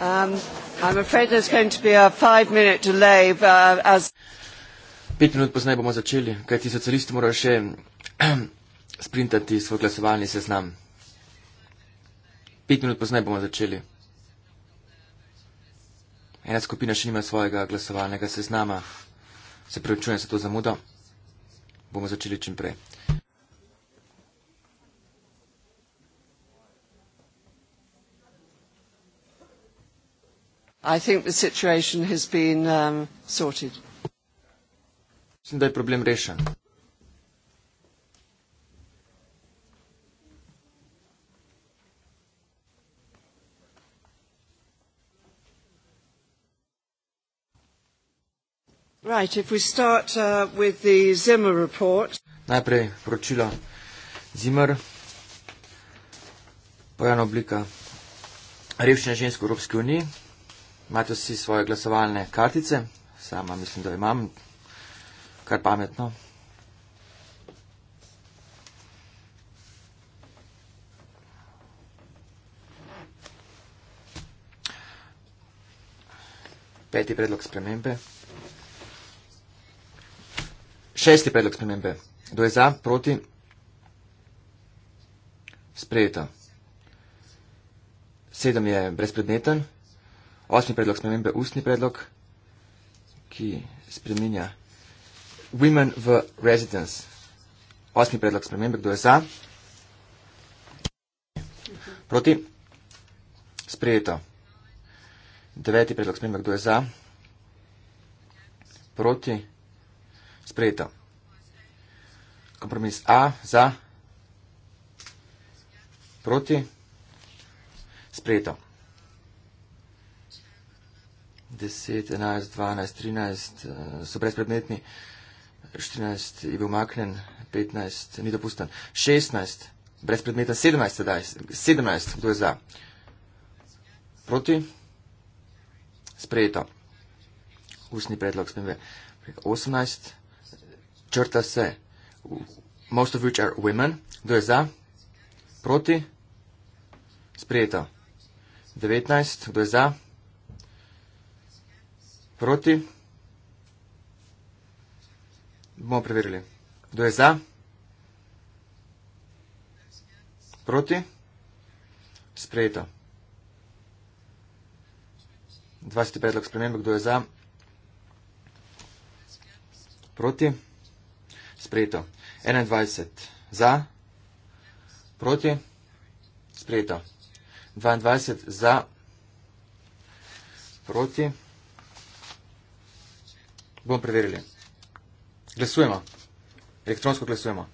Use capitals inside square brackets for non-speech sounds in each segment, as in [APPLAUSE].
Um, I'm afraid there's going to be a five minute delay, uh, as. Pet minut poznaj bomo začeli, kaj ti socialisti morajo še [CLEARS THROAT] sprintati svoj glasovalni seznam. Pet minut poznaj bomo začeli. Ena skupina še nima svojega glasovalnega seznama. Se pravičujem za to zamudo. Bomo začeli čim prej. I think the situation has been um, sorted. Mislim, da je problem rešen. Right, if we start uh, with the Zimmer report. Najprej poročilo Zimmer, pojena oblika revščine žensk v Evropski uniji imate vsi svoje glasovalne kartice, sama mislim, da imam kar pametno. Peti predlog spremembe. Šesti predlog spremembe. Kdo je za, proti? Sprejeto. Sedem je brezpredmeten. Osmi predlog spremembe, ustni predlog, ki spreminja women v residence. Osmi predlog spremembe, kdo je za? Proti? Sprejeto. Deveti predlog spremembe, kdo je za? Proti? Sprejeto. Kompromis A, za? Proti? Sprejeto. 10, 11, 12, 13 so brezpredmetni, 14 je bil umaknen, 15 ni dopusten, 16 brezpredmeten, 17 sedaj, 17, kdo je za? Proti? Sprejeto. Usni predlog, spremembe. 18 črta se. Most of which are women. Kdo je za? Proti? Sprejeto. 19. Kdo je za? Proti. Bomo preverili. Kdo je za? Proti. Sprejeto. 20. predlog sprememb. Kdo je za? Proti. Sprejeto. 21. Za. Proti. Sprejeto. 22. Za. Proti. Bomo preverili. Glasujemo. Elektronsko glasujemo.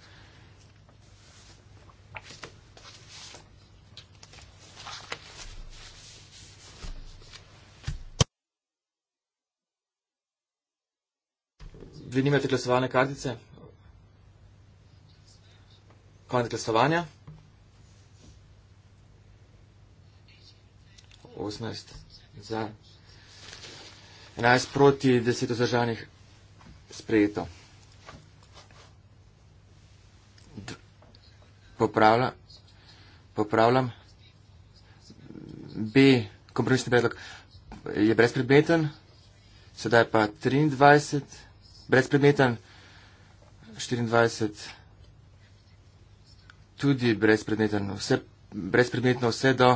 Vi nimate glasovalne kartice? Konec glasovanja. 18 za 11 proti 10 vzdržanih sprejeto. D popravlja, popravljam. B, kompromisni predlog, je brezpredmeten, sedaj pa 23, brezpredmeten, 24, tudi brezpredmeten, vse, brezpredmetno vse do,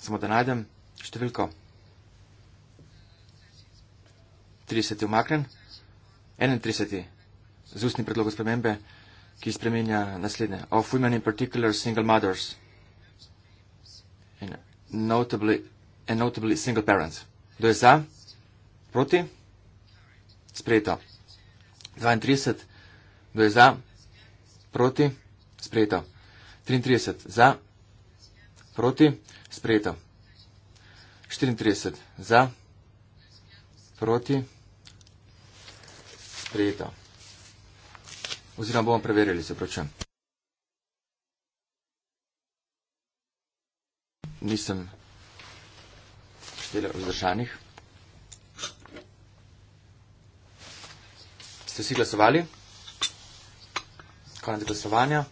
samo da najdem številko. 30 je umaknen, 31 je z ustnim predlogom spremembe, ki spremenja naslednje. Of women in particular single mothers and notably, and notably single parents. Kdo je za? Proti? Sprejeto. 32. Kdo je za? Proti? Sprejeto. 33. Za? Proti? Sprejeto. 34. Za? Proti? sprejeta. Oziroma bomo preverili, se pravčem. Nisem štela vzdržanih. Ste vsi glasovali? Konec glasovanja.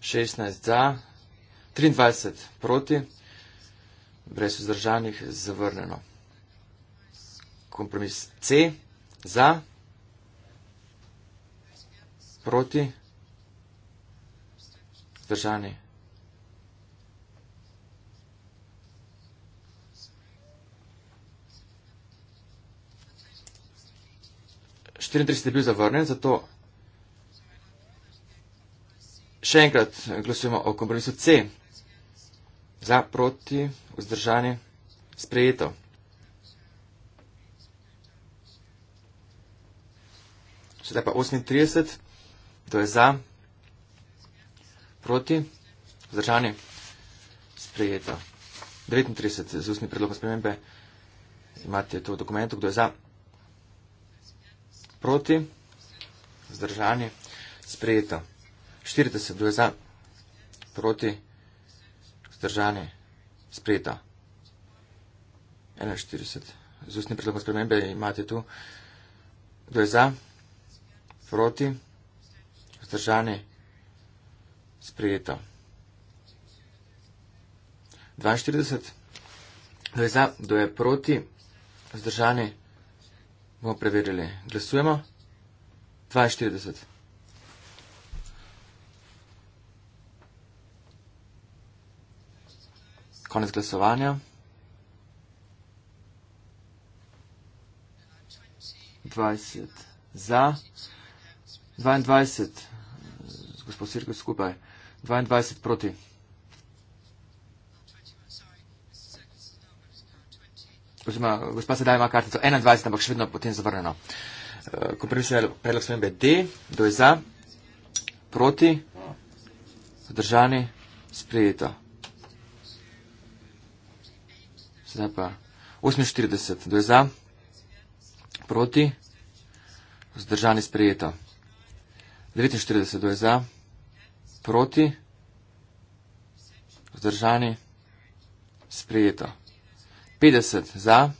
Šestnajst za, 23 proti, brez vzdržanih, zavrnjeno. Kompromis C za, proti, vzdržani. Štirintrideset je bil zavrnen, zato še enkrat glasujemo o kompromisu C za, proti, vzdržani, sprejeto. Sedaj pa 38, to je za, proti, vzdržani, sprejeto. 39, z ustni predlogom spremembe, imate to v dokumentu, kdo je za, proti, vzdržani, sprejeto. 40, kdo je za, proti, vzdržani zdržani, sprejeta. 41. Z ustni predlogom spremembe imate tu. Kdo je za? Proti? Zdržani? Sprejeta. 42. Kdo je za? Kdo je proti? Zdržani? Bomo preverili. Glasujemo. 42. konec glasovanja. 20 za, 22, gospod Sirko skupaj, 22 proti. Oziroma, gospa sedaj ima kartico 21, ampak še vedno potem zavrnjeno. Eh, ko prišel je predlog spremembe D, do je za, proti, zdržani, sprejeto. Zdaj pa 48, kdo je za, proti, vzdržani sprejeto. 49, kdo je za, proti, vzdržani sprejeto. 50 za,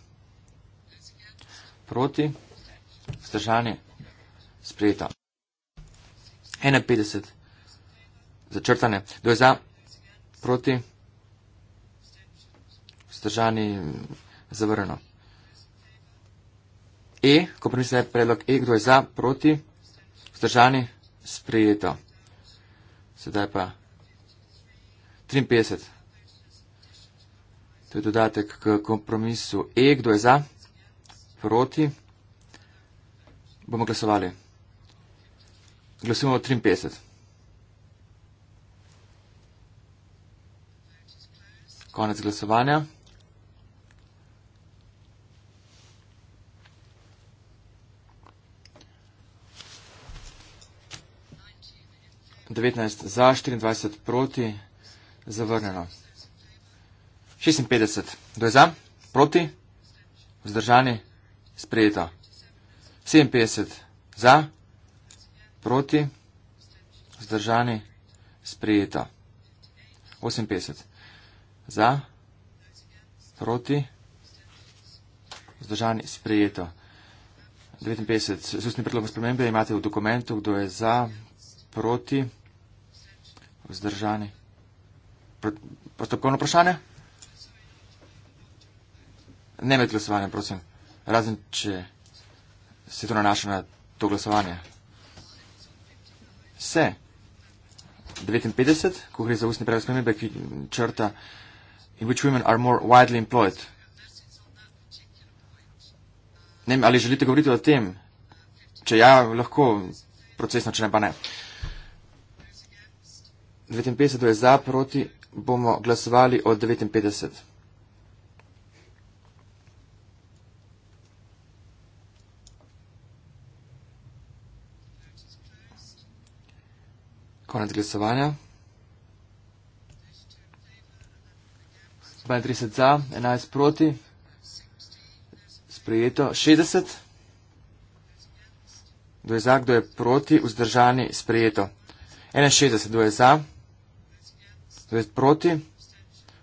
proti, vzdržani sprejeto. 51 začrtane, kdo je za, proti zdržani, zavrno. E, kompromis je predlog E, kdo je za, proti, zdržani, sprejeto. Sedaj pa 53. To je dodatek k kompromisu E, kdo je za, proti, bomo glasovali. Glasujemo 53. Konec glasovanja. 19 za, 24 proti, zavrnjeno. 56, kdo je za, proti, vzdržani, sprejeto. 57 za, proti, vzdržani, sprejeto. 58 za, proti, vzdržani, sprejeto. 59. Z ustnim predlogom spremembe imate v dokumentu, kdo je za, proti vzdržani. Protokolno vprašanje? Ne med glasovanjem, prosim. Razen, če se to nanaša na to glasovanje. Se. 59, ko gre za ustni prevod spremembe, ki črta in which women are more widely employed. Ne vem, ali želite govoriti o tem, če ja, lahko procesno, če ne pa ne. 59 je za, proti bomo glasovali od 59. Konec glasovanja. 32 za, 11 proti, sprejeto 60. Kdo je za, kdo je proti, vzdržani, sprejeto. 61, kdo je za. 9 proti,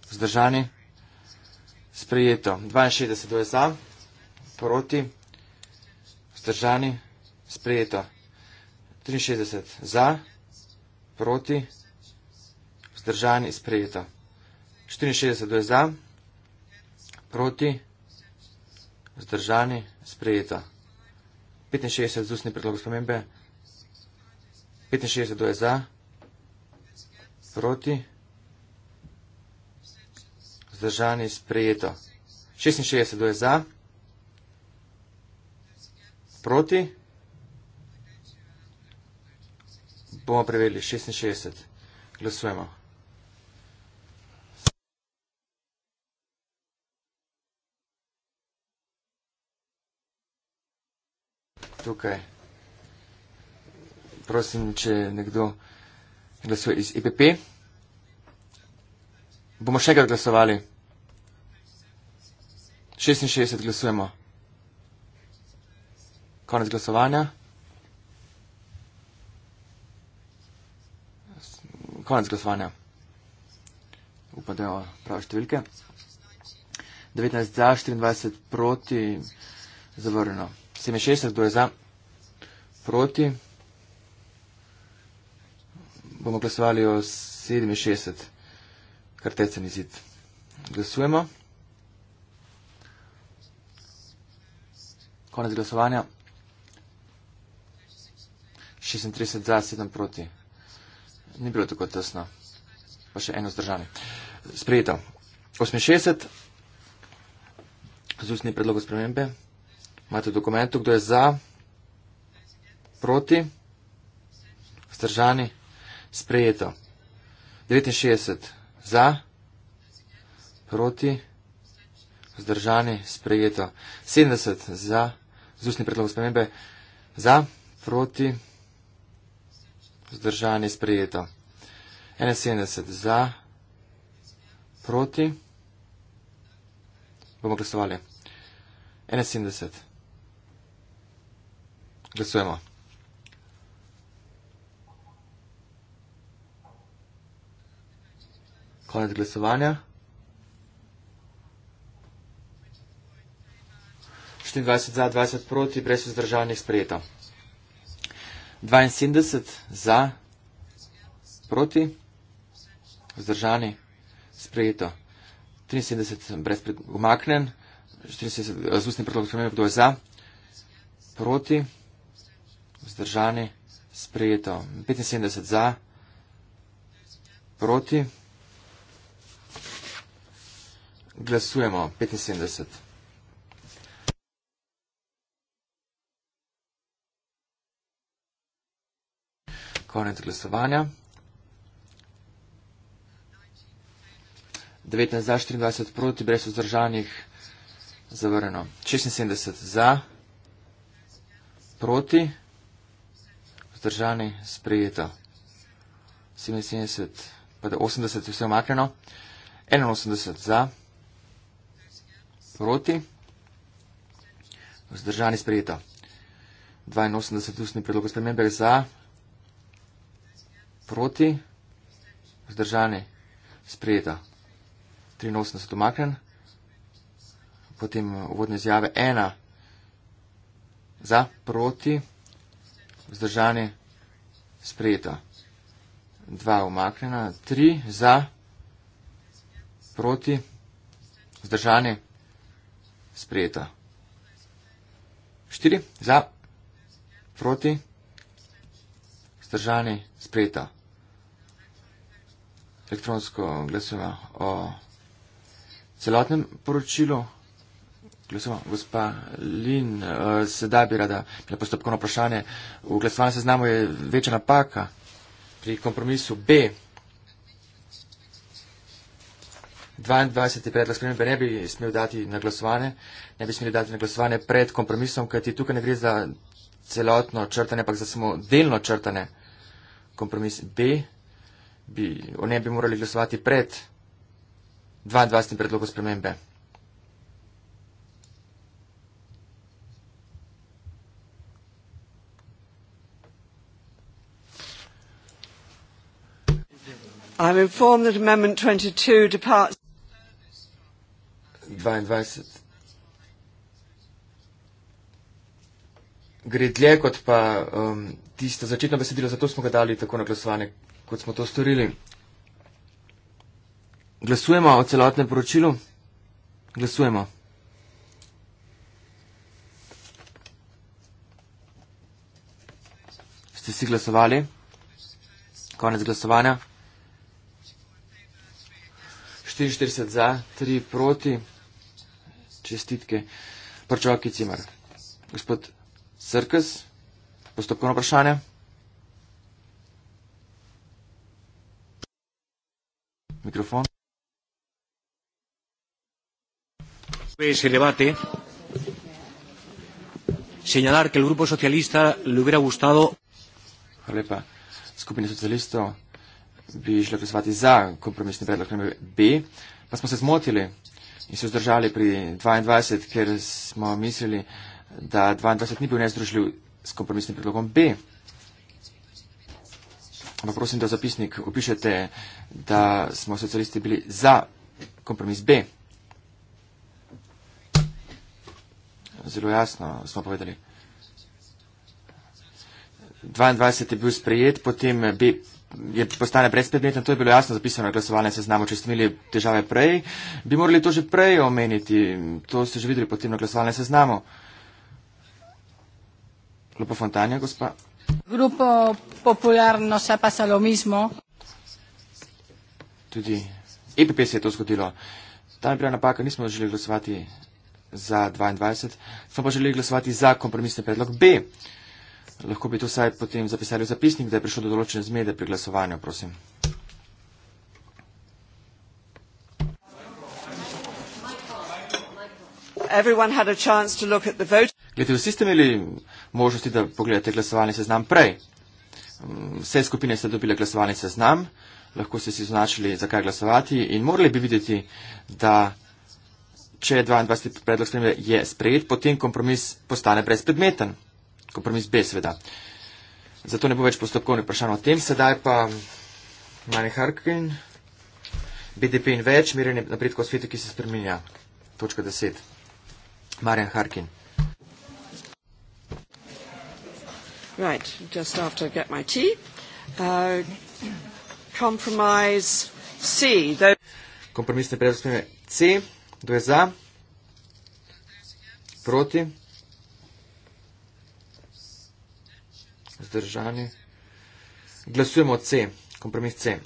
vzdržani, sprejeto. 62 je za, proti, vzdržani, sprejeto. 63 za, proti, vzdržani, sprejeto. 64 je za, proti, vzdržani, sprejeto. 65 z ustni predlog spomembe. 65 je za, proti, vzdržani, sprejeto vzdržani sprejeto. 66, kdo je za? Proti? Bomo preverili 66. Glasujemo. Tukaj. Prosim, če nekdo glasuje iz IPP. E Bomo še enkrat glasovali. 66 glasujemo. Konec glasovanja. Konec glasovanja. Upam, da je prav številke. 19 za, 24 proti, zavrnjeno. 67, kdo je za, proti. Bomo glasovali o 67 kartecen izid. Glasujemo. Konec glasovanja. 36 za, 7 proti. Ni bilo tako tesno. Pa še eno zdržanje. Sprejeto. 68. Zustni predlog spremembe. Imate dokument, kdo je za, proti, zdržani, sprejeto. 69 za, proti, vzdržani, sprejeto. 70 za, z ustni predlog spremembe, za, proti, vzdržani, sprejeto. 71 za, proti, bomo glasovali. 71. Glasujemo. Konec glasovanja. 24 za, 20 proti, brez vzdržanih sprejeta. 72 za, proti, vzdržani sprejeto. 73 brez umaknen, 74 eh, z ustnim predlogom, kdo je za, proti, vzdržani sprejeto. 75 za, proti glasujemo 75. Konec glasovanja. 19 za, 24 proti, brez vzdržanih, zavrnjeno. 76 za, proti, vzdržani, sprejeto. 77, pa da 80 je vse omakljeno. 81 za proti, vzdržani sprejeto. 82 ustni predlog spremembe za, proti, vzdržani sprejeto. 83 omaken, potem uvodne izjave 1 za, proti, vzdržani sprejeto. 2 omaknjena, 3 za, proti, vzdržani sprejeto sprejeta. Štiri za, proti, stržani, sprejeta. Elektronsko glasujemo o celotnem poročilu. Glasujemo, gospa Lin, eh, sedaj bi rada na postopkovno vprašanje. V glasovanju se znamo je večja napaka pri kompromisu B. 22. predlog spremembe ne bi smel dati na glasovanje, ne bi smel dati na glasovanje pred kompromisom, kajti tukaj ne gre za celotno črtanje, ampak za samo delno črtanje. Kompromis B, bi, o ne bi morali glasovati pred 22. predlogom spremembe. I'm informed that Amendment 22 departs. 22. Gre dlje kot pa um, tisto začetno besedilo, zato smo ga dali tako na glasovanje, kot smo to storili. Glasujemo o celotnem poročilu. Glasujemo. Ste si glasovali? Konec glasovanja. 44 za, 3 proti čestitke. Prčovaki Cimer. Gospod Srkes, postopkovno vprašanje. Mikrofon. Puede ese debate señalar que el Grupo Socialista le hubiera gustado. Lepa. Skupina socialistov bi šla glasovati za kompromisni predlog B, pa smo se zmotili in se vzdržali pri 22, ker smo mislili, da 22 ni bil nezdružljiv s kompromisnim predlogom B. Ampak prosim, da v zapisnik upišete, da smo socialisti bili za kompromis B. Zelo jasno smo povedali. 22 je bil sprejet, potem B je postane predspredmetna, to je bilo jasno zapisano na glasovalnem seznamu, če ste imeli težave prej, bi morali to že prej omeniti, to ste že videli potem na glasovalnem seznamu. Lepo Fontanja, gospa. Grupo popularno se pa salomismo. Tudi EPP se je to zgodilo. Tam je bila napaka, nismo želeli glasovati za 22, smo pa želeli glasovati za kompromisni predlog B. Lahko bi to vsaj potem zapisali v zapisnik, da je prišlo do določene zmede pri glasovanju, prosim. Glede, vsi ste imeli možnosti, da pogledate glasovalni seznam prej. Mm, vse skupine ste dobile glasovalni seznam, lahko ste si označili, zakaj glasovati in morali bi videti, da če je 22. predlog spremembe je sprejet, potem kompromis postane brezpredmeten kompromis B, seveda. Zato ne bo več postopkovno vprašanje o tem, sedaj pa Mane Harkin, BDP in več, merjenje napredkov v svetu, ki se spreminja. Točka 10. Marjan Harkin. Right, just after I get my tea. Uh, compromise C. Kompromisne predstavljene C. Kdo je za? Proti? zdržani. Glasujemo C, kompromis C.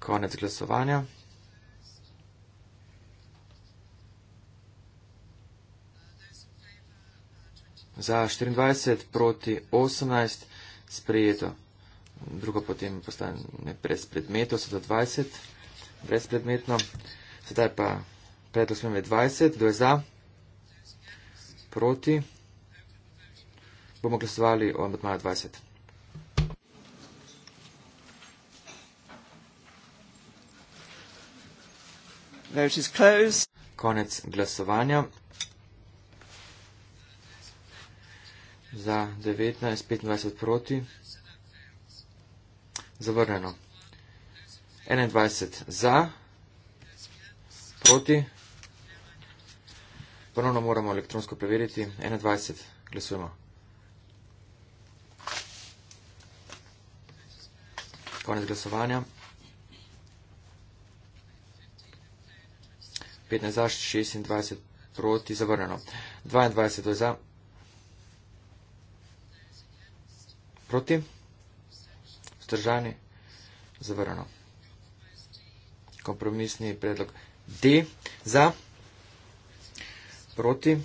Konec glasovanja. Za 24 proti 18 sprejeto. Drugo potem postane brez predmetov, sedaj 20 brez predmetno. Sedaj pa 5, 8, 20, kdo je za, proti, bomo glasovali o amatmaju 20. Konec glasovanja. Za 19, 25 proti. Zavrneno. 21 za. Proti. Ponovno moramo elektronsko preveriti. 21. Glasujemo. Konec glasovanja. 15 za, 26 proti, zavrnjeno. 22 je za. Proti. Vzdržani. Zavrnjeno. Kompromisni predlog. D za proti.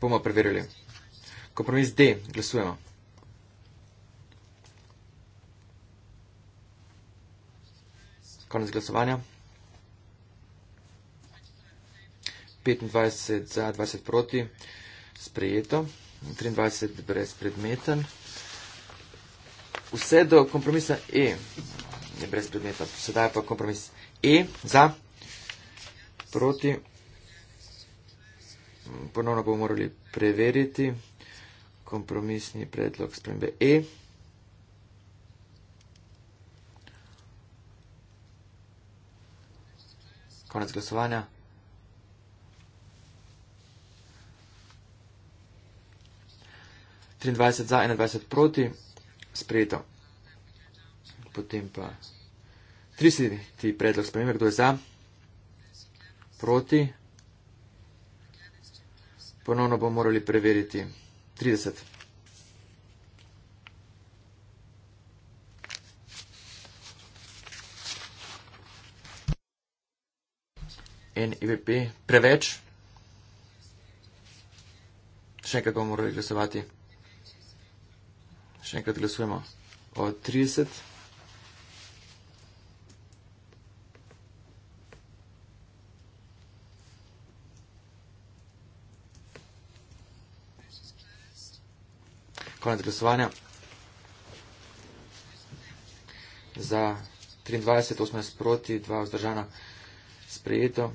Bomo preverili. Kompromis D, glasujemo. Konec glasovanja. 25 za, 20 proti, sprejeto, 23 brezpredmeten. Vse do kompromisa E je brezpredmeten, sedaj pa kompromis E za proti. Ponovno bomo morali preveriti kompromisni predlog spremembe E. Konec glasovanja. Trindvajset za, enaindvajset proti, sprejeto. Potem pa trideseti predlog spremembe, kdo je za proti. Ponovno bomo morali preveriti 30. En EVP preveč. Še enkrat bomo morali glasovati. Še enkrat glasujemo o 30. konec glasovanja za 23, 18 proti, 2 vzdržana sprejeto,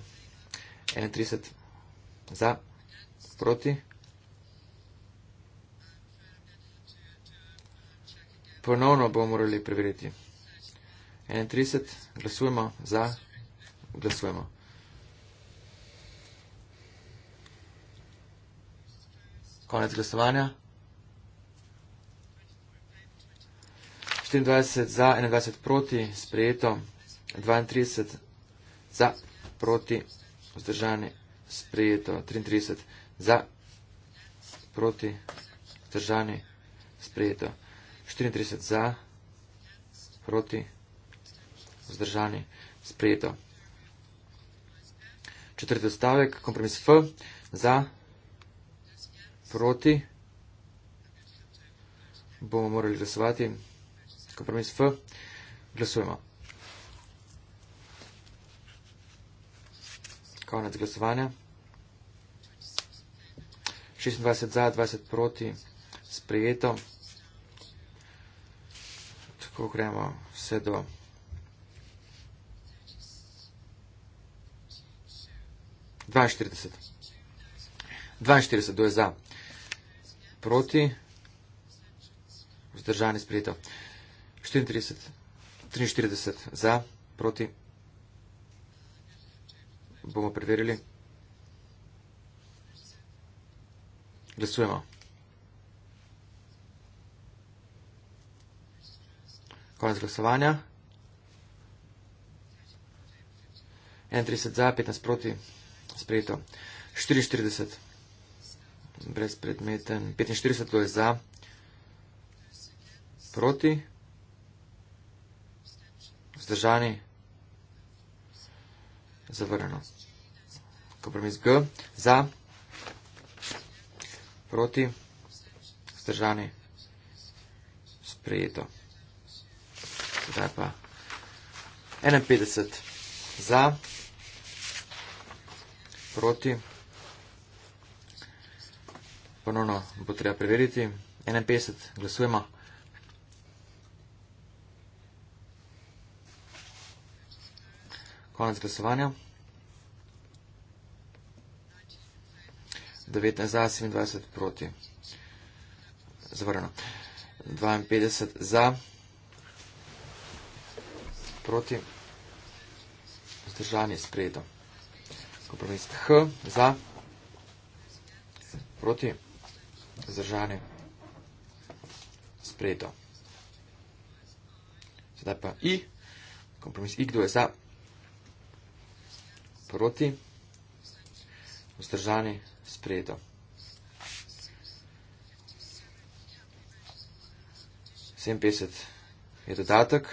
31 za proti. Ponovno bomo morali preveriti. 31, glasujemo za, glasujemo. Konec glasovanja. 24 za, 21 proti, sprejeto, 32 za, proti, vzdržani, sprejeto, 33 za, proti, vzdržani, sprejeto, 34 za, proti, vzdržani, sprejeto. Četrti odstavek, kompromis F, za, proti, bomo morali glasovati kompromis F. Glasujemo. Konec glasovanja. 26 za, 20 proti, sprejeto. Tako gremo vse do. Dvainštirideset. Dvainštirideset, do je za. Proti. Vzdržanje sprejeto. 43 za, proti. Bomo preverili. Glasujemo. Konec glasovanja. 31 za, 15 proti. Sprejeto. 44. Brez predmeten. 45 to je za. Proti zdržani, zavrnjeno. Kompromis G, za, proti, zdržani, sprejeto. Zdaj pa 51 za, proti, ponovno bo treba preveriti, 51 glasujemo. Konec glasovanja. 19 za, 27 proti. Zavrljeno. 52 za, proti. Zdržanje spredo. Kompromis H za, proti. Zdržanje spredo. Sedaj pa I. Kompromis I, kdo je za? proti, vzdržani, sprejeto. Sem pesec je dodatek,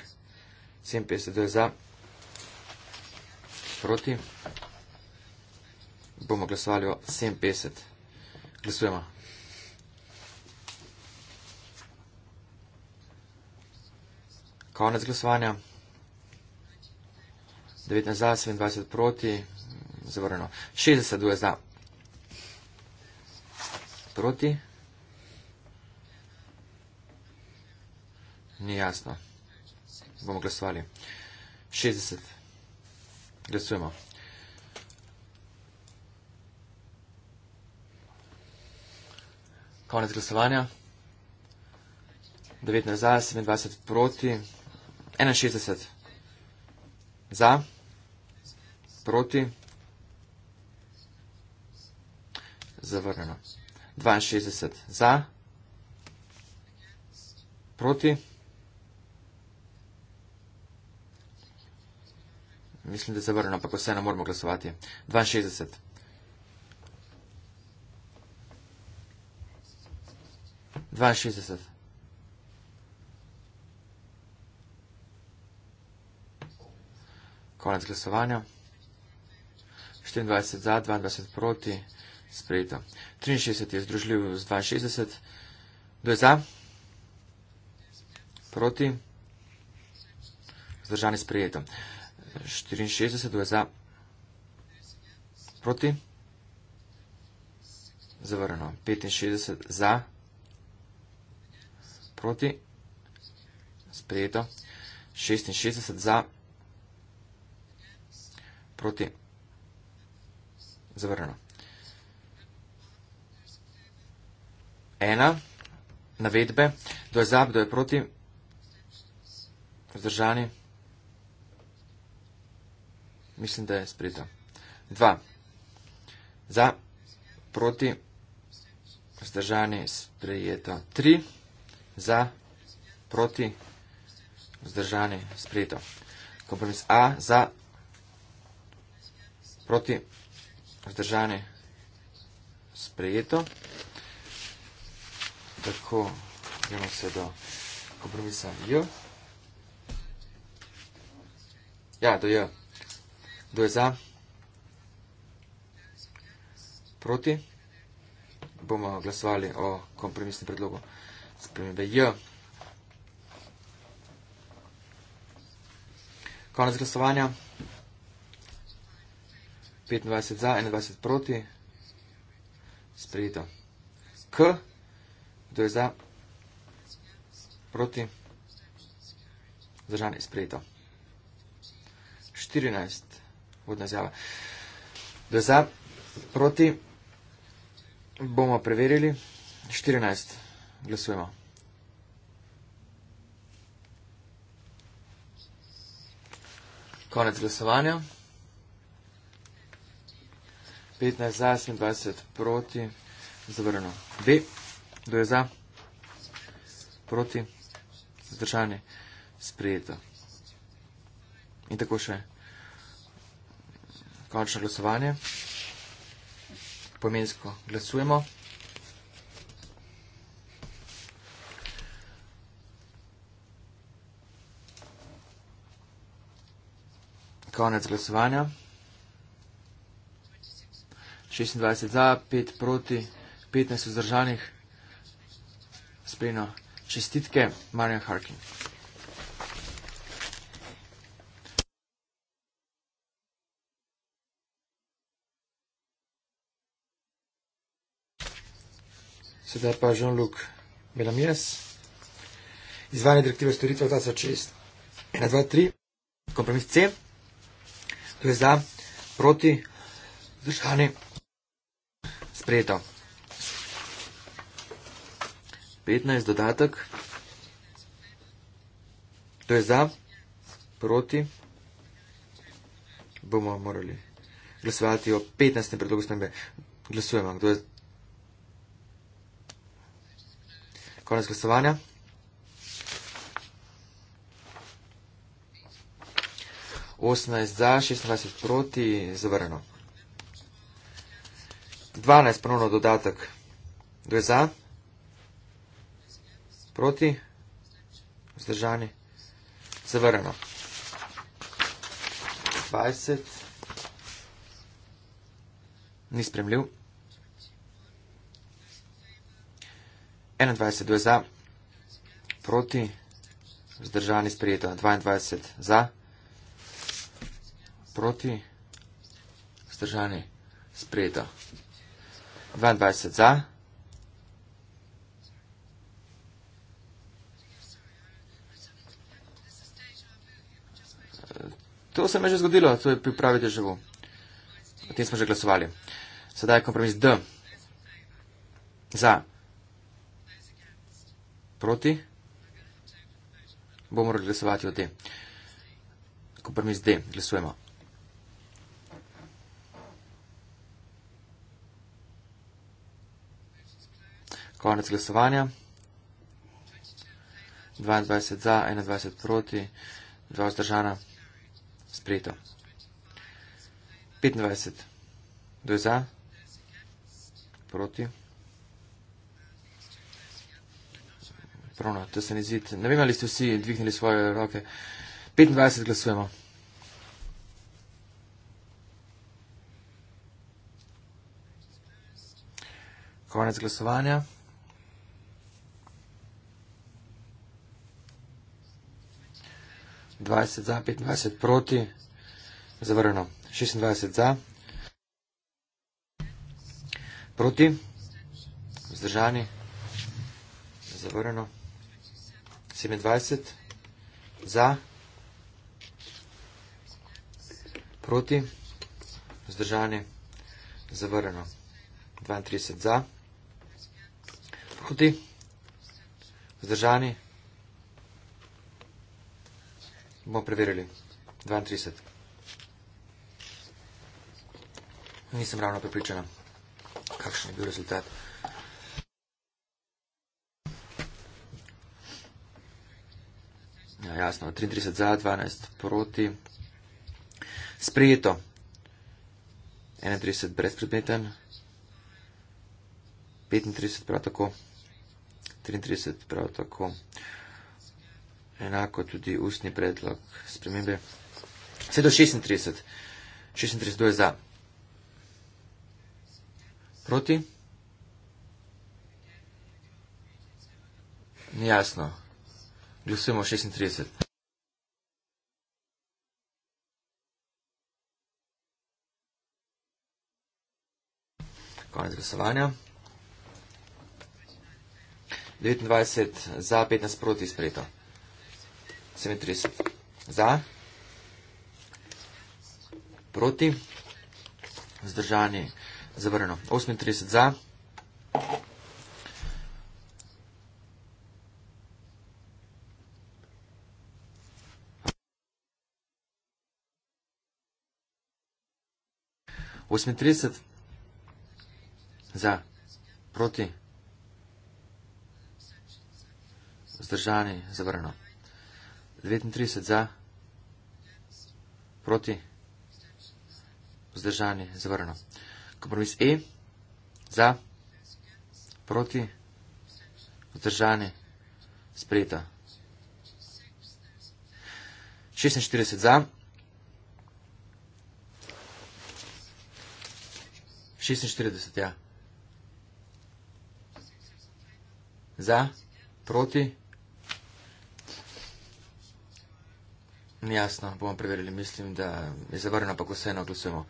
sem pesec je za, proti, bomo glasovali o sem pesec. Glasujemo. Konec glasovanja. 19 za, 27 proti, zavrnjeno. 60 je za. Proti. Ni jasno. Bomo glasovali. 60. Glasujemo. Konec glasovanja. 19 za, 27 proti, 61 za proti. Zavrnjeno. 62 za, proti. Mislim, da je zavrnjeno, ampak vseeno moramo glasovati. 62. Konec glasovanja. 24 za, 22 proti, sprejeto. 63 je združljiv z 62. Kdo je za? Proti. Zdržani sprejeto. 64, kdo je za? Proti. Zavrnjeno. 65 za. Proti. Sprejeto. 66 za. Proti zavrnjeno. Ena navedbe, kdo je za, kdo je proti, vzdržani, mislim, da je sprita. Dva, za, proti, vzdržani, sprejeto. Tri, za, proti, vzdržani, sprejeto. Kompromis A, za, proti, vzdržani vzdržane, sprejeto. Tako, gremo se do kompromisa J. Ja, do J. Kdo je za? Proti? Bomo glasovali o kompromisnem predlogu spremembe J. Konec glasovanja. 25 za, 21 proti. Sprejeto. K. Kdo je za? Proti. Zdržanje. Sprejeto. 14. Vodna zjava. Kdo je za? Proti. Bomo preverili. 14. Glasujemo. Konec glasovanja. 15 za, 27 proti, zavrno. B, kdo je za, proti, zdržanje, sprejeto. In tako še. Končno glasovanje. Pomensko glasujemo. Konec glasovanja. 26 za, 5 proti, 15 vzdržanih. Spremno čestitke, Marjan Harkin. Sedaj pa Jean-Luc Melamies, izvajanje direktive storitve 2006. 1, 2, 3, kompromis C, to je za, proti, vzdržanih sprejeto. 15 dodatek. To je za, proti. Bomo morali glasovati o 15. predlogu spremembe. Glasujemo. Kdo je? Konec glasovanja. 18 za, 26 proti, zavrnjeno. 12 ponovno dodatek. Kdo je za? Proti? Zdržani? Zavrano. 20. Ni spremljiv. 21. Kdo je za? Proti? Zdržani sprijeto. 22. Za? Proti? Zdržani sprijeto. 22 za, 22. To se mi je že zgodilo, to je pri pravi državu. O tem smo že glasovali. Sedaj je kompromis D. Za. Proti. Bomo morali glasovati o tem. Kompromis D. Glasujemo. Konec glasovanja. 22 za, 21 proti, 2 vzdržana, sprejeto. 25, 2 za, proti. Pravno, to se ni zid. Ne vem, ali ste vsi dvignili svoje roke. 25 glasujemo. Konec glasovanja. 20 za, 25 proti, zavrno, 26 za, proti, vzdržani, zavrno, 27 za, proti, vzdržani, zavrno, 32 za, proti, vzdržani, zavrno, Bomo preverili. 32. Nisem ravno pripričana, kakšen je bil rezultat. Ja, jasno, 33 za, 12 proti. Sprejeto. 31 brezpredmeten. 35 prav tako. 33 prav tako enako tudi ustni predlog spremembe. Vse do 36. 36 je za. Proti? Nejasno. Glasujemo 36. Konec glasovanja. 29 za, 15 proti sprejeto. 37. Za, proti, zdržanje, zavrno. 38. Za, Osmintrideset za, proti, vzdržani, zavrnjeno. 39 za, proti, vzdržani, zavrno. Kompromis E, za, proti, vzdržani, sprejeta. 46 za, 46, ja. Za, proti, vzdržani, Jasno, bomo preverili. Mislim, da je zavrnjeno, ampak vseeno glasujemo.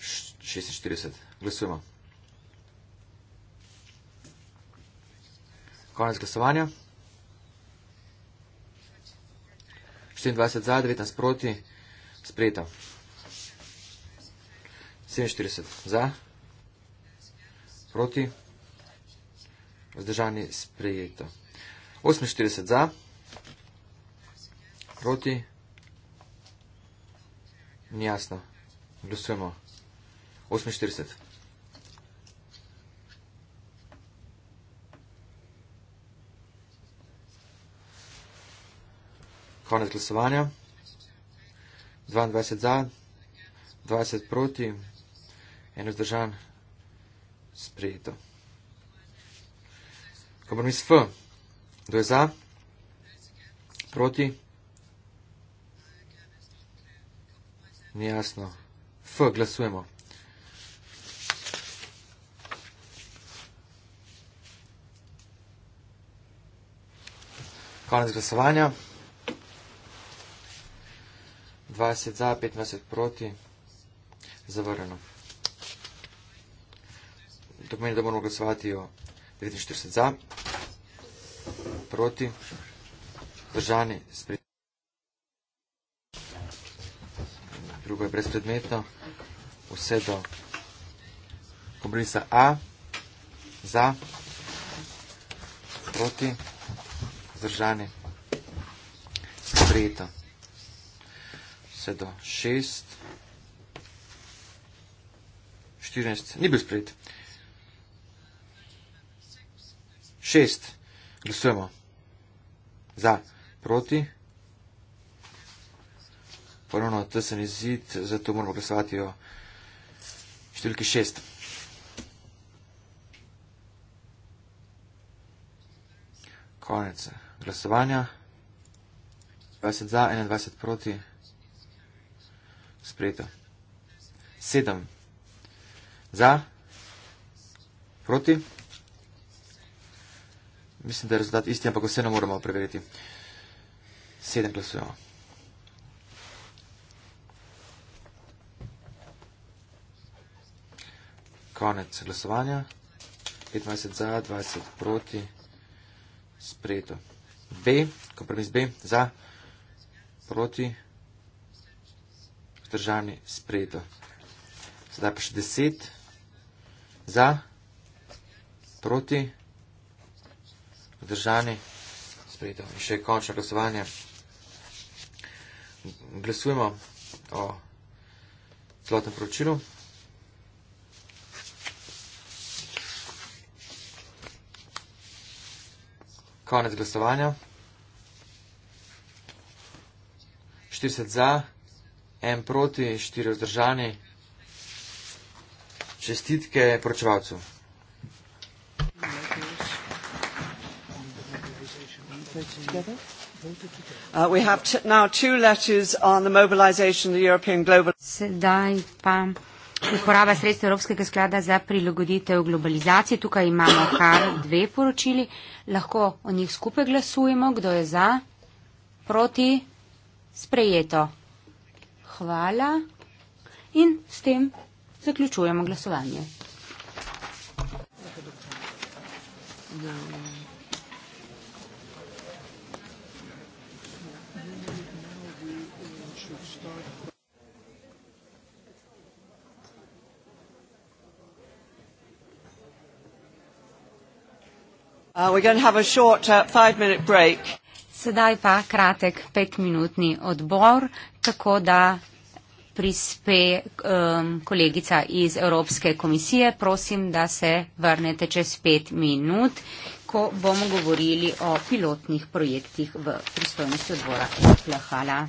46, glasujemo. Konec glasovanja. 24 za, 19 proti, sprejeta. 47 za, proti, vzdržani, sprejeta. 48 za, proti, Ni jasno. Glasujemo. 48. Konec glasovanja. 22 za, 20 proti, eno zdržan, sprejeto. Kompromis F, kdo je za, proti. Ni jasno. F, glasujemo. Konec glasovanja. 20 za, 25 proti. Zavrljeno. To pomeni, da moramo glasovati o 49 za, proti, držani, sprejeti. brez predmeta, vse do obrisa A, za, proti, zdržani, sprejeto. Vse do šest, štirinest, ni bil sprejet. Šest, glasujemo, za, proti, proti, ponovno tesen izid, zato moramo glasovati o številki šest. Konec glasovanja. 20 za, 21 proti. Sprejeto. 7 za, proti. Mislim, da je rezultat isti, ampak vseeno moramo preveriti. 7 glasujemo. Konec glasovanja. 25 za, 20 proti. Sprejeto. B, kompromis B, za, proti, vzdržani, sprejeto. Sedaj pa še 10, za, proti, vzdržani, sprejeto. In še končno glasovanje. Glasujemo o celotnem poročilu. Konec glasovanja. 40 za, 1 proti, 4 vzdržani. Čestitke poročevalcu. Uh, Sedaj pa uporaba sredstva Evropskega sklada za prilagoditev globalizacije. Tukaj imamo kar dve poročili. Lahko o njih skupaj glasujemo, kdo je za, proti, sprejeto. Hvala. In s tem zaključujemo glasovanje. Zdravljamo. No, no. Uh, uh, Sedaj pa kratek petminutni odbor, tako da prispe um, kolegica iz Evropske komisije. Prosim, da se vrnete čez pet minut, ko bomo govorili o pilotnih projektih v pristojnosti odbora. Hvala.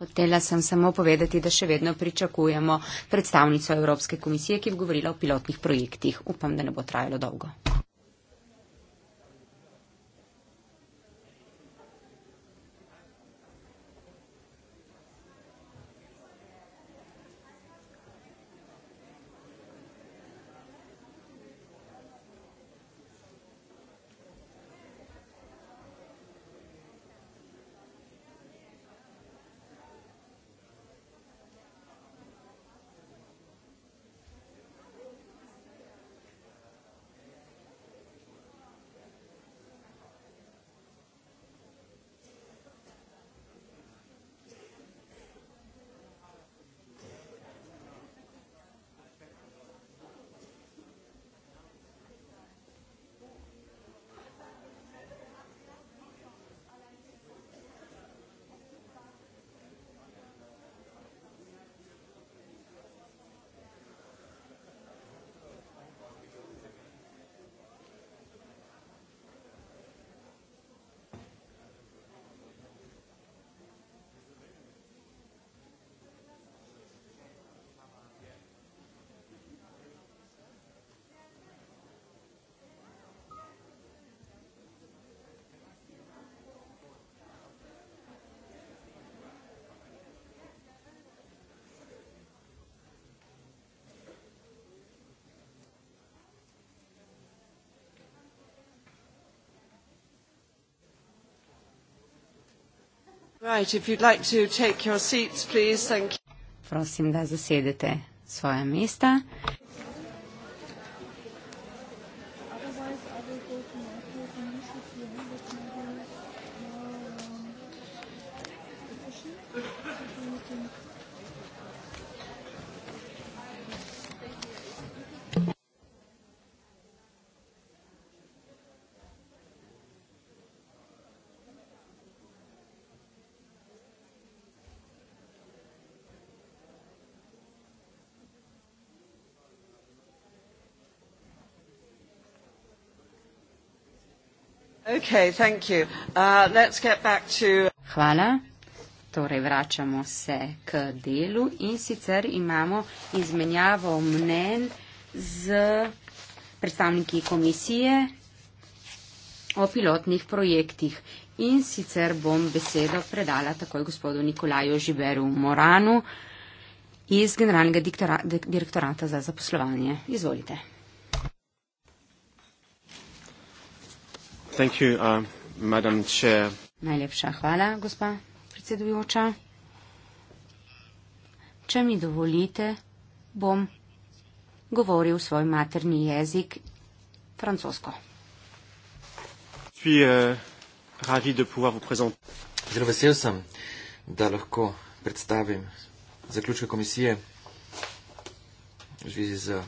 Hotela sem samo povedati, da še vedno pričakujemo predstavnico Evropske komisije, ki bo govorila o pilotnih projektih. Upam, da ne bo trajalo dolgo. Right, if you'd like to take your seats, please, thank you. Prosim, da zasedete svoje mesta. Okay, thank you. Uh, let's get back to... Hvala. Torej, vračamo se k delu in sicer imamo izmenjavo mnen z predstavniki komisije o pilotnih projektih. In sicer bom besedo predala takoj gospodu Nikolaju Žiberu Moranu iz Generalnega direktorata za zaposlovanje. Izvolite. Thank you, uh, Najlepša hvala, gospa predsedujoča. Če mi dovolite, bom govoril svoj materni jezik, francosko. Euh, Zelo vesel sem, da lahko predstavim zaključke komisije v zvezi z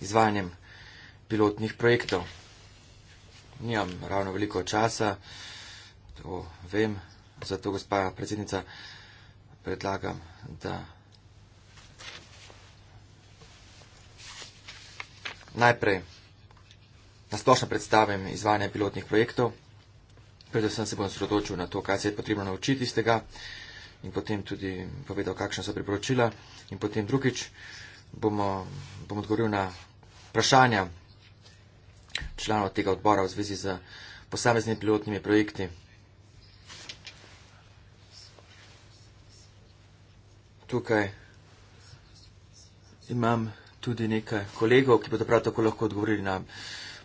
izvajanjem pilotnih projektov nimam ravno veliko časa, to vem, zato gospa predsednica predlagam, da najprej nasplošno predstavim izvajanje pilotnih projektov, predvsem se bom sredočil na to, kaj se je potrebno naučiti iz tega in potem tudi povedal, kakšna so priporočila in potem drugič bom, bom odgovoril na vprašanja, članov tega odbora v zvezi z posameznimi pilotnimi projekti. Tukaj imam tudi nekaj kolegov, ki bodo prav tako lahko odgovorili na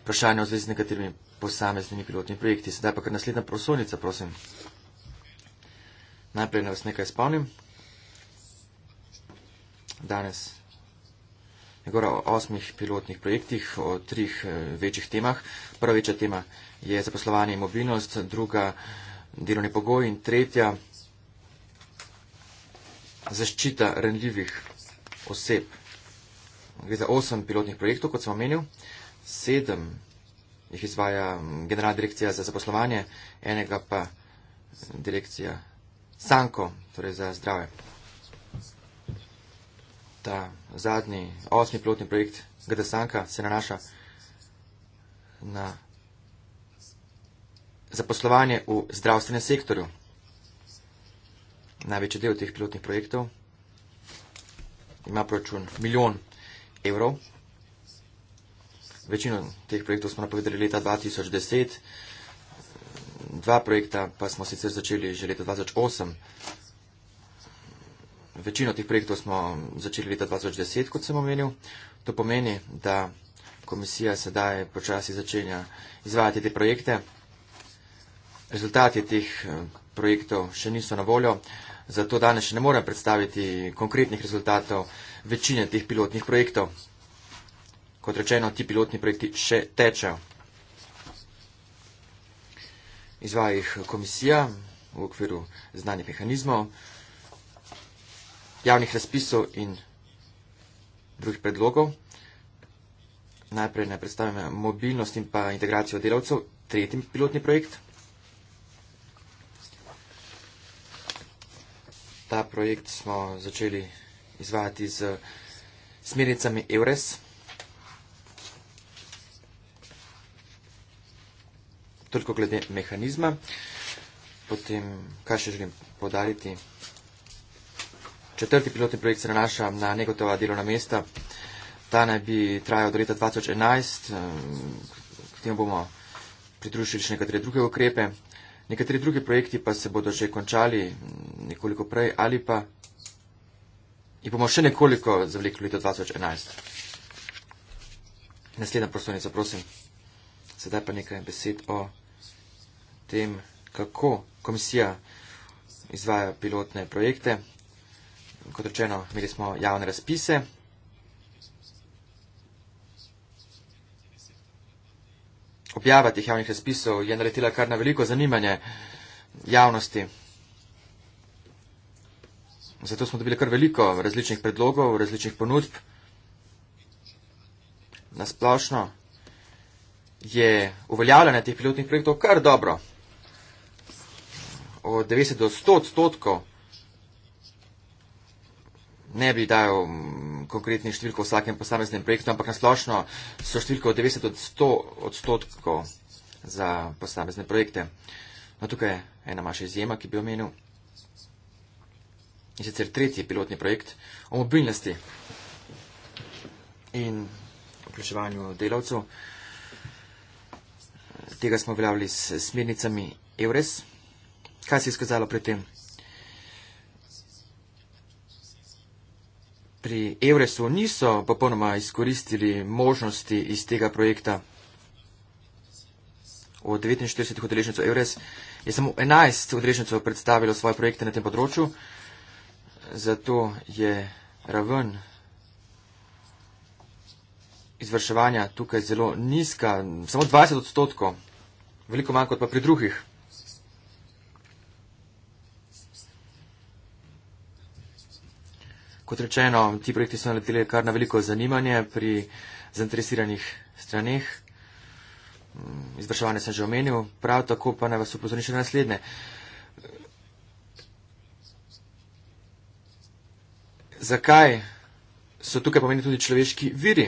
vprašanje v zvezi z nekaterimi posameznimi pilotnimi projekti. Sedaj pa kar naslednja prosovnica, prosim. Najprej naj vas nekaj spomnim. Danes govora o osmih pilotnih projektih, o trih eh, večjih temah. Prva večja tema je zaposlovanje in mobilnost, druga delovni pogoj in tretja zaščita renljivih oseb. Gre za osem pilotnih projektov, kot sem omenil, sedem jih izvaja mm, generalna direkcija za zaposlovanje, enega pa direkcija Sanko, torej za zdrave. Ta zadnji, osmi pilotni projekt GDSanka se nanaša na zaposlovanje v zdravstvenem sektorju. Največji del teh pilotnih projektov ima proračun milijon evrov. Večino teh projektov smo napovedali leta 2010, dva projekta pa smo sicer začeli že leta 2008. Večino teh projektov smo začeli leta 2010, kot sem omenil. To pomeni, da komisija sedaj počasi začenja izvajati te projekte. Rezultati teh eh, projektov še niso na voljo, zato danes še ne morem predstaviti konkretnih rezultatov večine teh pilotnih projektov. Kot rečeno, ti pilotni projekti še tečejo. Izvaja jih komisija v okviru znanih mehanizmov javnih razpisov in drugih predlogov. Najprej naj predstavim mobilnost in pa integracijo delavcev, tretji pilotni projekt. Ta projekt smo začeli izvajati z smernicami EURES. Toliko glede mehanizma, potem kaj še želim podariti. Četrti pilotni projekt se nanaša na negotova delovna mesta. Ta naj bi trajal do leta 2011. Eh, k temu bomo pridružili še nekatere druge ukrepe. Nekateri drugi projekti pa se bodo že končali mm, nekoliko prej ali pa jih bomo še nekoliko zavlekli v leto 2011. Naslednja prostornica, prosim. Sedaj pa nekaj besed o tem, kako komisija izvaja pilotne projekte kot rečeno, imeli smo javne razpise. Objava teh javnih razpisov je naletela kar na veliko zanimanje javnosti. Zato smo dobili kar veliko različnih predlogov, različnih ponudb. Nasplošno je uveljavljanje teh pilotnih projektov kar dobro. Od 90 do 100 odstotkov ne bi dajal mm, konkretnih številk v vsakem posameznem projektu, ampak nasplošno so številke od 90 od 100 odstotkov za posamezne projekte. No, tukaj je ena maša izjema, ki bi omenil. In sicer tretji pilotni projekt o mobilnosti in vključevanju delavcev. Tega smo uveljavili s smernicami EURES. Kaj se je skazalo pri tem? pri Evresu niso popolnoma izkoristili možnosti iz tega projekta. Od 49 odrežencev Evres je samo 11 odrežencev predstavilo svoje projekte na tem področju, zato je raven izvrševanja tukaj zelo nizka, samo 20 odstotkov, veliko manj kot pa pri drugih. Kot rečeno, ti projekti so naleteli kar na veliko zanimanje pri zainteresiranih stranih. Mm, izvrševanje sem že omenil, prav tako pa naj vas upozorim še na naslednje. Zakaj so tukaj pomeni tudi človeški viri?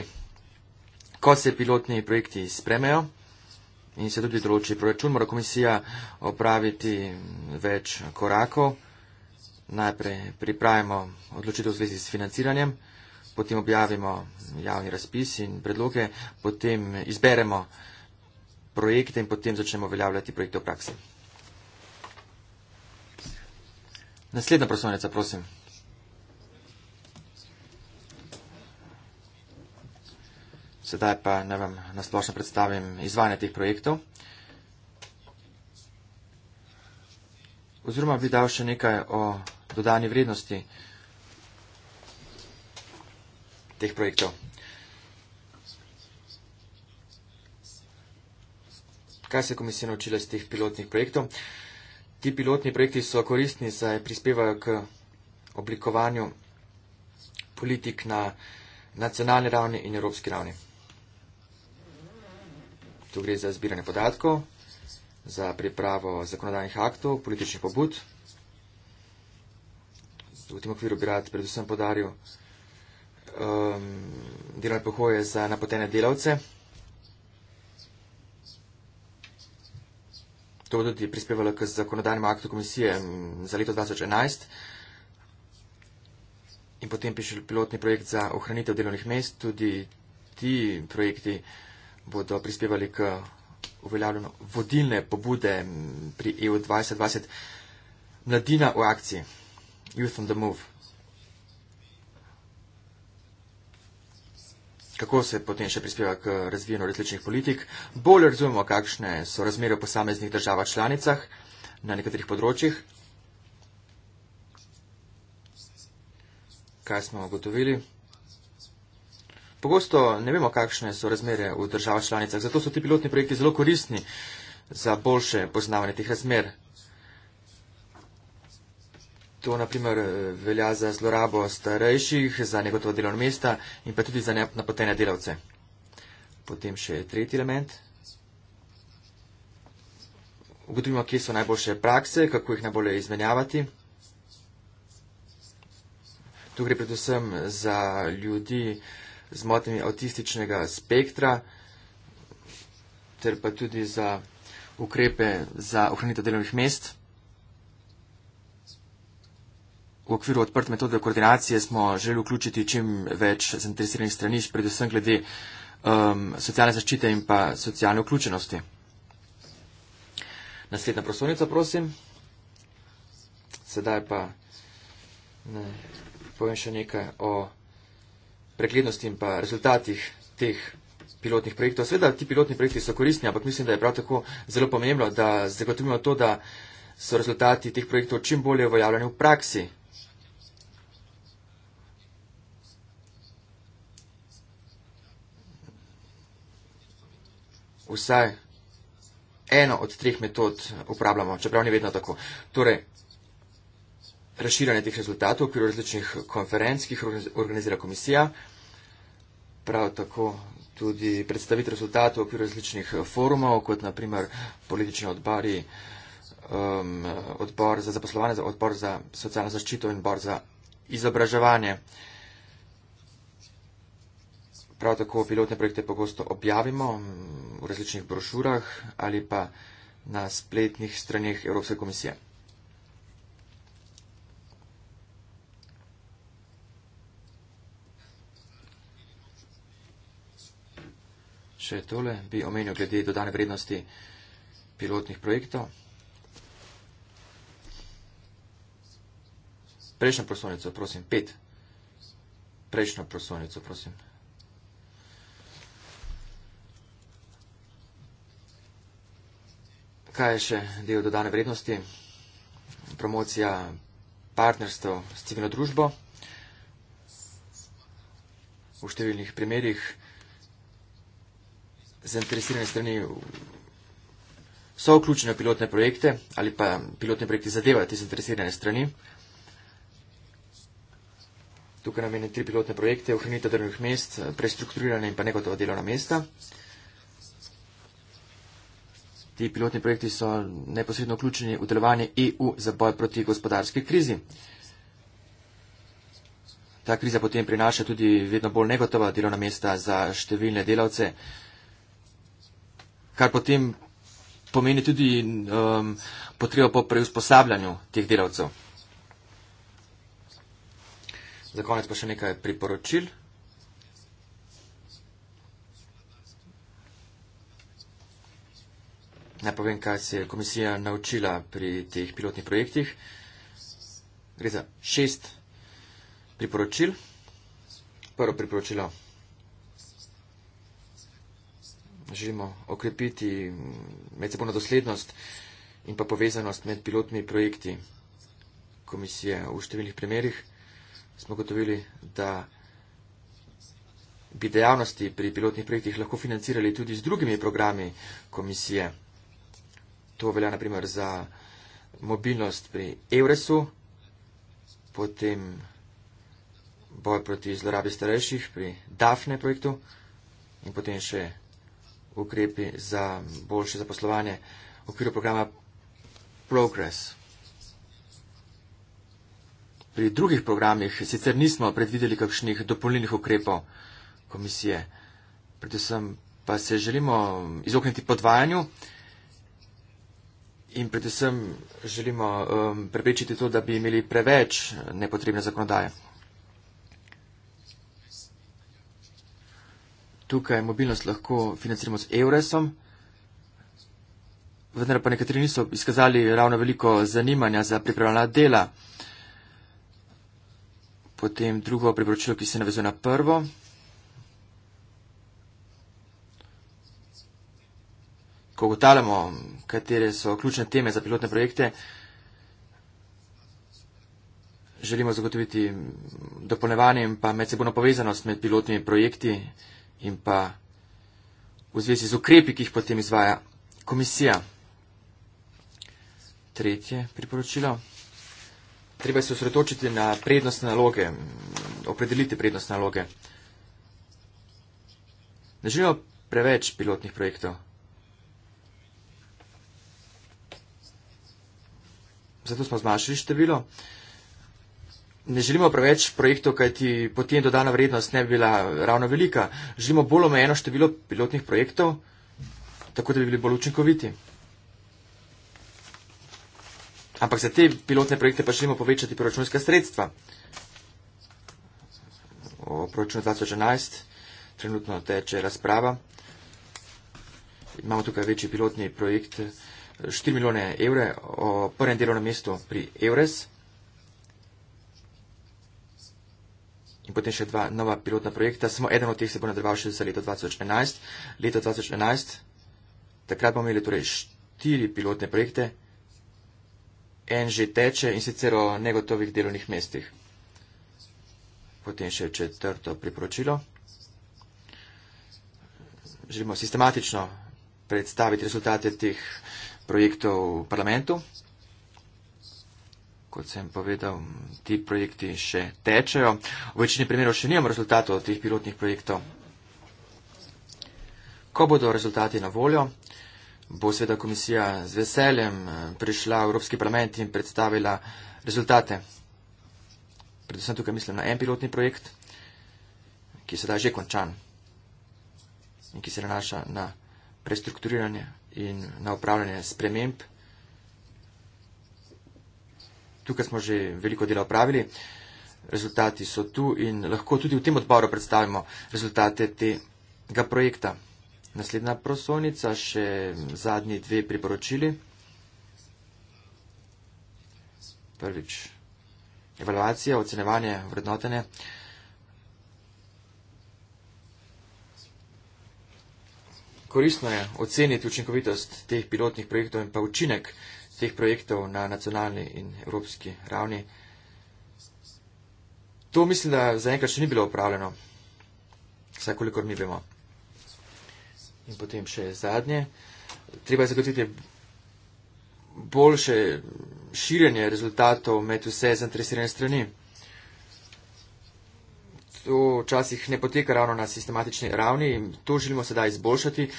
Ko se pilotni projekti spremejo in se tudi določi proračun, mora komisija opraviti mm, več korakov najprej pripravimo odločitev v zvezi s financiranjem, potem objavimo javni razpis in predloge, potem izberemo projekte in potem začnemo uveljavljati projekte v praksi. Naslednja prosovnica, prosim. Sedaj pa ne vam nasplošno predstavim izvajanje teh projektov. Oziroma bi dal še nekaj o dodani vrednosti teh projektov. Kaj se je komisija naučila iz teh pilotnih projektov? Ti pilotni projekti so koristni, saj prispevajo k oblikovanju politik na nacionalni ravni in evropski ravni. Tu gre za zbiranje podatkov, za pripravo zakonodajnih aktov, političnih pobud v tem okviru bi rad predvsem podaril um, delovne pohoje za napotene delavce. To bo tudi prispevalo k zakonodajnemu aktu komisije za leto 2011 in potem piše pilotni projekt za ohranitev delovnih mest. Tudi ti projekti bodo prispevali k uveljavljeno vodilne pobude pri EU 2020. Mladina v akciji youth on the move. Kako se potem še prispeva k razvijanju različnih politik? Bolj razumemo, kakšne so razmere v posameznih državah članicah na nekaterih področjih. Kaj smo ugotovili? Pogosto ne vemo, kakšne so razmere v državah članicah, zato so ti pilotni projekti zelo koristni za boljše poznavanje teh razmer. To naprimer velja za zlorabo starejših, za negotovo delovno mesto in pa tudi za napotene delavce. Potem še tretji element. Ugotovimo, kje so najboljše prakse, kako jih najbolje izmenjavati. Tu gre predvsem za ljudi z motnjami avtističnega spektra, ter pa tudi za ukrepe za ohranitev delovnih mest. V okviru odprte metode koordinacije smo želeli vključiti čim več zainteresiranih straniš, predvsem glede um, socialne zaščite in pa socialne vključenosti. Naslednja prosovnica, prosim. Sedaj pa ne, povem še nekaj o preglednosti in pa rezultatih teh pilotnih projektov. Sveda, ti pilotni projekti so koristni, ampak mislim, da je prav tako zelo pomembno, da zagotovimo to, da so rezultati teh projektov čim bolje uveljavljeni v praksi. vsaj eno od treh metod uporabljamo, čeprav ni vedno tako. Torej, Razširanje teh rezultatov v okviru različnih konferenc, ki jih organizira komisija, prav tako tudi predstaviti rezultatov v okviru različnih eh, forumov, kot naprimer politični odbori, um, odbor za zaposlovanje, odbor za socialno zaščito in odbor za izobraževanje. Uh, Prav tako pilotne projekte pogosto objavimo v različnih brošurah ali pa na spletnih stranih Evropske komisije. Še tole bi omenil glede dodane vrednosti pilotnih projektov. Prejšnjo prosonico, prosim, pet. Prejšnjo prosonico, prosim. kaj je še del dodane vrednosti? Promocija partnerstva s civilno družbo. V številnih primerjih zainteresirane strani so vključene v pilotne projekte ali pa pilotne projekte zadevajo te zainteresirane strani. Tukaj namenjam tri pilotne projekte, ohranitev delovnih mest, prestrukturiranje in pa negotova delovna mesta. Ti pilotni projekti so neposredno vključeni v delovanje EU za boj proti gospodarski krizi. Ta kriza potem prinaša tudi vedno bolj negotova delovna mesta za številne delavce, kar potem pomeni tudi um, potrebo po preusposabljanju teh delavcev. Za konec pa še nekaj priporočil. Naj povem, kaj se je komisija naučila pri teh pilotnih projektih. Gre za šest priporočil. Prvo priporočilo. Želimo okrepiti medsebojno doslednost in pa povezanost med pilotnimi projekti komisije. V številnih primerih smo gotovili, da bi dejavnosti pri pilotnih projektih lahko financirali tudi z drugimi programi komisije. To velja naprimer za mobilnost pri Euresu, potem boj proti zlorabi starejših pri DAFNE projektu in potem še ukrepi za boljše zaposlovanje v okviru programa Progress. Pri drugih programih sicer nismo predvideli kakšnih dopolnilnih ukrepov komisije, predvsem pa se želimo izogniti podvajanju in predvsem želimo um, prepričiti to, da bi imeli preveč nepotrebne zakonodaje. Tukaj mobilnost lahko financiramo s Euresom, vendar pa nekateri niso izkazali ravno veliko zanimanja za pripravljena dela. Potem drugo priporočilo, ki se navezuje na prvo. Ko ugotavljamo, katere so ključne teme za pilotne projekte. Želimo zagotoviti dopolnevanje in pa medsebojno povezanost med pilotnimi projekti in pa v zvezi z ukrepi, ki jih potem izvaja komisija. Tretje priporočilo. Treba se osredotočiti na prednostne naloge, opredeliti prednostne naloge. Ne želimo preveč pilotnih projektov. zato smo zmanjšali število. Ne želimo preveč projektov, kajti potem dodana vrednost ne bi bila ravno velika. Želimo bolj omejeno število pilotnih projektov, tako da bi bili bolj učinkoviti. Ampak za te pilotne projekte pa želimo povečati proračunska sredstva. O proračunu 2011 trenutno teče razprava. Imamo tukaj večji pilotni projekt. 4 milijone evre o prvem delovnem mestu pri Eures in potem še dva nova pilotna projekta. Samo eden od teh se bo nadaljeval še za leto 2011. Leto 2011, takrat bomo imeli torej štiri pilotne projekte, en že teče in sicer o negotovih delovnih mestih. Potem še četrto priporočilo. Želimo sistematično predstaviti rezultate teh projektov v parlamentu. Kot sem povedal, ti projekti še tečejo. V večini primerov še nimamo rezultatov od teh pilotnih projektov. Ko bodo rezultati na voljo, bo sveda komisija z veseljem eh, prišla v Evropski parlament in predstavila rezultate. Predvsem tukaj mislim na en pilotni projekt, ki je sedaj že končan in ki se nanaša na prestrukturiranje in na upravljanje sprememb. Tukaj smo že veliko dela opravili, rezultati so tu in lahko tudi v tem odboru predstavimo rezultate tega projekta. Naslednja prosovnica, še zadnji dve priporočili. Prvič, evaluacija, ocenevanje, vrednotenje. koristno je oceniti učinkovitost teh pilotnih projektov in pa učinek teh projektov na nacionalni in evropski ravni. To mislim, da zaenkrat še ni bilo upravljeno, vsaj kolikor mi vemo. In potem še zadnje. Treba je zagotoviti boljše širjenje rezultatov med vse zainteresirane strani to včasih ne poteka ravno na sistematični ravni in to želimo sedaj izboljšati.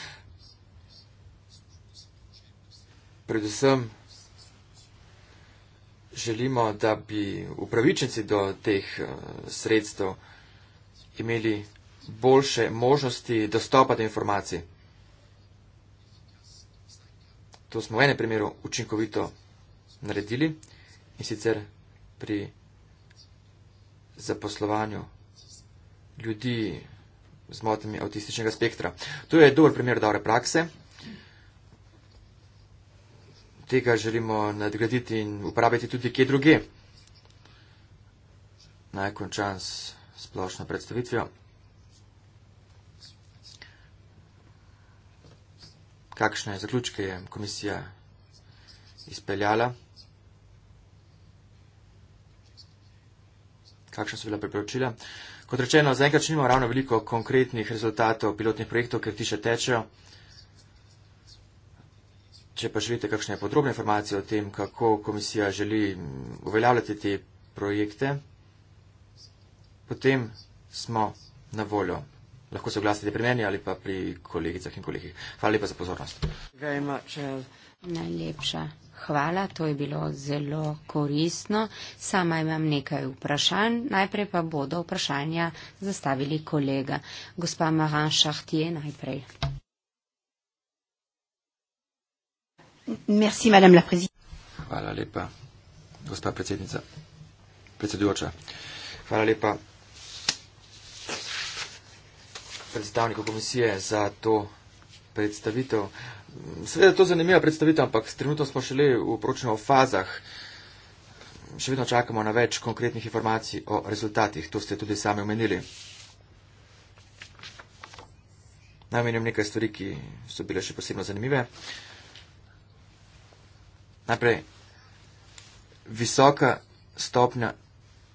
Predvsem želimo, da bi upravičenci do teh eh, sredstev imeli boljše možnosti dostopa do informacij. To smo v enem primeru učinkovito naredili in sicer pri zaposlovanju ljudi z motnjami avtističnega spektra. To je dober primer dobre prakse. Tega želimo nadgraditi in uporabiti tudi kje druge. Naj končam s splošno predstavitvijo. Kakšne zaključke je komisija izpeljala? Kakšna so bila priporočila? Kot rečeno, zaenkrat nimamo ravno veliko konkretnih rezultatov pilotnih projektov, ker ti še tečejo. Če pa želite kakšne podrobne informacije o tem, kako komisija želi uveljavljati te projekte, potem smo na voljo. Lahko se oglasite pri meni ali pa pri kolegicah in kolegih. Hvala lepa za pozornost. Uh, Najlepša. Hvala, to je bilo zelo koristno. Sama imam nekaj vprašanj. Najprej pa bodo vprašanja zastavili kolega. Gospa Maran Šahtije najprej. Merci, madame la hvala lepa, gospa predsednica. Predsedujoča, hvala lepa predstavniku komisije za to predstavitev. Seveda je to zanimiva predstavitev, ampak trenutno smo šele v poročnih fazah. Še vedno čakamo na več konkretnih informacij o rezultatih. To ste tudi sami omenili. Najmenim nekaj stvari, ki so bile še posebno zanimive. Najprej, visoka stopnja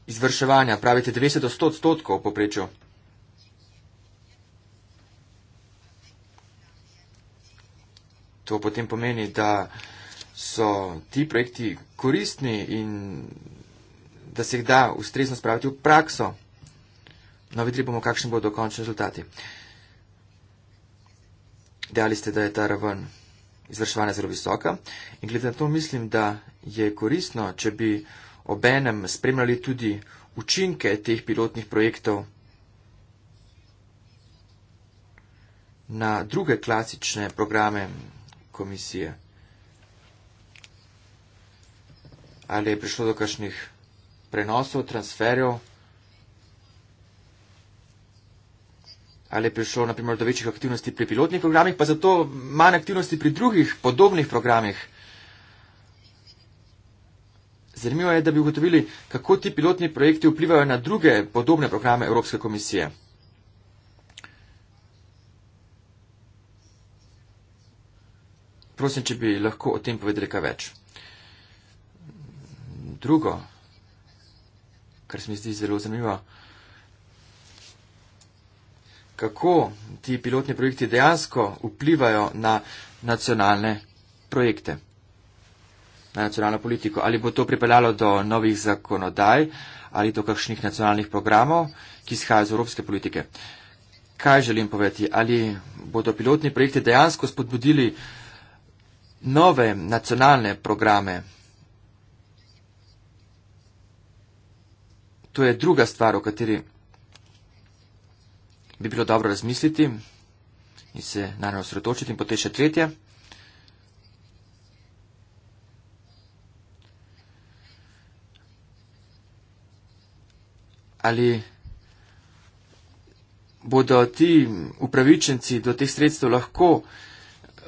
izvrševanja, pravite 90 do 100 odstotkov poprečju. to potem pomeni, da so ti projekti koristni in da se jih da ustrezno spraviti v prakso. No, videli bomo, kakšni bodo končni rezultati. Dejali ste, da je ta raven izvrševanja zelo visoka in glede na to mislim, da je koristno, če bi obenem spremljali tudi učinke teh pilotnih projektov na druge klasične programe komisije. Ali je prišlo do kakšnih prenosov, transferjev? Ali je prišlo, naprimer, do večjih aktivnosti pri pilotnih programih, pa zato manj aktivnosti pri drugih podobnih programih? Zanimivo je, da bi ugotovili, kako ti pilotni projekti vplivajo na druge podobne programe Evropske komisije. prosim, če bi lahko o tem povedali kaj več. Drugo, kar se mi zdi zelo zanimivo, kako ti pilotni projekti dejansko vplivajo na nacionalne projekte, na nacionalno politiko. Ali bo to pripeljalo do novih zakonodaj ali do kakšnih nacionalnih programov, ki izhajajo iz evropske politike. Kaj želim povedati? Ali bodo pilotni projekti dejansko spodbudili nove nacionalne programe. To je druga stvar, o kateri bi bilo dobro razmisliti in se na njo osredotočiti. In potem še tretja. Ali bodo ti upravičenci do teh sredstev lahko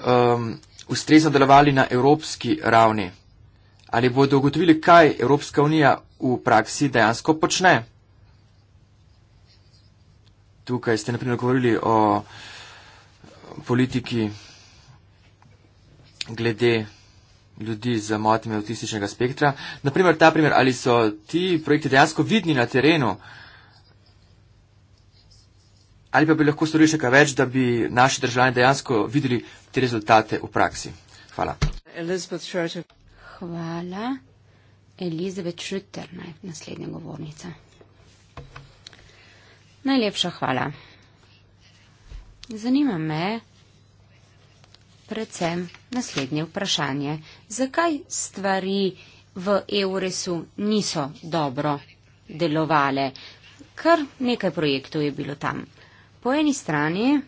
um, ustrezno delovali na evropski ravni? Ali bodo ugotovili, kaj Evropska unija v praksi dejansko počne? Tukaj ste naprimer govorili o politiki glede ljudi z motnjami avtističnega spektra. Naprimer, ta primer, ali so ti projekti dejansko vidni na terenu, uh, ali pa bi lahko storili še kaj več, da bi naši državljani dejansko videli te rezultate v praksi. Hvala. Hvala. Elizabeth Schutter, naslednja govornica. Najlepša hvala. Zanima me predvsem naslednje vprašanje. Zakaj stvari v EURES-u niso dobro delovale? Kar nekaj projektov je bilo tam Po eni strani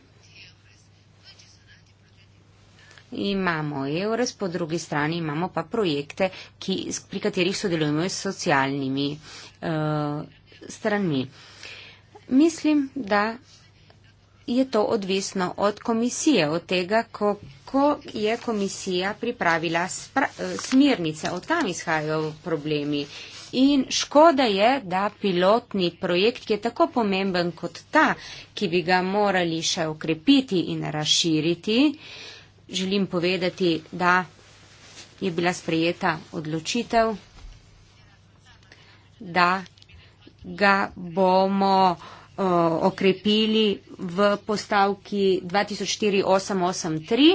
imamo EURES, po drugi strani imamo pa projekte, ki, pri katerih sodelujemo s socialnimi uh, stranmi. Mislim, da je to odvisno od komisije, od tega, kako je komisija pripravila eh, smernice. Od tam izhajajo problemi In škoda je, da pilotni projekt, ki je tako pomemben kot ta, ki bi ga morali še okrepiti in razširiti, želim povedati, da je bila sprejeta odločitev, da ga bomo eh, okrepili v postavki 204883.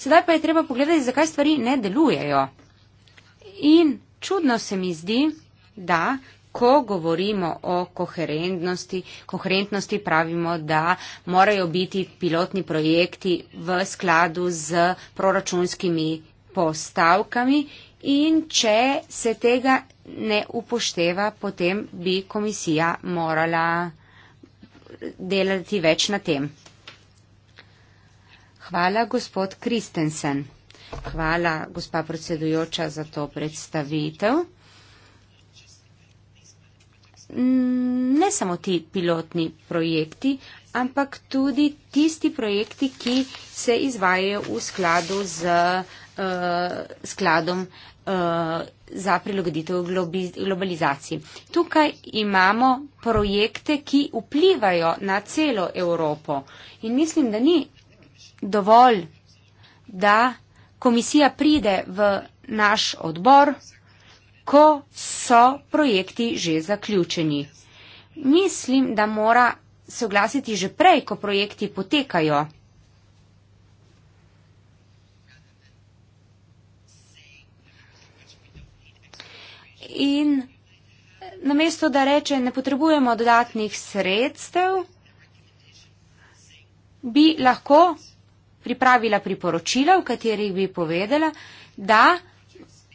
Sedaj pa je treba pogledati, zakaj stvari ne delujejo. In čudno se mi zdi, da. Ko govorimo o koherentnosti, koherentnosti pravimo, da morajo biti pilotni projekti v skladu z proračunskimi postavkami in če se tega ne upošteva, potem bi komisija morala delati več na tem. Hvala, gospod Kristensen. Hvala, gospa predsedujoča, za to predstavitev ne samo ti pilotni projekti, ampak tudi tisti projekti, ki se izvajajo v skladu z uh, skladom uh, za prilagoditev globi, globalizaciji. Tukaj imamo projekte, ki vplivajo na celo Evropo in mislim, da ni dovolj, da komisija pride v naš odbor, ko so projekti že zaključeni. Mislim, da mora se oglasiti že prej, ko projekti potekajo. In namesto, da reče, ne potrebujemo dodatnih sredstev, bi lahko pripravila priporočila, v katerih bi povedala, da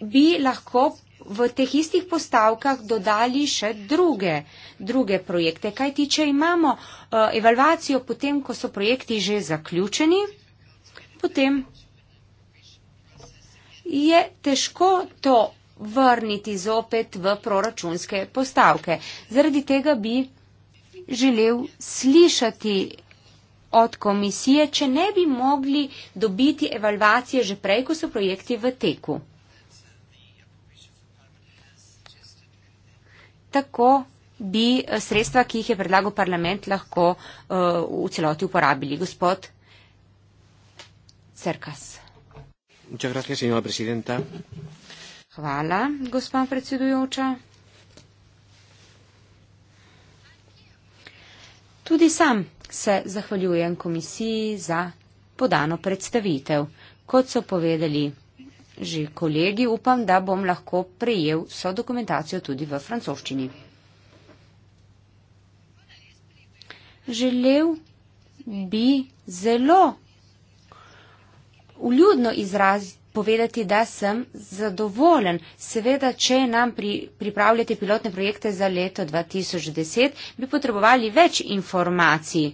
bi lahko v teh istih postavkah dodali še druge, druge projekte. Kaj ti, če imamo eh, evalvacijo potem, ko so projekti že zaključeni, potem je težko to vrniti zopet v proračunske postavke. Zaradi tega bi želel slišati od komisije, če ne bi mogli dobiti evalvacije že prej, ko so projekti v teku. tako bi eh, sredstva, ki jih je predlagal parlament, lahko uh, v celoti uporabili. Gospod Cerkas. Hvala, gospa predsedujoča. Tudi sam se zahvaljujem komisiji za podano predstavitev. Kot so povedali že kolegi, upam, da bom lahko prejel vso dokumentacijo tudi v francoščini. Želel bi zelo uljudno izraziti povedati, da sem zadovoljen. Seveda, če nam pri, pripravljate pilotne projekte za leto 2010, bi potrebovali več informacij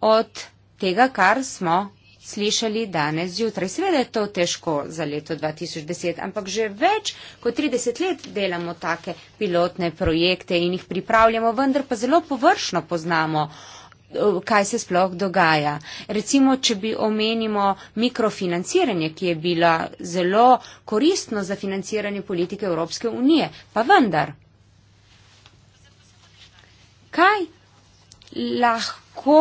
od tega, kar smo slišali danes zjutraj. Seveda je to težko za leto 2010, ampak že več kot 30 let delamo take pilotne projekte in jih pripravljamo, vendar pa zelo površno poznamo eh, kaj se sploh dogaja. Recimo, če bi omenimo mikrofinanciranje, ki je bila zelo koristno za financiranje politike Evropske unije, pa vendar. Kaj lahko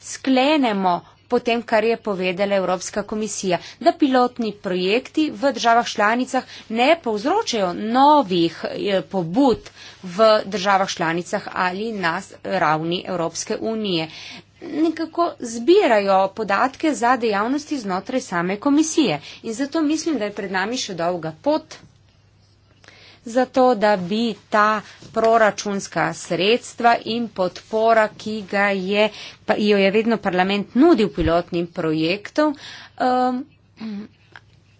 sklenemo potem, kar je povedala Evropska komisija, da pilotni projekti v državah članicah ne povzročajo novih eh, pobud v državah članicah ali na ravni Evropske unije. Nekako zbirajo podatke za dejavnosti znotraj same komisije in zato mislim, da je pred nami še dolga pot zato da bi ta proračunska sredstva in podpora, ki ga je, pa jo je vedno parlament nudil pilotnim projektom, um,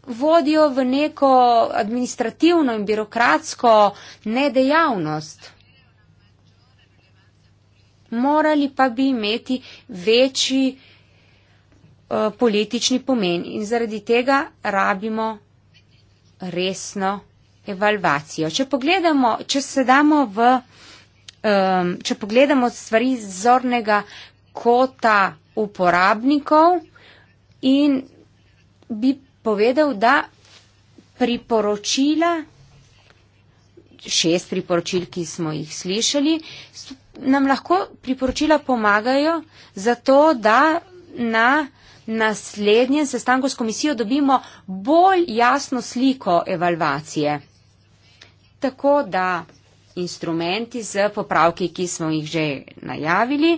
vodijo v neko administrativno in birokratsko nedejavnost. Morali pa bi imeti večji uh, politični pomen in zaradi tega rabimo resno evalvacijo. Če pogledamo, če se damo v, um, če pogledamo stvari z zornega kota uporabnikov in bi povedal, da priporočila, šest priporočil, ki smo jih slišali, nam lahko priporočila pomagajo za to, da na naslednjem sestanku s komisijo dobimo bolj jasno sliko evalvacije tako da instrumenti z popravki, ki smo jih že najavili,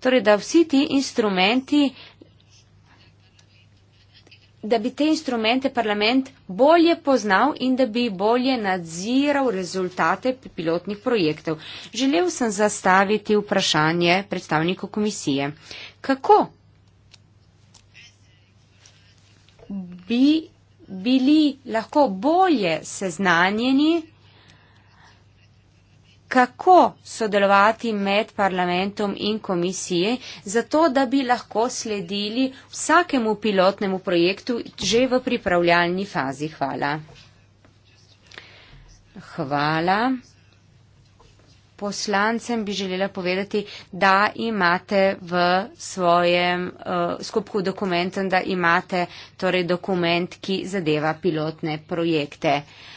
torej da vsi ti instrumenti, da bi te instrumente parlament bolje poznal in da bi bolje nadziral rezultate pilotnih projektov. Želel sem zastaviti vprašanje predstavniku komisije. Kako bi bili lahko bolje seznanjeni kako sodelovati med parlamentom in komisijo, zato da bi lahko sledili vsakemu pilotnemu projektu že v pripravljalni fazi. Hvala. Hvala. Poslancem bi želela povedati, da imate v svojem uh, skupku dokumentov, da imate torej dokument, ki zadeva pilotne projekte. Uh,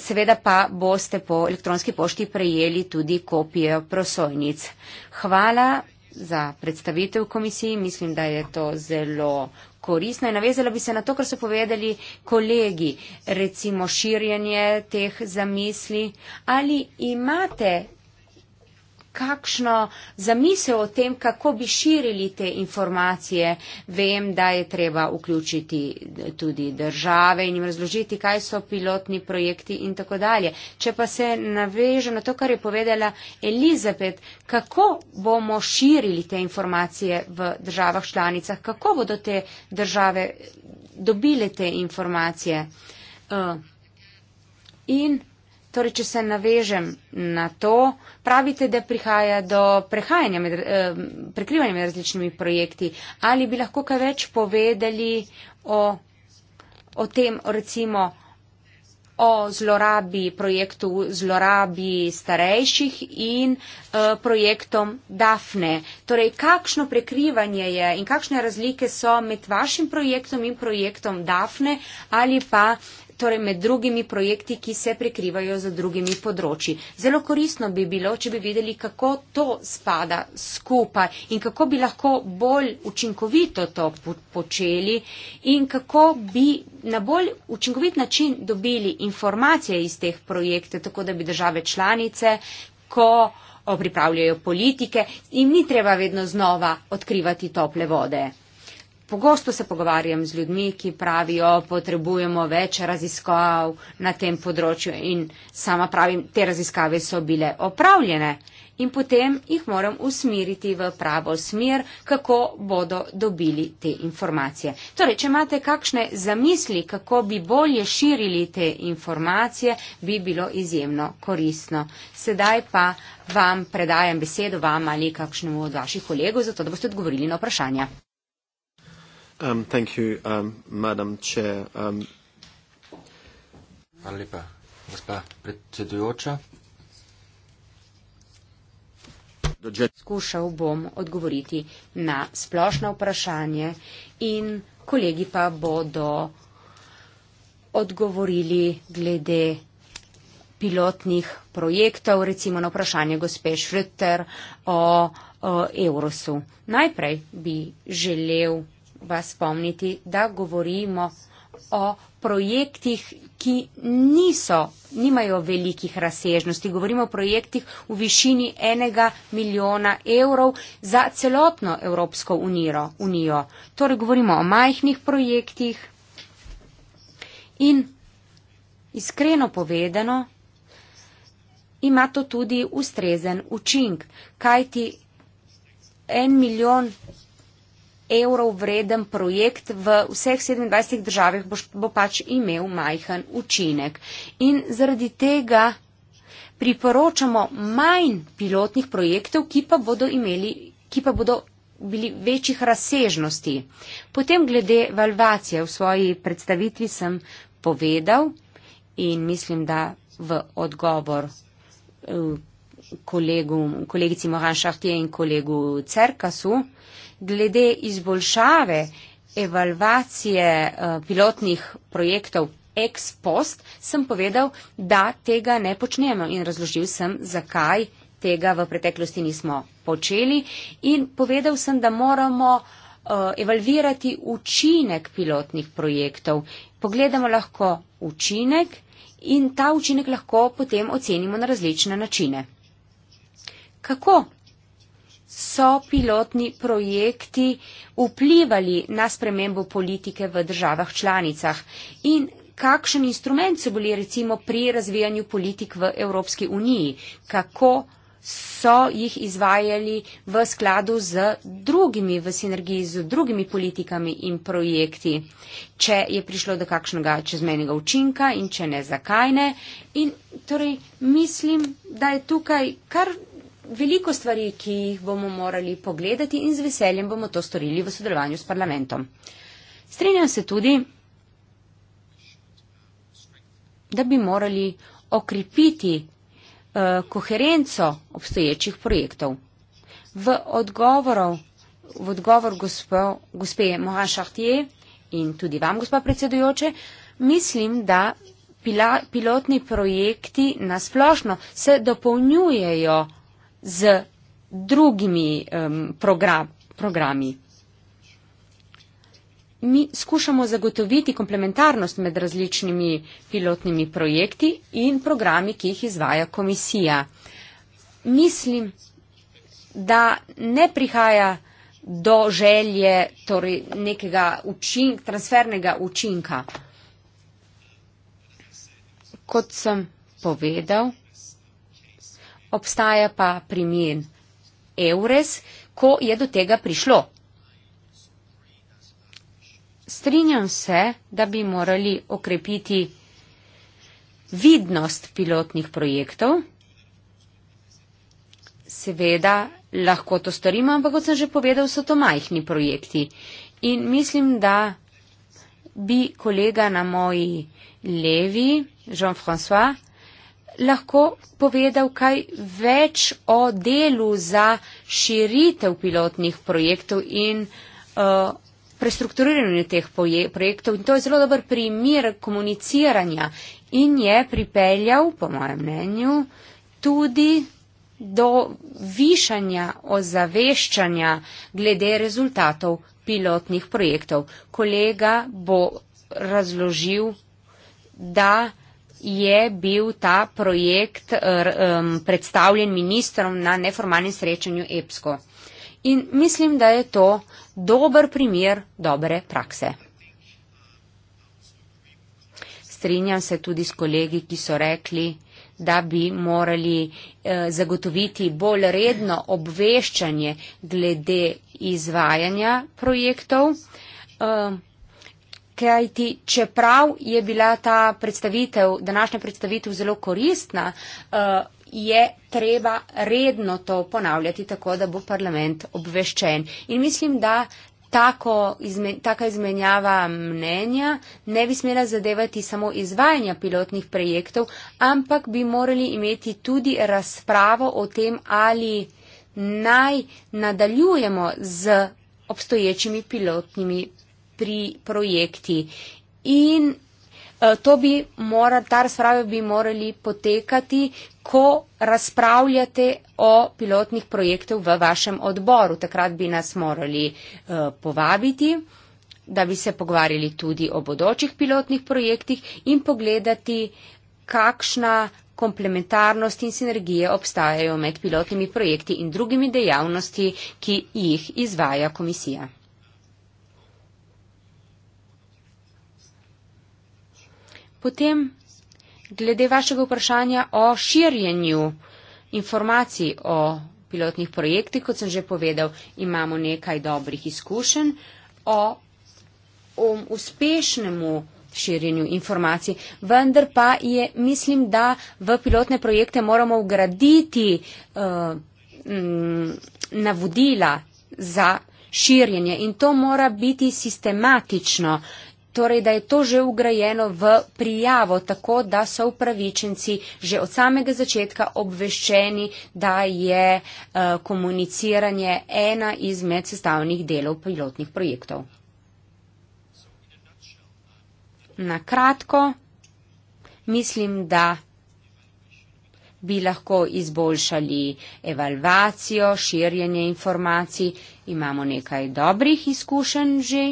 Seveda pa boste po elektronski pošti prejeli tudi kopije prosojnic. Hvala za predstavitev komisiji. Mislim, da je to zelo koristno. In navezala bi se na to, kar so povedali kolegi, recimo širjenje teh zamisli. Ali imate kakšno zamisel o tem, kako bi širili te informacije. Vem, da je treba vključiti tudi države in jim razložiti, kaj so pilotni projekti in tako dalje. Če pa se naveže na to, kar je povedala Elizabet, kako bomo širili te informacije v državah članicah, kako bodo te države dobile te informacije. Uh, in Torej, če se navežem na to, pravite, da prihaja do med, eh, prekrivanja med različnimi projekti. Ali bi lahko kaj več povedali o, o tem, recimo, o zlorabi, projektu zlorabi starejših in eh, projektom DAFNE? Torej, kakšno prekrivanje je in kakšne razlike so med vašim projektom in projektom DAFNE ali pa torej med drugimi projekti, ki se prekrivajo z drugimi področji. Zelo koristno bi bilo, če bi vedeli, kako to spada skupaj in kako bi lahko bolj učinkovito to počeli in kako bi na bolj učinkovit način dobili informacije iz teh projektov, tako da bi države članice, ko pripravljajo politike, jim ni treba vedno znova odkrivati tople vode. Pogosto se pogovarjam z ljudmi, ki pravijo, potrebujemo več raziskav na tem področju in sama pravim, te raziskave so bile opravljene in potem jih moram usmiriti v pravo smer, kako bodo dobili te informacije. Torej, če imate kakšne zamisli, kako bi bolje širili te informacije, bi bilo izjemno koristno. Sedaj pa vam predajam besedo vam ali kakšnemu od vaših kolegov, zato da boste odgovorili na vprašanja. Um, thank you, um, Madam Chair. Um, Hvala lepa, gospa predsedujoča. Skušal bom odgovoriti na splošno vprašanje in kolegi pa bodo odgovorili glede pilotnih projektov, recimo na vprašanje gospe Šrter o, o Eurosu. Najprej bi želel vas spomniti, da govorimo o projektih, ki niso, nimajo velikih razsežnosti. Govorimo o projektih v višini enega milijona evrov za celotno Evropsko unijo. unijo. Torej govorimo o majhnih projektih in iskreno povedano, ima to tudi ustrezen učink, kajti en milijon evrov vreden projekt v vseh 27 državah bo, bo pač imel majhen učinek. In zaradi tega priporočamo manj pilotnih projektov, ki pa bodo imeli, ki pa bodo bili večjih razsežnosti. Potem glede valvacije v svoji predstavitvi sem povedal in mislim, da v odgovor eh, kolegu, kolegici Mohan Šahtije in kolegu Cerkasu, glede izboljšave evalvacije eh, pilotnih projektov ex post, sem povedal, da tega ne počnemo in razložil sem, zakaj tega v preteklosti nismo počeli in povedal sem, da moramo eh, evalvirati učinek pilotnih projektov. Pogledamo lahko učinek in ta učinek lahko potem ocenimo na različne načine. Kako so pilotni projekti vplivali na spremembo politike v državah članicah in kakšen instrument so bili recimo pri razvijanju politik v Evropski uniji, kako so jih izvajali v skladu z drugimi, v sinergiji z drugimi politikami in projekti, če je prišlo do kakšnega čezmenjega učinka in če ne, zakaj ne. In torej mislim, da je tukaj kar veliko stvari, ki jih bomo morali pogledati in z veseljem bomo to storili v sodelovanju s parlamentom. Strenjam se tudi, da bi morali okrepiti uh, koherenco obstoječih projektov. V odgovoru, v odgovor gospo, gospe Moha Šahtije in tudi vam, gospa predsedujoče, mislim, da pila, pilotni projekti nasplošno se dopolnjujejo z drugimi um, progra programi. Mi skušamo zagotoviti komplementarnost med različnimi pilotnimi projekti in programi, ki jih izvaja komisija. Mislim, da ne prihaja do želje torej nekega učink, transfernega učinka. Kot sem povedal, obstaja pa primer Eures, ko je do tega prišlo. Strinjam se, da bi morali okrepiti vidnost pilotnih projektov. Seveda lahko to storimo, ampak kot sem že povedal, so to majhni projekti. In mislim, da bi kolega na moji levi, Jean-François, lahko povedal kaj več o delu za širitev pilotnih projektov in uh, prestrukturiranje teh projektov. In to je zelo dober primer komuniciranja in je pripeljal, po mojem mnenju, tudi do višanja ozaveščanja glede rezultatov pilotnih projektov. Kolega bo razložil, da je bil ta projekt um, predstavljen ministrom na neformalnem srečanju EPSKO. In mislim, da je to dober primer dobre prakse. Strinjam se tudi s kolegi, ki so rekli, da bi morali eh, zagotoviti bolj redno obveščanje glede izvajanja projektov. Eh, kajti čeprav je bila ta predstavitev, današnja predstavitev zelo koristna, eh, je treba redno to ponavljati, tako da bo parlament obveščen. In mislim, da tako izmen, taka izmenjava mnenja ne bi smela zadevati samo izvajanja pilotnih projektov, ampak bi morali imeti tudi razpravo o tem, ali naj nadaljujemo z obstoječimi pilotnimi pri projekti. In eh, bi mora, ta razprava bi morali potekati, ko razpravljate o pilotnih projektih v vašem odboru. Takrat bi nas morali eh, povabiti da bi se pogovarjali tudi o bodočih pilotnih projektih in pogledati, kakšna komplementarnost in sinergije obstajajo med pilotnimi projekti in drugimi dejavnosti, ki jih izvaja komisija. Potem, glede vašega vprašanja o širjenju informacij o pilotnih projektih, kot sem že povedal, imamo nekaj dobrih izkušenj o, o uspešnemu širjenju informacij, vendar pa je, mislim, da v pilotne projekte moramo ugraditi uh, eh, mm, navodila za širjenje in to mora biti sistematično. Uh, torej da je to že ugrajeno v prijavo, tako da so upravičenci že od samega začetka obveščeni, da je uh, komuniciranje ena izmed sestavnih delov pilotnih projektov. Na kratko, mislim, da bi lahko izboljšali evalvacijo, širjenje informacij. Imamo nekaj dobrih izkušenj že.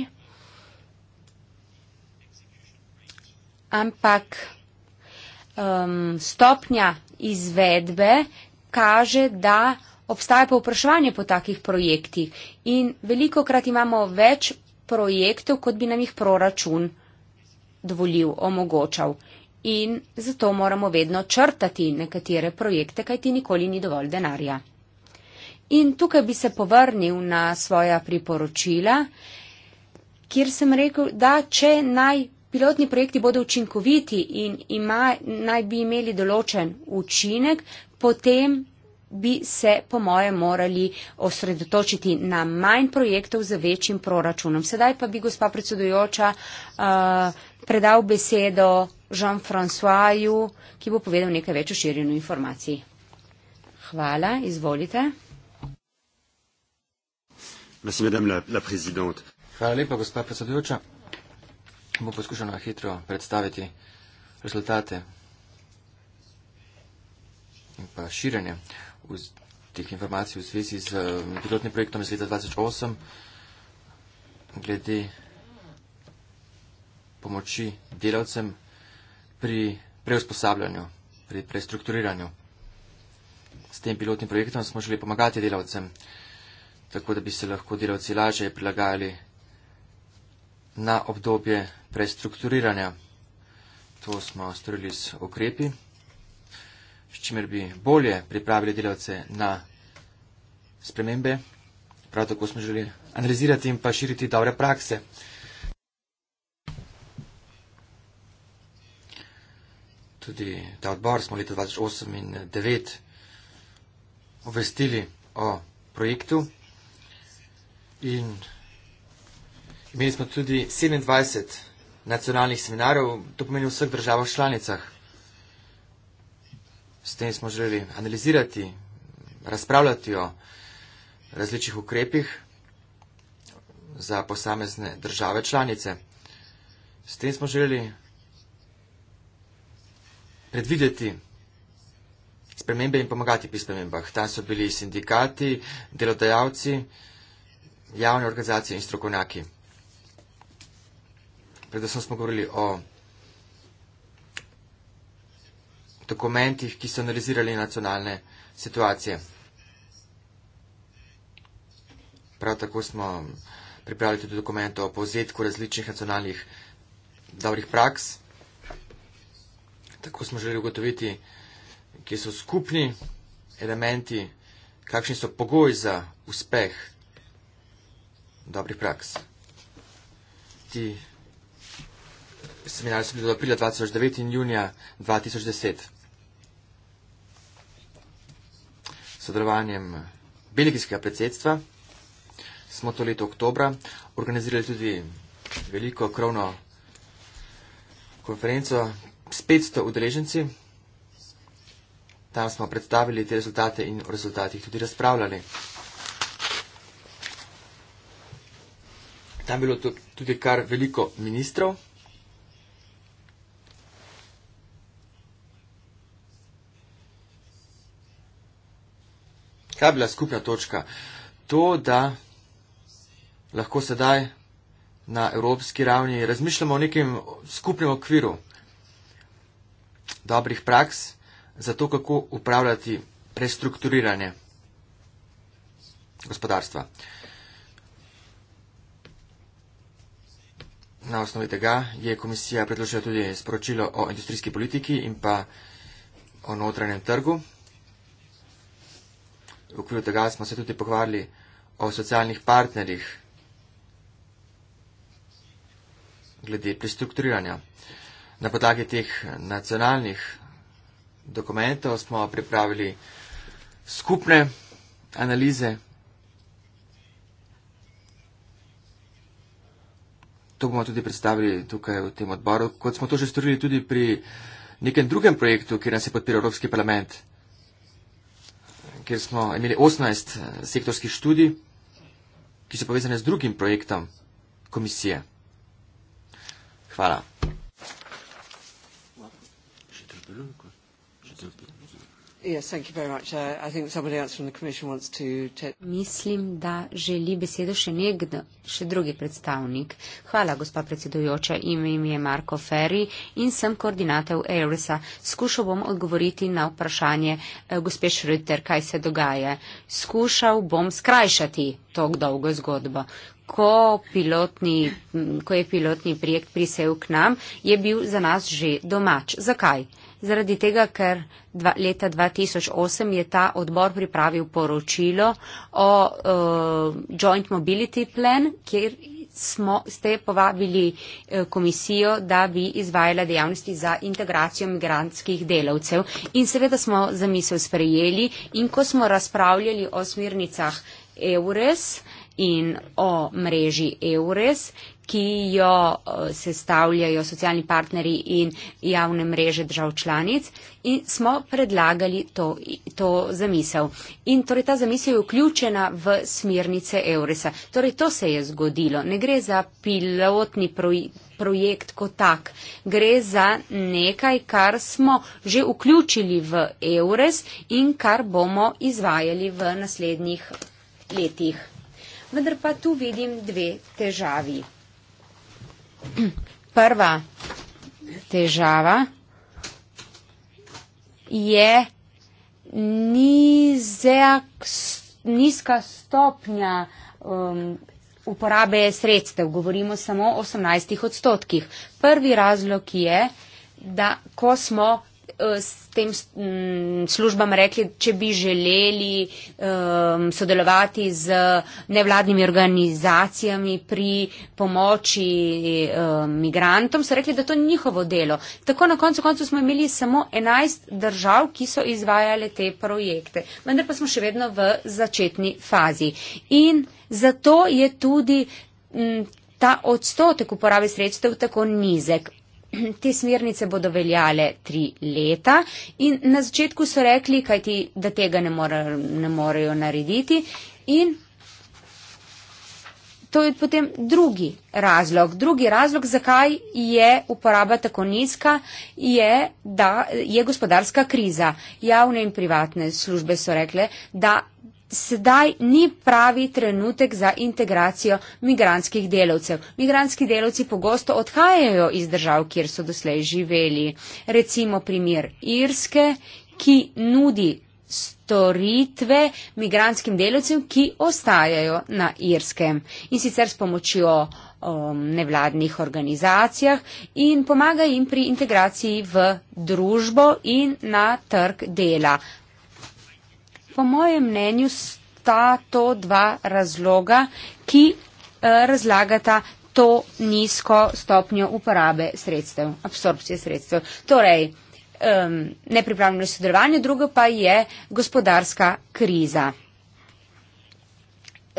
ampak um, stopnja izvedbe kaže, da obstaja povpraševanje po takih projektih in veliko krat imamo več projektov, kot bi nam jih proračun dovolil, omogočal. In zato moramo vedno črtati nekatere projekte, kajti nikoli ni dovolj denarja. In tukaj bi se povrnil na svoja priporočila, kjer sem rekel, da če naj Pilotni projekti bodo učinkoviti in ima, naj bi imeli določen učinek, potem bi se, po moje, morali osredotočiti na manj projektov z večjim proračunom. Sedaj pa bi gospa predsedujoča uh, predal besedo Jean-Françoisu, ki bo povedal nekaj več o širjenju informacij. Hvala, izvolite. Hvala lepa, gospa predsedujoča bom poskušal na hitro predstaviti rezultate in pa širjenje vz, teh informacij v zvezi z um, pilotnim projektom iz leta 2008 glede pomoči delavcem pri preusposabljanju, pri prestrukturiranju. S tem pilotnim projektom smo želeli pomagati delavcem, tako da bi se lahko delavci lažje prilagajali na obdobje prestrukturiranja. To smo storili s okrepi, s čimer bi bolje pripravili delavce na spremembe. Prav tako smo želeli analizirati in pa širiti dobre prakse. Tudi ta odbor smo leta 2008 in 2009 obvestili o projektu in Imeli smo tudi 27 nacionalnih seminarjev, to pomeni v vseh državah članicah. S tem smo želeli analizirati, razpravljati o različnih ukrepih za posamezne države članice. S tem smo želeli predvideti spremembe in pomagati pri spremembah. Tam so bili sindikati, delodajalci, javne organizacije in strokovnjaki predvsem smo govorili o dokumentih, ki so analizirali nacionalne situacije. Prav tako smo pripravili tudi dokument o povzetku različnih nacionalnih dobrih praks. Tako smo želeli ugotoviti, kje so skupni elementi, kakšni so pogoji za uspeh dobrih praks. Ti seminar sem bil od aprila 2009 in junija 2010. S sodelovanjem belgijskega predsedstva smo to leto oktobra organizirali tudi veliko krovno konferenco s 500 udeleženci. Tam smo predstavili te rezultate in o rezultatih tudi razpravljali. Tam bilo tudi kar veliko ministrov. Kaj je bila skupna točka? To, da lahko sedaj na evropski ravni razmišljamo o nekem skupnem okviru dobrih praks za to, kako upravljati prestrukturiranje gospodarstva. Na osnovi tega je komisija predložila tudi sporočilo o industrijski politiki in pa o notranjem trgu v okviru tega smo se tudi pogovarjali o socialnih partnerjih glede prestrukturiranja. Na podlagi teh nacionalnih dokumentov smo pripravili skupne analize. To bomo tudi predstavili tukaj v tem odboru, kot smo to že storili tudi pri nekem drugem projektu, kjer nas je podpiral Evropski parlament kjer smo imeli 18 eh, sektorskih študij, ki so povezane z drugim projektom komisije. Hvala. Je to bilo, je to bilo. Mislim, da želi besedo še nekdo, še drugi predstavnik. Hvala, gospa predsedujoča. Ime mi je Marko Ferri in sem koordinatel Eurisa. Skušal bom odgovoriti na vprašanje eh, gospe Šrüter, kaj se dogaja. Skušal bom skrajšati to dolgo zgodbo. Ko, pilotni, ko je pilotni projekt prisev k nam, je bil za nas že domač. Zakaj? Zaradi tega, ker dva, leta 2008 je ta odbor pripravil poročilo o uh, Joint Mobility Plan, kjer smo, ste povabili uh, komisijo, da bi izvajala dejavnosti za integracijo migrantskih delavcev. In seveda smo zamisel sprejeli in ko smo razpravljali o smirnicah EURES in o mreži EURES, ki jo eh, sestavljajo socialni partneri in javne mreže držav članic in smo predlagali to, to zamisel. In torej ta zamisel je vključena v smirnice Euresa. Torej to se je zgodilo. Ne gre za pilotni proj projekt kot tak. Gre za nekaj, kar smo že vključili v Eures in kar bomo izvajali v naslednjih letih. Vendar pa tu vidim dve težavi prva težava je nizek, nizka stopnja um, uporabe sredstev. Govorimo samo o 18 odstotkih. Prvi razlog je, da ko smo Eh, s tem mm, službam rekli, če bi želeli um, sodelovati z nevladnimi organizacijami pri pomoči um, migrantom, so rekli, da to ni njihovo delo. Tako na koncu koncu smo imeli samo 11 držav, ki so izvajale te projekte. Vendar pa smo še vedno v začetni fazi. In zato je tudi. Mm, ta odstotek uporabe sredstev tako nizek. [CLEARS THROAT] te smernice bodo veljale tri leta in na začetku so rekli, kajti, da tega ne, mora, ne morejo narediti in to je potem drugi razlog. Drugi razlog, zakaj je uporaba tako nizka, je, da je gospodarska kriza. Javne in privatne službe so rekle, da sedaj ni pravi trenutek za integracijo migranskih delavcev. Migranski delavci pogosto odhajajo iz držav, kjer so doslej živeli. Recimo primer Irske, ki nudi storitve migranskim delavcem, ki ostajajo na Irskem in sicer s pomočjo um, nevladnih organizacijah in pomaga jim pri integraciji v družbo in na trg dela. Po mojem mnenju sta to dva razloga, ki eh, razlagata to nizko stopnjo uporabe sredstev, absorpcije sredstev. Torej, um, nepripravljeno sodelovanje, drugo pa je gospodarska kriza.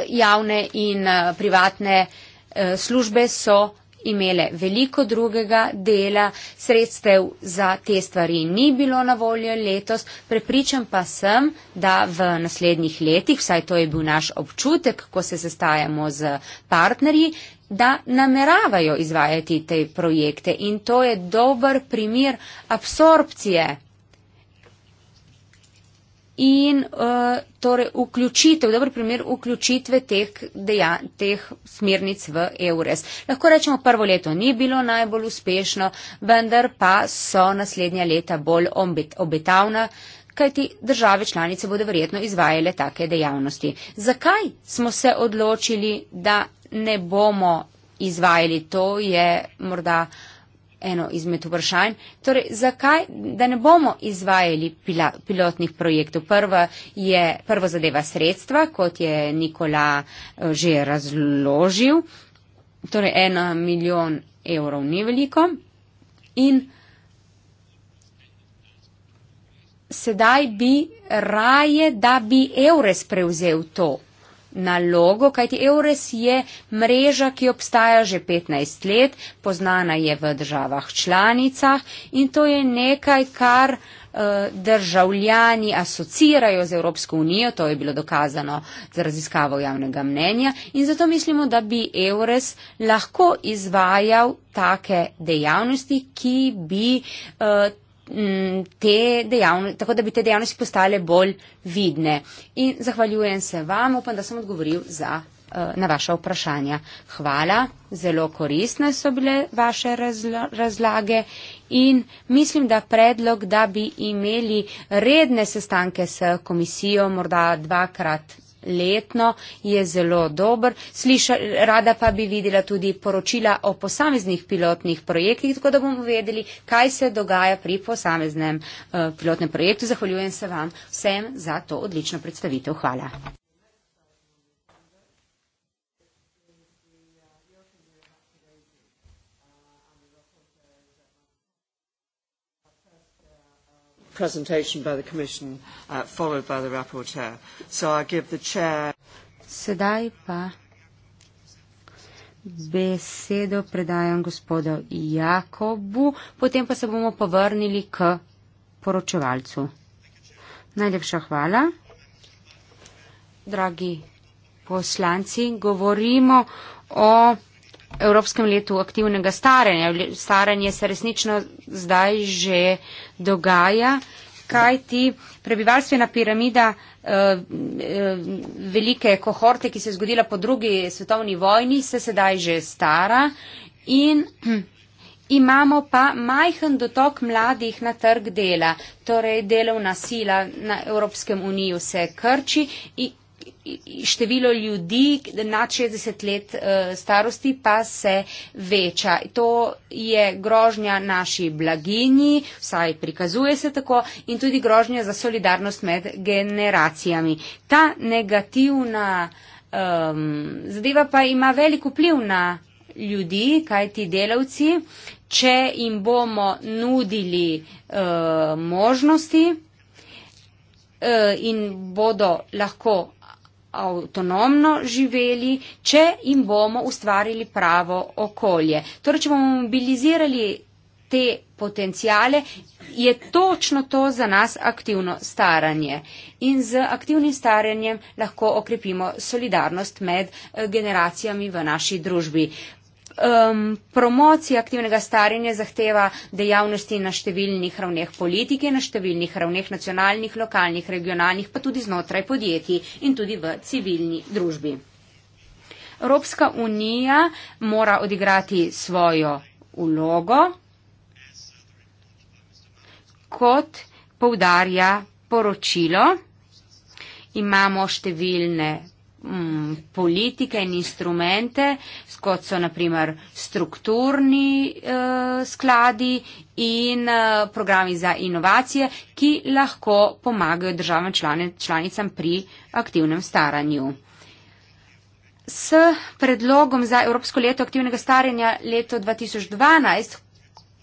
Javne in eh, privatne eh, službe so imele veliko drugega dela, sredstev za te stvari ni bilo na voljo letos, prepričan pa sem, da v naslednjih letih, vsaj to je bil naš občutek, ko se sestajamo z partnerji, da nameravajo izvajati te projekte in to je dober primer absorpcije in uh, torej vključitev, dober primer vključitve teh, deja, teh smernic v EURES. Lahko rečemo, prvo leto ni bilo najbolj uspešno, vendar pa so naslednja leta bolj obetavna, kajti države članice bodo verjetno izvajale take dejavnosti. Zakaj smo se odločili, da ne bomo izvajali to, je morda. Uh, eno izmed vprašanj. Torej, zakaj, da ne bomo izvajali pila, pilotnih projektov? Prva je, prvo zadeva sredstva, kot je Nikola eh, že razložil. Torej, ena milijon evrov ni veliko. In sedaj bi raje, da bi Eures prevzel to nalogo, kajti EURES je mreža, ki obstaja že 15 let, poznana je v državah članicah in to je nekaj, kar eh, državljani asocirajo z Evropsko unijo, to je bilo dokazano z raziskavo javnega mnenja in zato mislimo, da bi EURES lahko izvajal take dejavnosti, ki bi uh, Mm, te dejavnosti, tako da bi te dejavnosti postale bolj vidne. In zahvaljujem se vam, upam, da sem odgovoril za, eh, na vaše vprašanja. Hvala, zelo koristne so bile vaše razlage in mislim, da predlog, da bi imeli redne sestanke s komisijo, morda dvakrat letno je zelo dober. Sliša, rada pa bi videla tudi poročila o posameznih pilotnih projektih, tako da bomo vedeli, kaj se dogaja pri posameznem uh, pilotnem projektu. Zahvaljujem se vam vsem za to odlično predstavitev. Hvala. presentation by the Commission, uh, followed by the rapporteur. So I give the chair. Sedaj pa besedo predajam gospodu Jakobu, potem pa se bomo povrnili k poročevalcu. Najlepša hvala. Dragi poslanci, govorimo o. Evropskem letu aktivnega staranja. Staranje se resnično zdaj že dogaja, kaj ti prebivalstvena piramida eh, eh, velike kohorte, ki se je zgodila po drugi svetovni vojni, se sedaj že stara in [CLEARS THROAT] imamo pa majhen dotok mladih na trg dela, torej delovna sila na Evropskem uniju se krči in število ljudi nad 60 let eh, starosti pa se veča. To je grožnja naši blaginji, vsaj prikazuje se tako, in tudi grožnja za solidarnost med generacijami. Ta negativna um, zadeva pa ima velik vpliv na ljudi, kaj ti delavci, če jim bomo nudili uh, možnosti uh, in bodo lahko avtonomno živeli, če jim bomo ustvarili pravo okolje. Torej, če bomo mobilizirali te potencijale, je točno to za nas aktivno staranje. In z aktivnim staranjem lahko okrepimo solidarnost med eh, generacijami v naši družbi. Um, promocija aktivnega starjenja zahteva dejavnosti na številnih ravneh politike, na številnih ravneh nacionalnih, lokalnih, regionalnih, pa tudi znotraj podjetij in tudi v civilni družbi. Evropska unija mora odigrati svojo ulogo, kot poudarja poročilo. Imamo številne mm, politike in instrumente, kot so naprimer strukturni eh, skladi in eh, programi za inovacije, ki lahko pomagajo državam člane, članicam pri aktivnem staranju. S predlogom za Evropsko leto aktivnega staranja leto 2012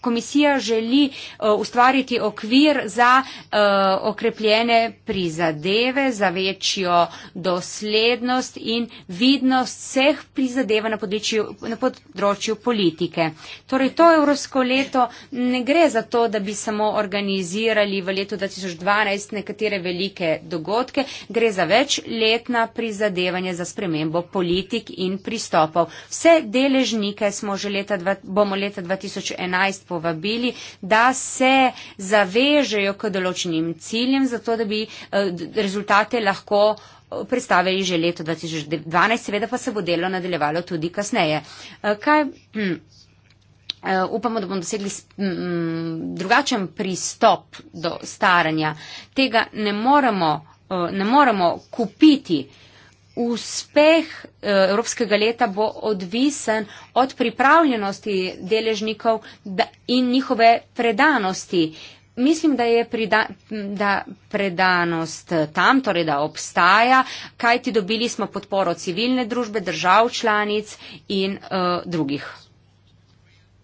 komisija želi uh, ustvariti okvir za uh, okrepljene prizadeve, za večjo doslednost in vidnost vseh prizadeva na področju, na področju politike. Torej, to evropsko leto ne gre za to, da bi samo organizirali v letu 2012 nekatere velike dogodke, gre za večletna prizadevanja za spremembo politik in pristopov. Vse deležnike smo že leta, bomo leta 2011 povedali, povabili, da se zavežejo k določenim ciljem, zato da bi eh, rezultate lahko eh, predstavili že leto 2012, seveda pa se bo delo nadaljevalo tudi kasneje. Eh, kaj, hm, upamo, da bomo dosegli hm, hm, drugačen pristop do staranja. Tega ne moremo, ne moremo kupiti uspeh eh, Evropskega leta bo odvisen od pripravljenosti deležnikov in njihove predanosti. Mislim, da je preda, da predanost tam, torej da obstaja, kajti dobili smo podporo civilne družbe, držav članic in uh, drugih.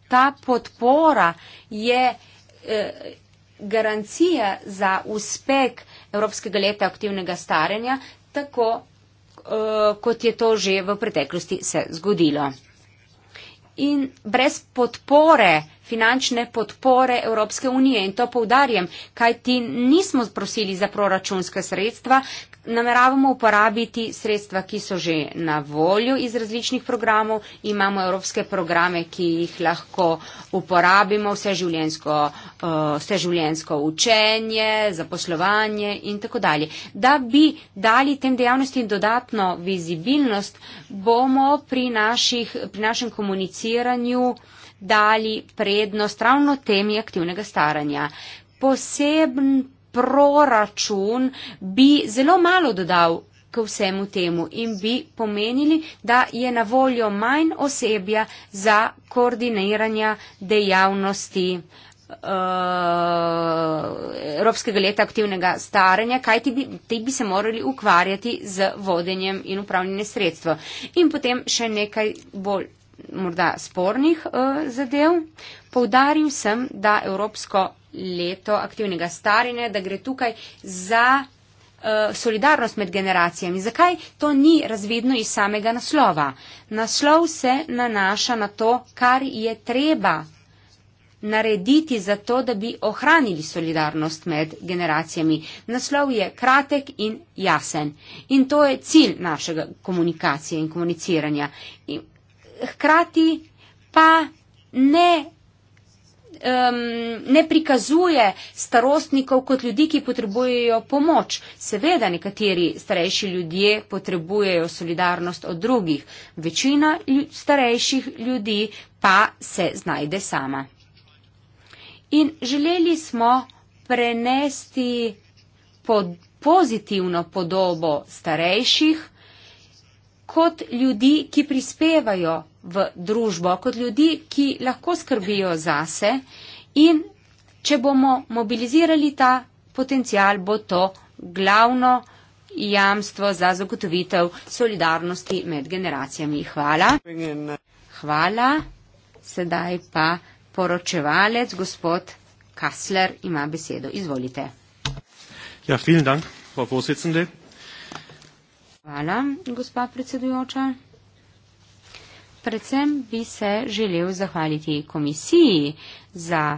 Ta podpora je uh, garancija za uspeh Evropskega leta aktivnega starenja, tako Eh, kot je to že v preteklosti se zgodilo. In brez podpore, finančne podpore Evropske unije, in to poudarjam, kaj ti nismo prosili za proračunske sredstva, nameravamo uporabiti sredstva, ki so že na voljo iz različnih programov. Imamo evropske programe, ki jih lahko uporabimo vse življensko eh, učenje, zaposlovanje in tako dalje. Da bi dali tem dejavnostim dodatno vizibilnost, bomo pri, naših, pri našem komuniciranju dali prednost ravno temi aktivnega staranja. Poseben proračun bi zelo malo dodal k vsemu temu in bi pomenili, da je na voljo manj osebja za koordiniranje dejavnosti eh, Evropskega leta aktivnega staranja, kaj ti bi, ti bi se morali ukvarjati z vodenjem in upravljanjem sredstva. In potem še nekaj bolj morda spornih uh, zadev. Poudarim sem, da Evropsko leto aktivnega starine, da gre tukaj za uh, solidarnost med generacijami. Zakaj to ni razvidno iz samega naslova? Naslov se nanaša na to, kar je treba narediti za to, da bi ohranili solidarnost med generacijami. Naslov je kratek in jasen. In to je cilj našega komunikacije in komuniciranja. In hkrati pa ne um, ne prikazuje starostnikov kot ljudi, ki potrebujejo pomoč. Seveda nekateri starejši ljudje potrebujejo solidarnost od drugih, večina starejših ljudi pa se znajde sama. In želeli smo prenesti pod pozitivno podobo starejših kot ljudi, ki prispevajo v družbo, kot ljudi, ki lahko skrbijo zase in če bomo mobilizirali ta potencial, bo to glavno jamstvo za zagotovitev solidarnosti med generacijami. Hvala. Hvala. Sedaj pa poročevalec, gospod Kasler, ima besedo. Izvolite. Ja, Hvala, gospa predsedujoča. Predvsem bi se želel zahvaliti komisiji za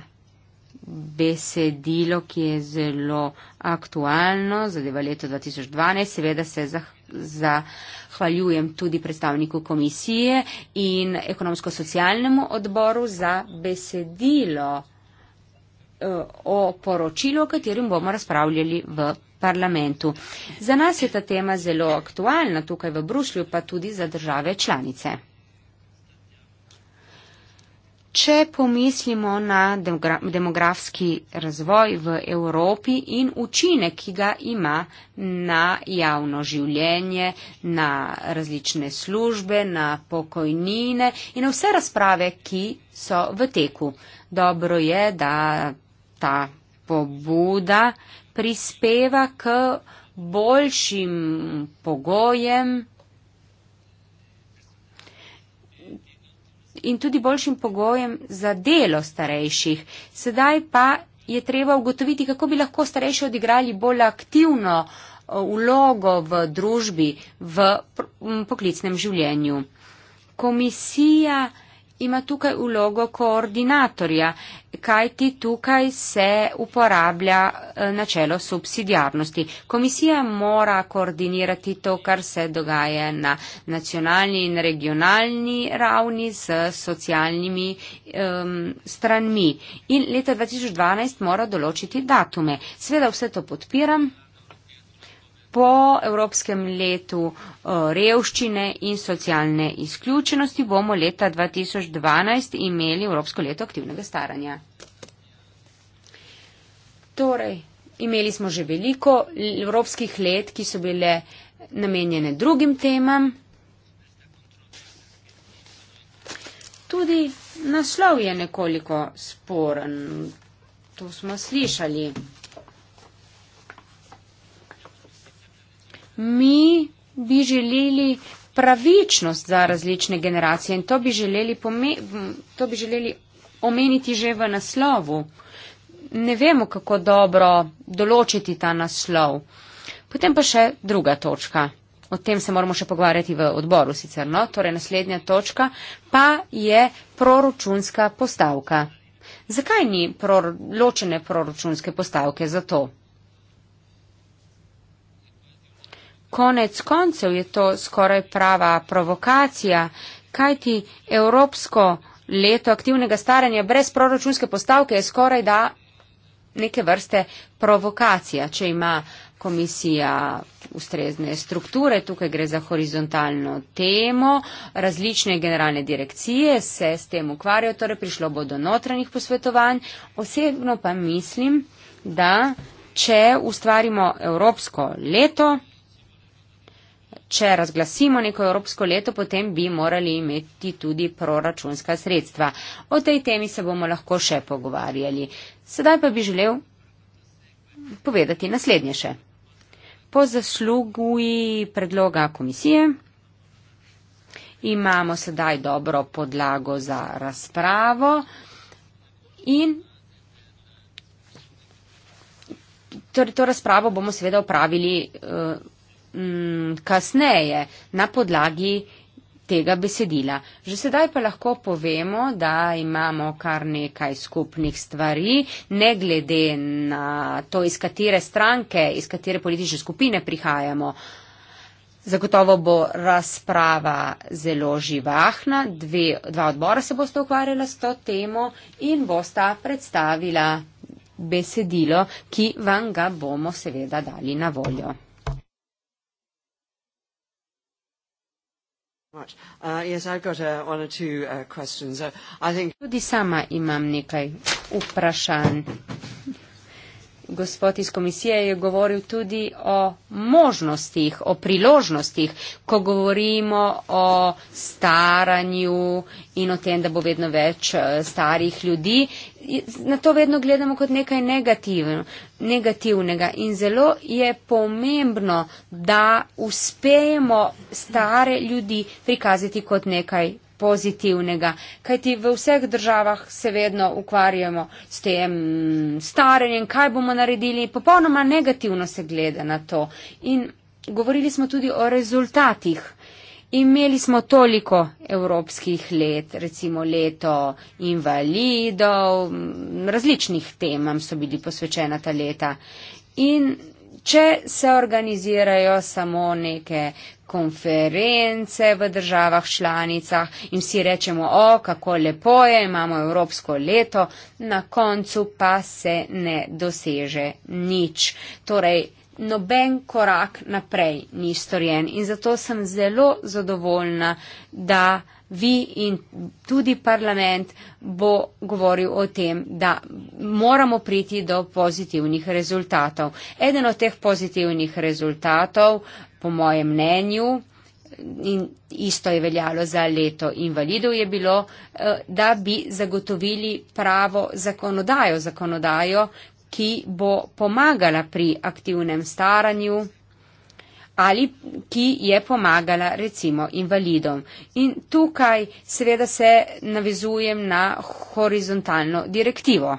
besedilo, ki je zelo aktualno, zadeva leto 2012. Seveda se zahvaljujem tudi predstavniku komisije in ekonomsko-socialnemu odboru za besedilo eh, o poročilu, o katerem bomo razpravljali v parlamentu. Za nas je ta tema zelo aktualna tukaj v Bruslju, pa tudi za države članice. Če pomislimo na demografski razvoj v Evropi in učinek, ki ga ima na javno življenje, na različne službe, na pokojnine in na vse razprave, ki so v teku. Dobro je, da ta pobuda prispeva k boljšim pogojem in tudi boljšim pogojem za delo starejših. Sedaj pa je treba ugotoviti, kako bi lahko starejši odigrali bolj aktivno eh, vlogo v družbi, v poklicnem življenju. Komisija ima tukaj vlogo koordinatorja, kajti tukaj se uporablja eh, načelo subsidijarnosti. Komisija mora koordinirati to, kar se dogaja na nacionalni in regionalni ravni s socialnimi um, stranmi in leta 2012 mora določiti datume. Sveda vse to podpiram po Evropskem letu eh, revščine in socialne izključenosti bomo leta 2012 imeli Evropsko leto aktivnega staranja. Torej, imeli smo že veliko evropskih let, ki so bile namenjene drugim temam. Tudi naslov je nekoliko sporen. To smo slišali. mi bi želeli pravičnost za različne generacije in to bi želeli, to bi želeli omeniti že v naslovu. Ne vemo, kako dobro določiti ta naslov. Potem pa še druga točka. O tem se moramo še pogovarjati v odboru sicer. No? Torej, naslednja točka pa je proračunska postavka. Zakaj ni pror ločene proračunske postavke za to? konec koncev je to skoraj prava provokacija, kajti evropsko leto aktivnega staranja brez proračunske postavke je skoraj da neke vrste provokacija, če ima komisija ustrezne strukture. Tukaj gre za horizontalno temo. Različne generalne direkcije se s tem ukvarjajo, torej prišlo bo do notranjih posvetovanj. Osebno pa mislim, da če ustvarimo evropsko leto, če razglasimo neko evropsko leto, potem bi morali imeti tudi proračunska sredstva. O tej temi se bomo lahko še pogovarjali. Sedaj pa bi želel povedati naslednje še. Po zaslugi predloga komisije imamo sedaj dobro podlago za razpravo in to, torej to razpravo bomo seveda opravili. Uh, mm, kasneje na podlagi tega besedila. Že sedaj pa lahko povemo, da imamo kar nekaj skupnih stvari, ne glede na to, iz katere stranke, iz katere politične skupine prihajamo. Zagotovo bo razprava zelo živahna, Dve, dva odbora se boste ukvarjala s to temo in bosta predstavila besedilo, ki vam ga bomo seveda dali na voljo. much. Uh, yes, I've got uh, one or two uh, questions. Uh, I think. Tudi sama imam nekaj vprašanj gospod iz komisije je govoril tudi o možnostih, o priložnostih, ko govorimo o staranju in o tem, da bo vedno več eh, starih ljudi. Na to vedno gledamo kot nekaj negativnega in zelo je pomembno, da uspejemo stare ljudi prikazati kot nekaj pozitivnega. Kajti v vseh državah se vedno ukvarjamo s tem mm, starenjem, kaj bomo naredili. Popolnoma negativno se gleda na to. In govorili smo tudi o rezultatih. Imeli smo toliko evropskih let, recimo leto invalidov, mm, različnih temam so bili posvečena ta leta. In če se organizirajo samo neke konference v državah članicah in vsi rečemo, o, kako lepo je, imamo Evropsko leto, na koncu pa se ne doseže nič. Torej, noben korak naprej ni storjen in zato sem zelo zadovoljna, da. Vi in tudi parlament bo govoril o tem, da moramo priti do pozitivnih rezultatov. Eden od teh pozitivnih rezultatov uh, po mojem mnenju, in isto je veljalo za leto invalidov, je bilo, eh, da bi zagotovili pravo zakonodajo, zakonodajo, ki bo pomagala pri aktivnem staranju ali ki je pomagala recimo invalidom. In tukaj seveda se navezujem na horizontalno direktivo.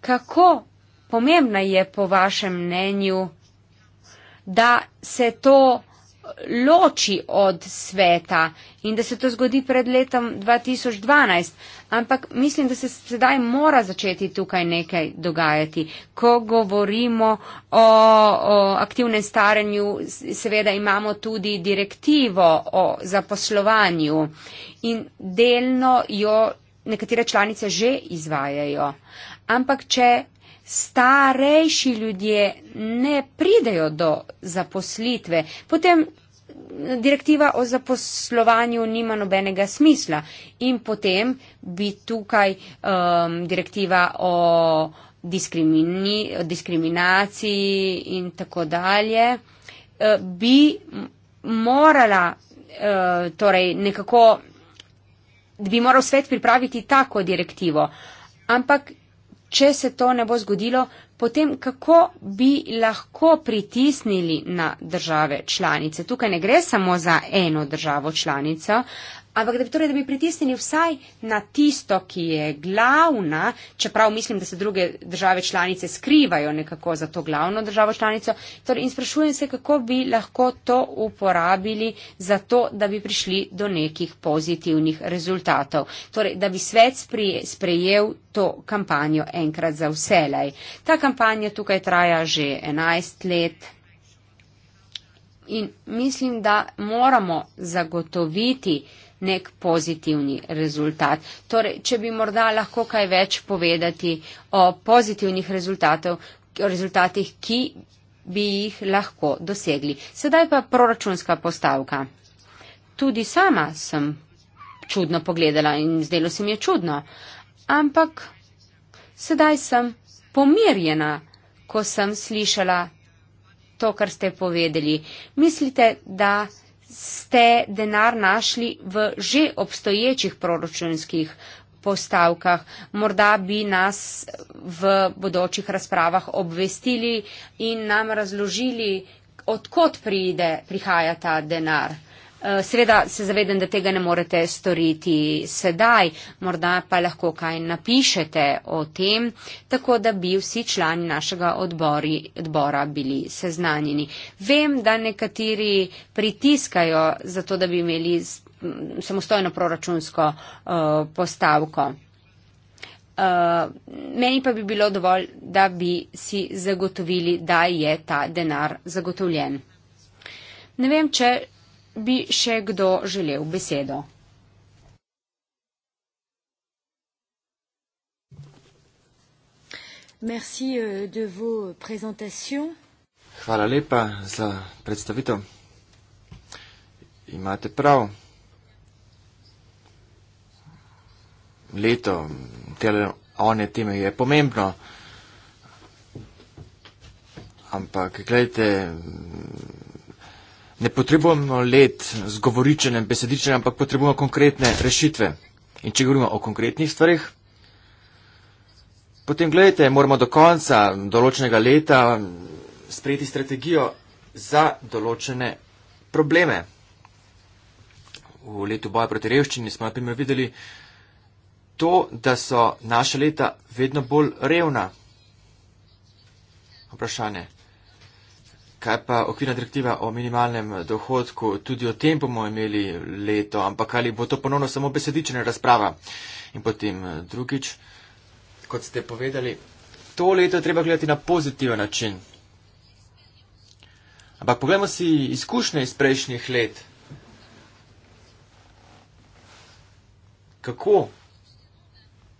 Kako pomembna je po vašem mnenju, da se to loči od sveta in da se to zgodi pred letom 2012. Ampak mislim, da se sedaj mora začeti tukaj nekaj dogajati. Ko govorimo o, o aktivnem staranju, seveda imamo tudi direktivo o zaposlovanju in delno jo nekatere članice že izvajajo. Ampak če starejši ljudje ne pridejo do zaposlitve, potem direktiva o zaposlovanju nima nobenega smisla in potem bi tukaj um, direktiva o diskrimini, diskriminaciji in tako dalje eh, bi morala, eh, torej nekako, bi moral svet pripraviti tako direktivo. Ampak če se to ne bo zgodilo, potem kako bi lahko pritisnili na države članice. Tukaj ne gre samo za eno državo članico, ampak da bi, torej, da bi pritisnili vsaj na tisto, ki je glavna, čeprav mislim, da se druge države članice skrivajo nekako za to glavno državo članico. Torej, in sprašujem se, kako bi lahko to uporabili za to, da bi prišli do nekih pozitivnih rezultatov. Torej, da bi svet sprejel to kampanjo enkrat za vselej. Ta kampanja tukaj traja že 11 let. In mislim, da moramo zagotoviti, nek pozitivni rezultat. Torej, če bi morda lahko kaj več povedati o pozitivnih rezultatih, ki bi jih lahko dosegli. Sedaj pa proračunska postavka. Tudi sama sem čudno pogledala in zdelo se mi je čudno, ampak sedaj sem pomirjena, ko sem slišala to, kar ste povedali. Mislite, da ste denar našli v že obstoječih proračunskih postavkah. Morda bi nas v bodočih razpravah obvestili in nam razložili, odkot pride, prihaja ta denar. Eh, seveda se zavedam, da tega ne morete storiti sedaj, morda pa lahko kaj napišete o tem, tako da bi vsi člani našega odbori, odbora bili seznanjeni. Vem, da nekateri pritiskajo za to, da bi imeli samostojno proračunsko uh, postavko. Uh, meni pa bi bilo dovolj, da bi si zagotovili, da je ta denar zagotovljen. Ne vem, če bi še kdo želel besedo. Merci euh, de vos présentations. Hvala lepa za predstavitev. Imate prav. Leto tele, one teme je pomembno, ampak gledajte, ne potrebujemo let z govoričenjem, besedičenjem, ampak potrebujemo konkretne rešitve. In če govorimo o konkretnih stvarih, potem gledajte, moramo do konca določenega leta sprejeti strategijo za določene probleme. V letu boja proti revščini smo na primer videli to, da so naša leta vedno bolj revna. Vprašanje, Kaj pa okvirna direktiva o minimalnem dohodku, tudi o tem bomo imeli leto, ampak ali bo to ponovno samo besedična razprava? In potem eh, drugič, kot ste povedali, to leto je treba gledati na pozitiven način. Ampak poglejmo si izkušnje iz prejšnjih let. Kako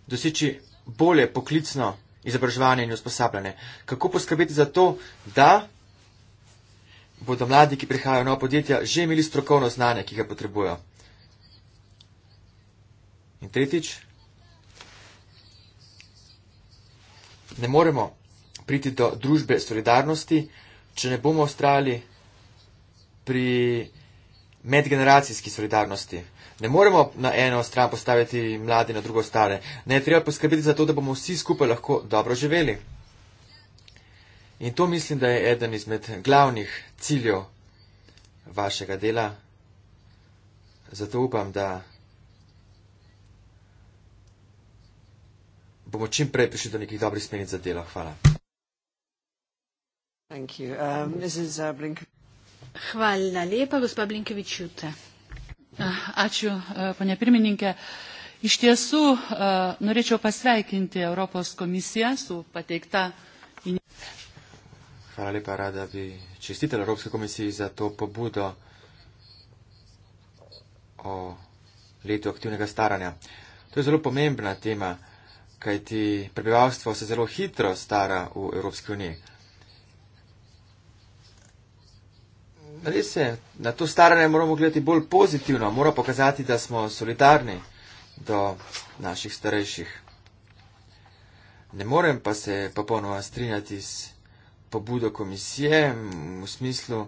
doseči bolje poklicno izobraževanje in usposabljanje? Kako poskrbeti za to, da bodo mladi, ki prihajajo na podjetja, že imeli strokovno znanje, ki ga potrebujejo. In tretjič, ne moremo priti do družbe solidarnosti, če ne bomo ostali pri medgeneracijski solidarnosti. Ne moremo na eno stran postaviti mladi, na drugo stare. Ne je treba poskrbeti za to, da bomo vsi skupaj lahko dobro živeli. In to mislim, da je eden izmed glavnih ciljev vašega dela. Zato upam, da bomo čim prej prišli do nekih dobrih smernic za delo. Hvala. Uh, uh, Hvala lepa, gospod Blinkevič, jute. Uh, ačiū, ponia pirmininkė. Iš tiesų, norėčiau pasveikinti Europos komisiją su pateikta. Hvala lepa, rada bi čestitelj Evropske komisije za to pobudo o letu aktivnega staranja. To je zelo pomembna tema, kajti prebivalstvo se zelo hitro stara v Evropski uniji. Res se, na to staranje moramo gledati bolj pozitivno, moramo pokazati, da smo solidarni do naših starejših. Ne morem pa se popolnoma strinjati s pobudo komisije v smislu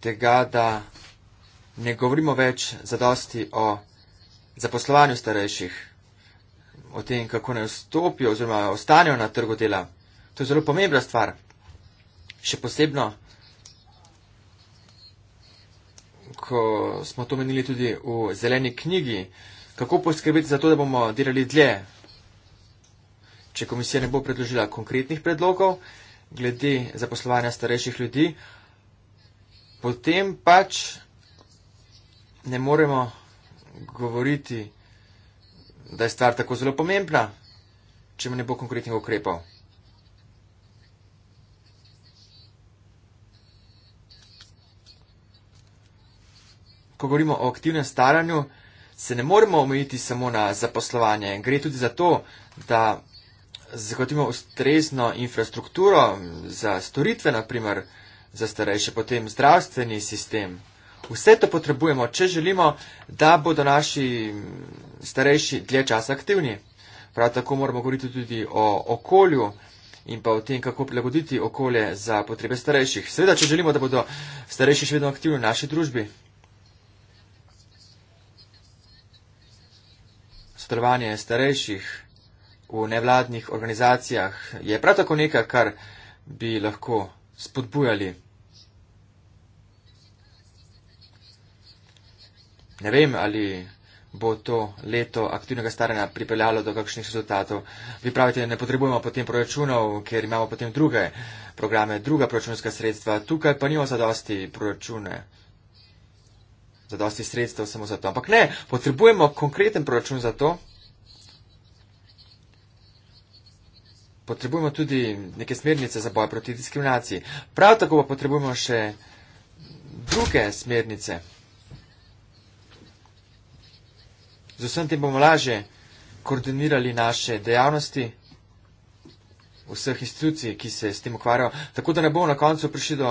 tega, da ne govorimo več zadosti o zaposlovanju starejših, o tem, kako ne vstopijo oziroma ostanejo na trgu dela. To je zelo pomembna stvar. Še posebno, ko smo to menili tudi v zeleni knjigi, kako poskrbeti za to, da bomo delali dlje. Če komisija ne bo predložila konkretnih predlogov, glede zaposlovanja starejših ljudi, potem pač ne moremo govoriti, da je stvar tako zelo pomembna, če mu ne bo konkretnih ukrepov. Ko govorimo o aktivnem staranju, se ne moremo omejiti samo na zaposlovanje. Gre tudi za to, da zagotovimo ustrezno infrastrukturo za storitve, naprimer za starejše, potem zdravstveni sistem. Vse to potrebujemo, če želimo, da bodo naši starejši dlje časa aktivni. Prav tako moramo govoriti tudi o okolju in pa o tem, kako prilagoditi okolje za potrebe starejših. Seveda, če želimo, da bodo starejši še vedno aktivni v naši družbi. Sodelovanje starejših v nevladnih organizacijah je prav tako nekaj, kar bi lahko spodbujali. Ne vem, ali bo to leto aktivnega staranja pripeljalo do kakšnih rezultatov. Vi pravite, ne potrebujemo potem proračunov, ker imamo potem druge programe, druga proračunska sredstva. Tukaj pa nimamo zadosti proračune, zadosti sredstev samo za to. Ampak ne, potrebujemo konkreten proračun za to. potrebujemo tudi neke smernice za boj proti diskriminaciji. Prav tako pa potrebujemo še druge smernice. Z vsem tem bomo lažje koordinirali naše dejavnosti vseh institucij, ki se s tem ukvarjajo, tako da ne bomo na koncu prišli do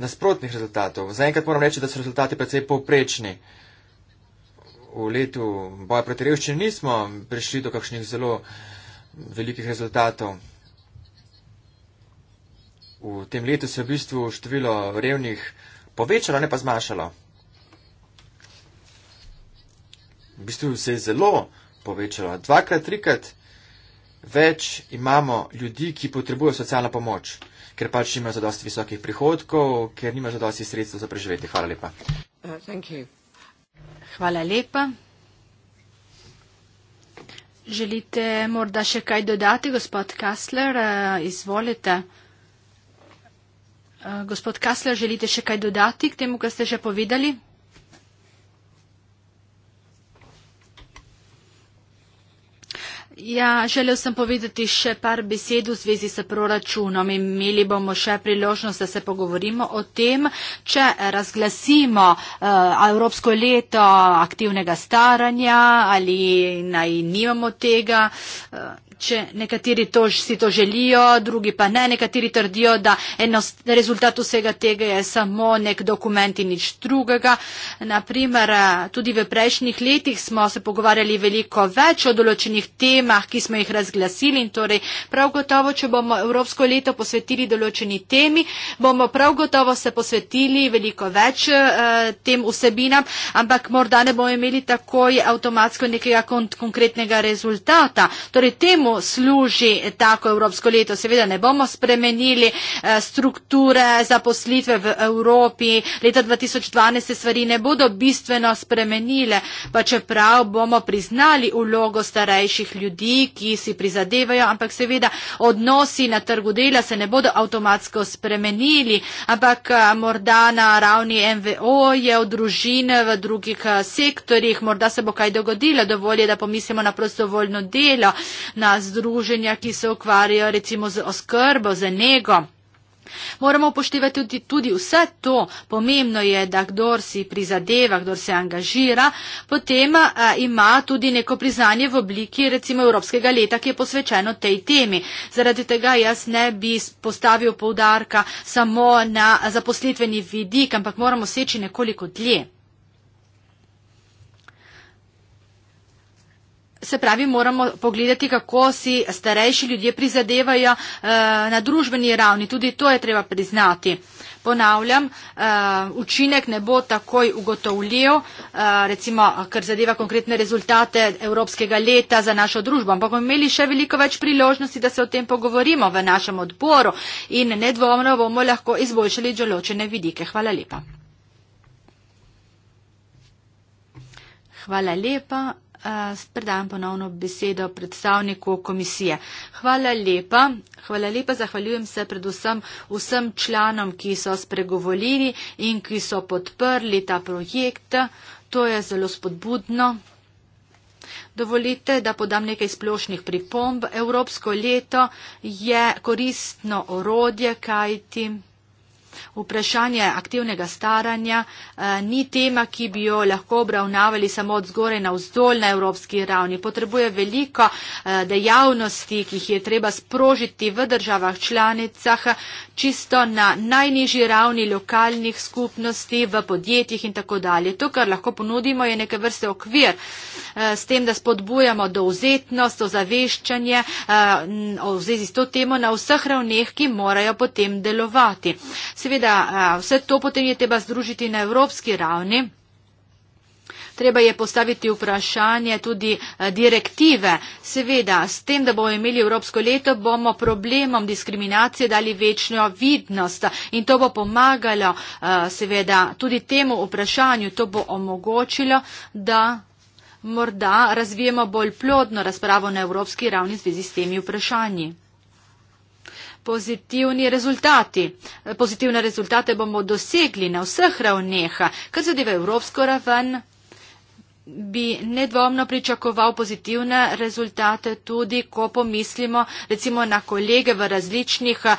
nasprotnih rezultatov. Zaenkrat moram reči, da so rezultati precej povprečni. V letu boja proti revščini nismo prišli do kakšnih zelo velikih rezultatov. V tem letu se je v bistvu število revnih povečalo, ne pa zmanjšalo. V bistvu se je zelo povečalo. Dvakrat, trikrat več imamo ljudi, ki potrebujejo socialno pomoč, ker pač nimajo zadosti visokih prihodkov, ker nimajo zadosti sredstev za preživetje. Hvala lepa. Uh, Hvala lepa. Želite morda še kaj dodati, gospod Kasler? Eh, izvolite. Eh, gospod Kasler, želite še kaj dodati k temu, kar ste že povedali? Ja, želel sem povedati še par besed v zvezi s proračunom. Imeli bomo še priložnost, da se pogovorimo o tem, če razglasimo uh, Evropsko leto aktivnega staranja ali naj nimamo tega. Uh, če nekateri to, si to želijo, drugi pa ne. Nekateri trdijo, da enost, rezultat vsega tega je samo nek dokument in nič drugega. Naprimer, eh, tudi v prejšnjih letih smo se pogovarjali veliko več o določenih temah, ki smo jih razglasili in torej prav gotovo, če bomo Evropsko leto posvetili določeni temi, bomo prav gotovo se posvetili veliko več eh, tem vsebinam, ampak morda ne bomo imeli takoj avtomatsko nekega kont, konkretnega rezultata. Torej, temu čemu služi tako evropsko leto. Seveda ne bomo spremenili eh, strukture zaposlitve v Evropi. Leta 2012 se stvari ne bodo bistveno spremenile, pa čeprav bomo priznali ulogo starejših ljudi, ki si prizadevajo, ampak seveda odnosi na trgu dela se ne bodo avtomatsko spremenili, ampak eh, morda na ravni MVO je v družine v drugih eh, sektorjih, morda se bo kaj dogodilo, dovolj je, da pomislimo na prostovoljno delo, na združenja, ki se ukvarjajo recimo z oskrbo, z nego. Moramo upoštevati tudi, tudi vse to. Pomembno je, da kdor si prizadeva, kdor se angažira, potem a, eh, ima tudi neko priznanje v obliki recimo Evropskega leta, ki je posvečeno tej temi. Zaradi tega jaz ne bi postavil poudarka samo na zaposlitveni vidik, ampak moramo seči nekoliko dlje. se pravi, moramo pogledati, kako si starejši ljudje prizadevajo eh, na družbeni ravni. Tudi to je treba priznati. Ponavljam, eh, učinek ne bo takoj ugotovljiv, eh, recimo, ker zadeva konkretne rezultate Evropskega leta za našo družbo, ampak bomo imeli še veliko več priložnosti, da se o tem pogovorimo v našem odboru in nedvomno bomo lahko izboljšali določene vidike. Hvala lepa. Hvala lepa. Uh, predajam ponovno besedo predstavniku komisije. Hvala lepa. Hvala lepa. Zahvaljujem se predvsem vsem članom, ki so spregovolili in ki so podprli ta projekt. To je zelo spodbudno. Dovolite, da podam nekaj splošnih pripomb. Evropsko leto je koristno orodje, kajti vprašanje aktivnega staranja eh, ni tema, ki bi jo lahko obravnavali samo od zgoraj na vzdolj na evropski ravni. Potrebuje veliko eh, dejavnosti, ki jih je treba sprožiti v državah članicah, čisto na najnižji ravni lokalnih skupnosti, v podjetjih in tako dalje. To, kar lahko ponudimo, je neke vrste okvir eh, s tem, da spodbujamo dovzetnost, ozaveščanje v zvezi s to temo na vseh ravneh, ki morajo potem delovati. Se seveda eh, vse to potem je treba združiti na evropski ravni. Treba je postaviti vprašanje tudi eh, direktive. Seveda, s tem, da bomo imeli Evropsko leto, bomo problemom diskriminacije dali večno vidnost in to bo pomagalo eh, seveda tudi temu vprašanju. To bo omogočilo, da morda razvijemo bolj plodno razpravo na evropski ravni v zvezi s temi vprašanji pozitivni rezultati. Pozitivne rezultate bomo dosegli na vseh ravneh, kar zadeva evropsko raven bi nedvomno pričakoval pozitivne rezultate tudi, ko pomislimo recimo na kolege v različnih eh,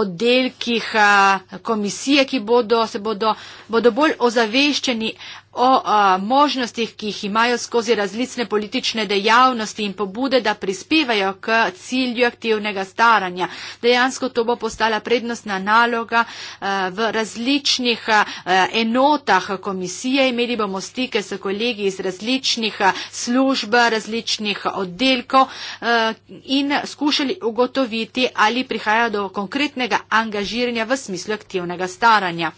oddelkih eh, komisije, ki bodo, bodo, bodo bolj ozaveščeni o a, možnostih, ki jih imajo skozi različne politične dejavnosti in pobude, da prispevajo k cilju aktivnega staranja. Dejansko to bo postala prednostna naloga a, v različnih a, enotah komisije. Imeli bomo stike s kolegi iz različnih služb, različnih oddelkov a, in skušali ugotoviti, ali prihaja do konkretnega angažiranja v smislu aktivnega staranja.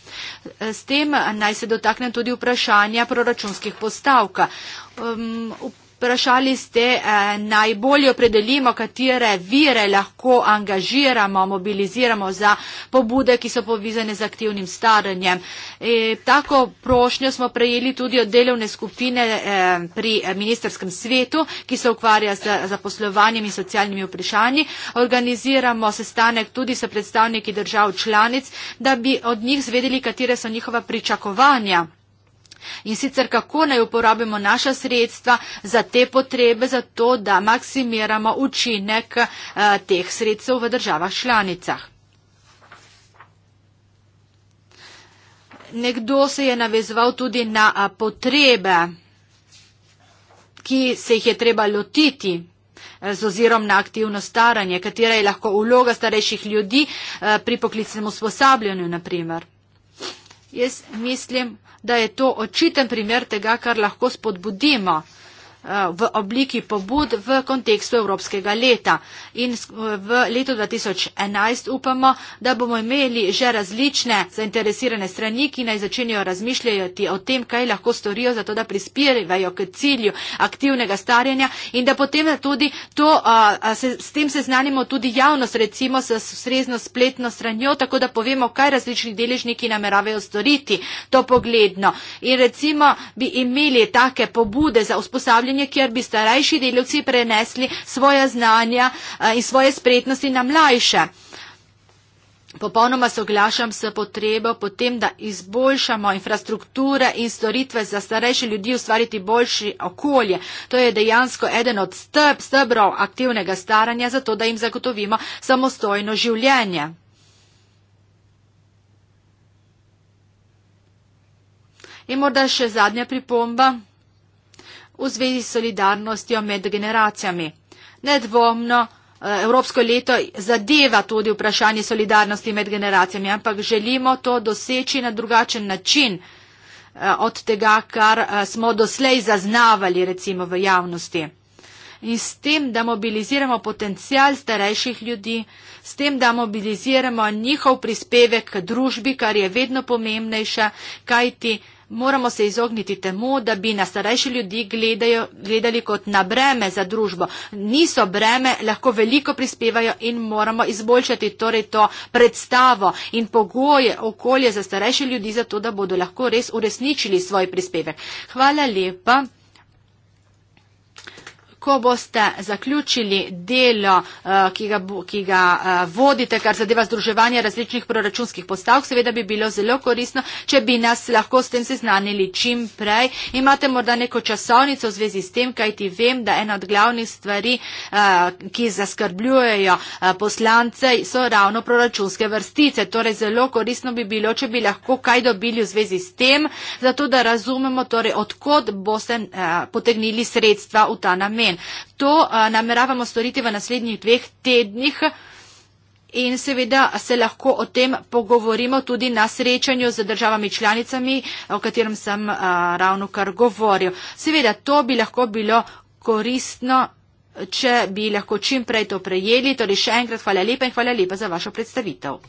S tem naj se dotaknem tudi vprašanja, delovanja proračunskih postavk. Um, Vprašali ste, eh, najbolje opredelimo, katere vire lahko angažiramo, mobiliziramo za pobude, ki so povezane z aktivnim staranjem. E, tako prošnjo smo prejeli tudi od delovne skupine eh, pri ministerskem svetu, ki se ukvarja z zaposlovanjem in socialnimi vprašanji. Organiziramo sestanek tudi s predstavniki držav članic, da bi od njih zvedeli, katere so njihova pričakovanja in sicer kako naj uporabimo naša sredstva za te potrebe, za to, da maksimiramo učinek eh, teh sredstev v državah članicah. Nekdo se je navezval tudi na eh, potrebe, ki se jih je treba lotiti eh, z ozirom na aktivno staranje, katera je lahko uloga starejših ljudi pri poklicnem usposabljanju, naprimer. Jaz mislim, da je to očiten primer tega, kar lahko spodbudimo. Eh, v obliki pobud v kontekstu Evropskega leta. In eh, v letu 2011 upamo, da bomo imeli že različne zainteresirane strani, ki naj začenjajo razmišljati o tem, kaj lahko storijo za to, da prispirajo k cilju aktivnega starjenja in da potem tudi to, a, eh, a, se, s tem seznanimo tudi javnost, recimo s srezno spletno stranjo, tako da povemo, kaj različni deležniki nameravajo storiti to pogledno. In recimo bi imeli take pobude za usposabljanje, Slovenije, kjer bi starejši delovci prenesli svoje znanja eh, in svoje spretnosti na mlajše. Popolnoma soglašam s potrebo potem, da izboljšamo infrastrukture in storitve za starejše ljudi ustvariti boljši okolje. To je dejansko eden od stb, stbrov aktivnega staranja, zato da jim zagotovimo samostojno življenje. In morda še zadnja pripomba v zvezi s solidarnostjo med generacijami. Nedvomno eh, Evropsko leto zadeva tudi vprašanje solidarnosti med generacijami, ampak želimo to doseči na drugačen način eh, od tega, kar eh, smo doslej zaznavali recimo v javnosti. In s tem, da mobiliziramo potencial starejših ljudi, s tem, da mobiliziramo njihov prispevek k družbi, kar je vedno pomembnejše, kajti moramo se izogniti temu, da bi na starejši ljudi gledajo, gledali kot na breme za družbo. Niso breme, lahko veliko prispevajo in moramo izboljšati torej to predstavo in pogoje okolje za starejše ljudi, zato da bodo lahko res uresničili svoj prispevek. Hvala lepa ko boste zaključili delo, eh, ki ga, ki ga eh, vodite, kar zadeva združevanje različnih proračunskih postavk, seveda bi bilo zelo korisno, če bi nas lahko s tem seznanili čim prej. Imate morda neko časovnico v zvezi s tem, kaj ti vem, da ena od glavnih stvari, eh, ki zaskrbljujejo poslance, so ravno proračunske vrstice. Torej, zelo korisno bi bilo, če bi lahko kaj dobili v zvezi s tem, zato da razumemo, torej, odkot boste potegnili sredstva v ta namen. To nameravamo storiti v naslednjih dveh tednih. In seveda se lahko o tem pogovorimo tudi na srečanju z državami članicami, o katerem sem a, ravno kar govoril. Seveda to bi lahko bilo koristno, če bi lahko čim prej to prejeli. Torej še enkrat hvala lepa in hvala lepa za vašo predstavitev.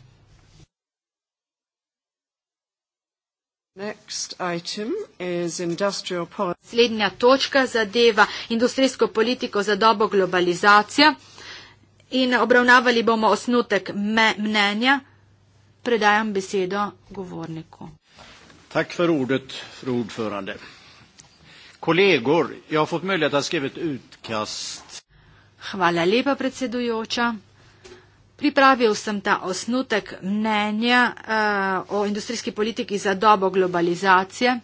Slednja točka zadeva industrijsko politiko za dobo globalizacija in obravnavali bomo osnutek mnenja. Predajam besedo govorniku. Tak for ordet, fru ordförande. Kolegor, jag har fått möjlighet att skriva ett utkast. Hvala lepa, predsedujoča. Pripravil sem ta osnutek mnenja uh, o industrijski politiki za dobo globalizacije.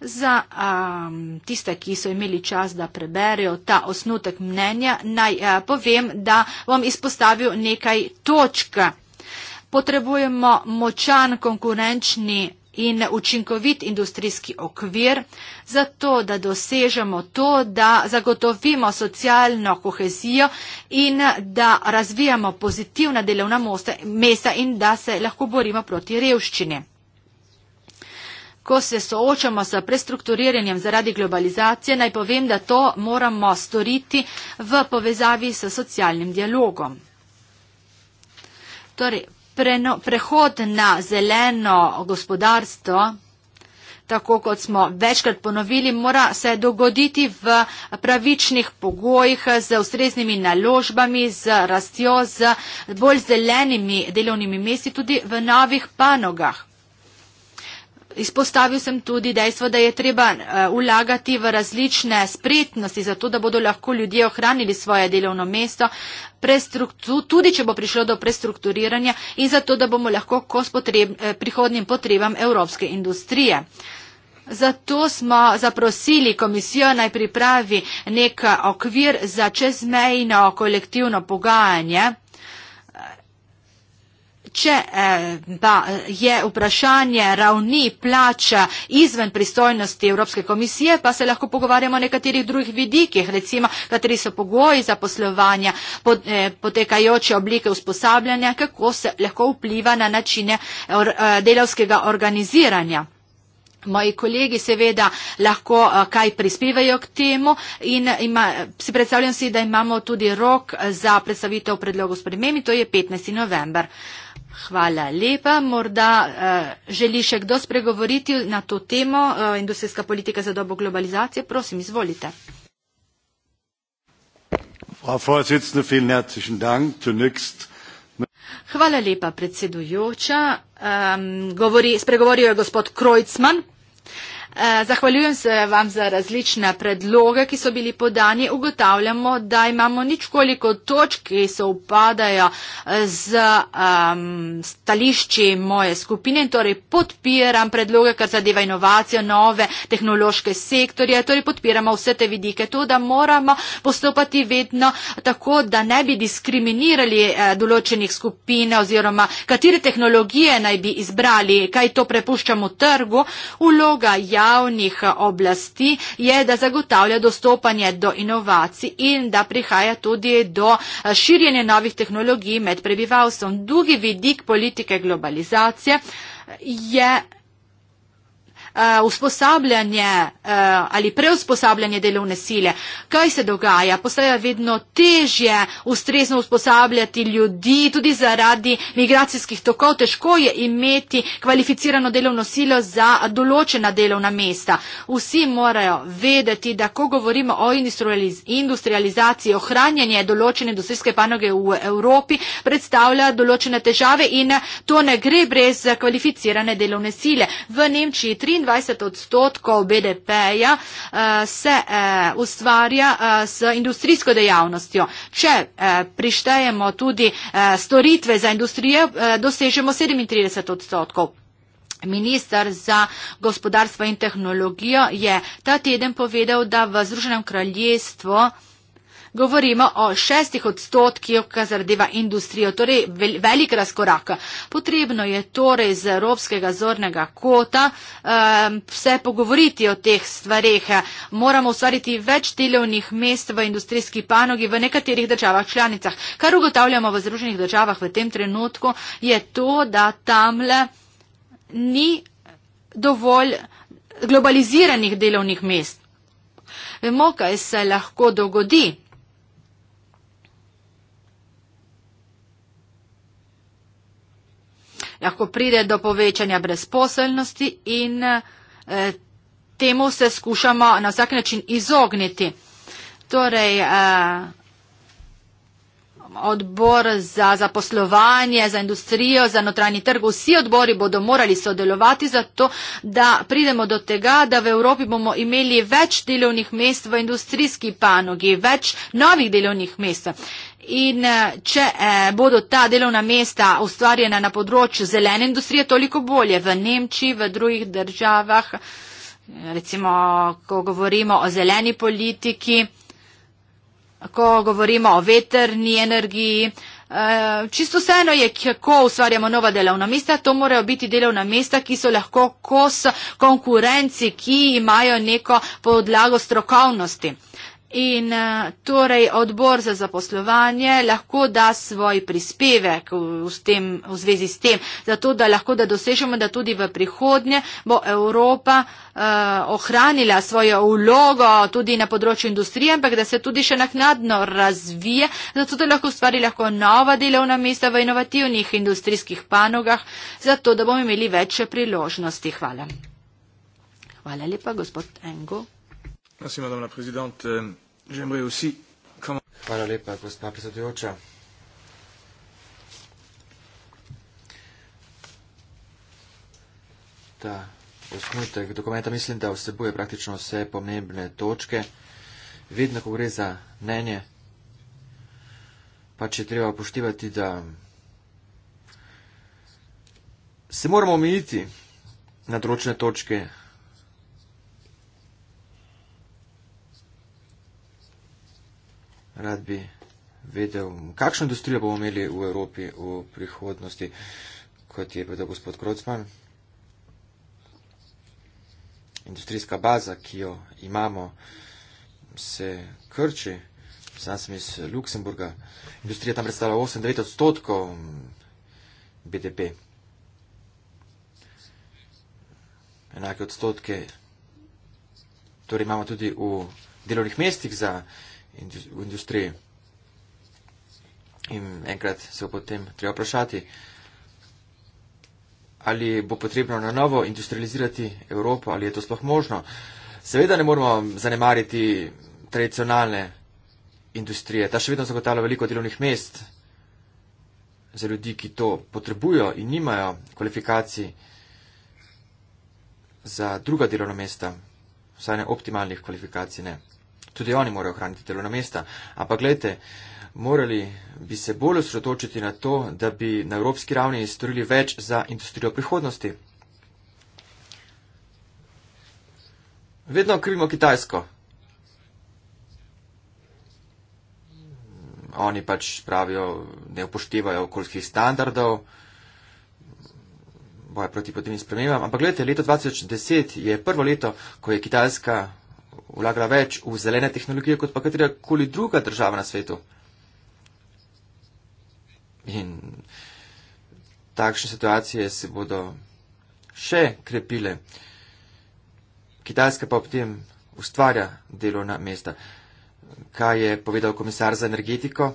Za um, tiste, ki so imeli čas, da preberijo ta osnutek mnenja, naj uh, povem, da bom izpostavil nekaj točk. Potrebujemo močan konkurenčni in učinkovit industrijski okvir, zato da dosežemo to, da zagotovimo socialno kohezijo in da razvijamo pozitivna delovna mesta in da se lahko borimo proti revščini. Ko se soočamo s prestrukturiranjem zaradi globalizacije, naj povem, da to moramo storiti v povezavi s socialnim dialogom. Torej, preno, prehod na zeleno gospodarstvo, tako kot smo večkrat ponovili, mora se dogoditi v pravičnih pogojih, z ustreznimi naložbami, z rastjo, z bolj zelenimi delovnimi mesti, tudi v novih panogah. Izpostavil sem tudi dejstvo, da je treba eh, vlagati v različne spretnosti, zato da bodo lahko ljudje ohranili svoje delovno mesto, tudi če bo prišlo do prestrukturiranja in zato da bomo lahko kos potreb, eh, prihodnim potrebam evropske industrije. Zato smo zaprosili komisijo naj pripravi nek okvir za čezmejno kolektivno pogajanje če eh, pa eh, je vprašanje ravni plača izven pristojnosti Evropske komisije, pa se lahko pogovarjamo o nekaterih drugih vidikih, recimo kateri so pogoji za poslovanje, pot, eh, potekajoče oblike usposabljanja, kako se lahko vpliva na načine or, eh, delovskega organiziranja. Moji kolegi seveda lahko eh, kaj prispevajo k temu in ima, si predstavljam si, da imamo tudi rok za predstavitev predlogov spremembi, to je 15. november. Hvala lepa. Morda uh, želi še kdo spregovoriti na to temo, uh, industrijska politika za dobo globalizacije. Prosim, izvolite. Hvala lepa, predsedujoča. Um, govori, spregovoril je gospod Krojcman. Eh, zahvaljujem se vam za različne predloge, ki so bili podani. Ugotavljamo, da imamo ničkoliko točk, ki se upadajo eh, z um, stališči moje skupine. Torej, podpiram predloge, kar zadeva inovacijo, nove tehnološke sektorje. Torej, podpiramo vse te vidike. To, da moramo postopati vedno tako, da ne bi diskriminirali eh, določenih skupine oziroma katere tehnologije naj bi izbrali, kaj to prepuščamo trgu. Uloga je javnih eh, oblasti je, da zagotavlja dostopanje do inovacij in da prihaja tudi do eh, širjenja novih tehnologij med prebivalstvom. Drugi vidik politike globalizacije je Eh, usposabljanje eh, ali preusposabljanje delovne sile. Kaj se dogaja? Postaja vedno težje ustrezno usposabljati ljudi, tudi zaradi migracijskih tokov. Težko je imeti kvalificirano delovno silo za določena delovna mesta. Vsi morajo vedeti, da ko govorimo o industrializaciji, ohranjanje določene industrijske panoge v Evropi predstavlja določene težave in to ne gre brez kvalificirane delovne sile. V Nemčiji 23 odstotkov BDP-ja eh, se eh, ustvarja s eh, industrijsko dejavnostjo. Če prištejemo tudi storitve za industrijo, dosežemo 37 odstotkov. Ministr za gospodarstvo in tehnologijo je ta teden povedal, da v Združenem kraljestvu Govorimo o šestih odstotkih, kar zadeva industrijo, torej velik razkorak. Potrebno je torej z evropskega zornega kota vse ehm, pogovoriti o teh stvareh. Moramo ustvariti več delovnih mest v industrijski panogi v nekaterih državah članicah. Kar ugotavljamo v Združenih državah v tem trenutku je to, da tamle ni dovolj globaliziranih delovnih mest. Vemo, kaj se lahko dogodi. lahko pride do povečanja brezposelnosti in eh, temu se skušamo na vsak način izogniti. Torej, eh, odbor za zaposlovanje, za industrijo, za notranji trg, vsi odbori bodo morali sodelovati za to, da pridemo do tega, da v Evropi bomo imeli več delovnih mest v industrijski panogi, več novih delovnih mest in eh, če eh, bodo ta delovna mesta ustvarjena na področju zelene industrije, toliko bolje v Nemčiji, v drugih državah, recimo, ko govorimo o zeleni politiki, ko govorimo o veterni energiji. Eh, čisto vseeno je, kako ustvarjamo nova delovna mesta, to morajo biti delovna mesta, ki so lahko kos konkurenci, ki imajo neko podlago strokovnosti. In eh, torej odbor za zaposlovanje lahko da svoj prispevek v, tem, v zvezi s tem, zato da lahko da dosežemo, da tudi v prihodnje bo Evropa eh, ohranila svojo vlogo tudi na področju industrije, ampak da se tudi še naknadno razvije, zato da lahko ustvari lahko nova delovna mesta v inovativnih industrijskih panogah, zato da bomo imeli več priložnosti. Hvala. Hvala lepa, gospod Engo. Euh, Hvala lepa, gospa predsedujoča. Ta osnutek dokumenta mislim, da vsebuje praktično vse pomembne točke. Vedno, ko gre za mnenje, pač je treba upoštevati, da se moramo omejiti na določene točke rad bi vedel, kakšno industrijo bomo imeli v Evropi v prihodnosti, kot je povedal gospod Krocman. Industrijska baza, ki jo imamo, se krči. Sam sem iz Luksemburga. Industrija tam predstavlja 8-9 odstotkov BDP. Enake odstotke. Torej imamo tudi v delovnih mestih za v industriji. In enkrat se bo potem treba vprašati, ali bo potrebno na novo industrializirati Evropo, ali je to sploh možno. Seveda ne moramo zanemariti tradicionalne industrije. Ta še vedno zagotavlja veliko delovnih mest za ljudi, ki to potrebujo in nimajo kvalifikacij za druga delovna mesta, vsaj ne optimalnih kvalifikacij. Ne tudi oni morajo ohraniti delovna mesta. Ampak gledajte, morali bi se bolj osredotočiti na to, da bi na evropski ravni storili več za industrijo prihodnosti. Vedno krivimo Kitajsko. Oni pač pravijo, ne upoštevajo okoljskih standardov, boje proti podnebnim spremembam. Ampak gledajte, leto 2010 je prvo leto, ko je Kitajska vlagala več v zelene tehnologije kot pa katerakoli druga država na svetu. In takšne situacije se bodo še krepile. Kitajska pa ob tem ustvarja delovna mesta. Kaj je povedal komisar za energetiko?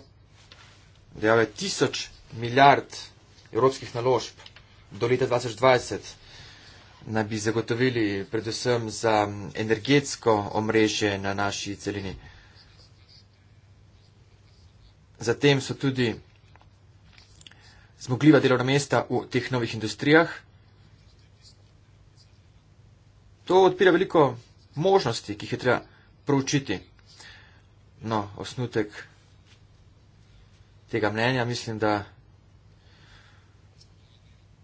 Dejal je tisoč milijard evropskih naložb do leta 2020 naj bi zagotovili predvsem za energetsko omrežje na naši celini. Zatem so tudi zmogljiva delovna mesta v teh novih industrijah. To odpira veliko možnosti, ki jih je treba proučiti. No, osnutek tega mnenja mislim, da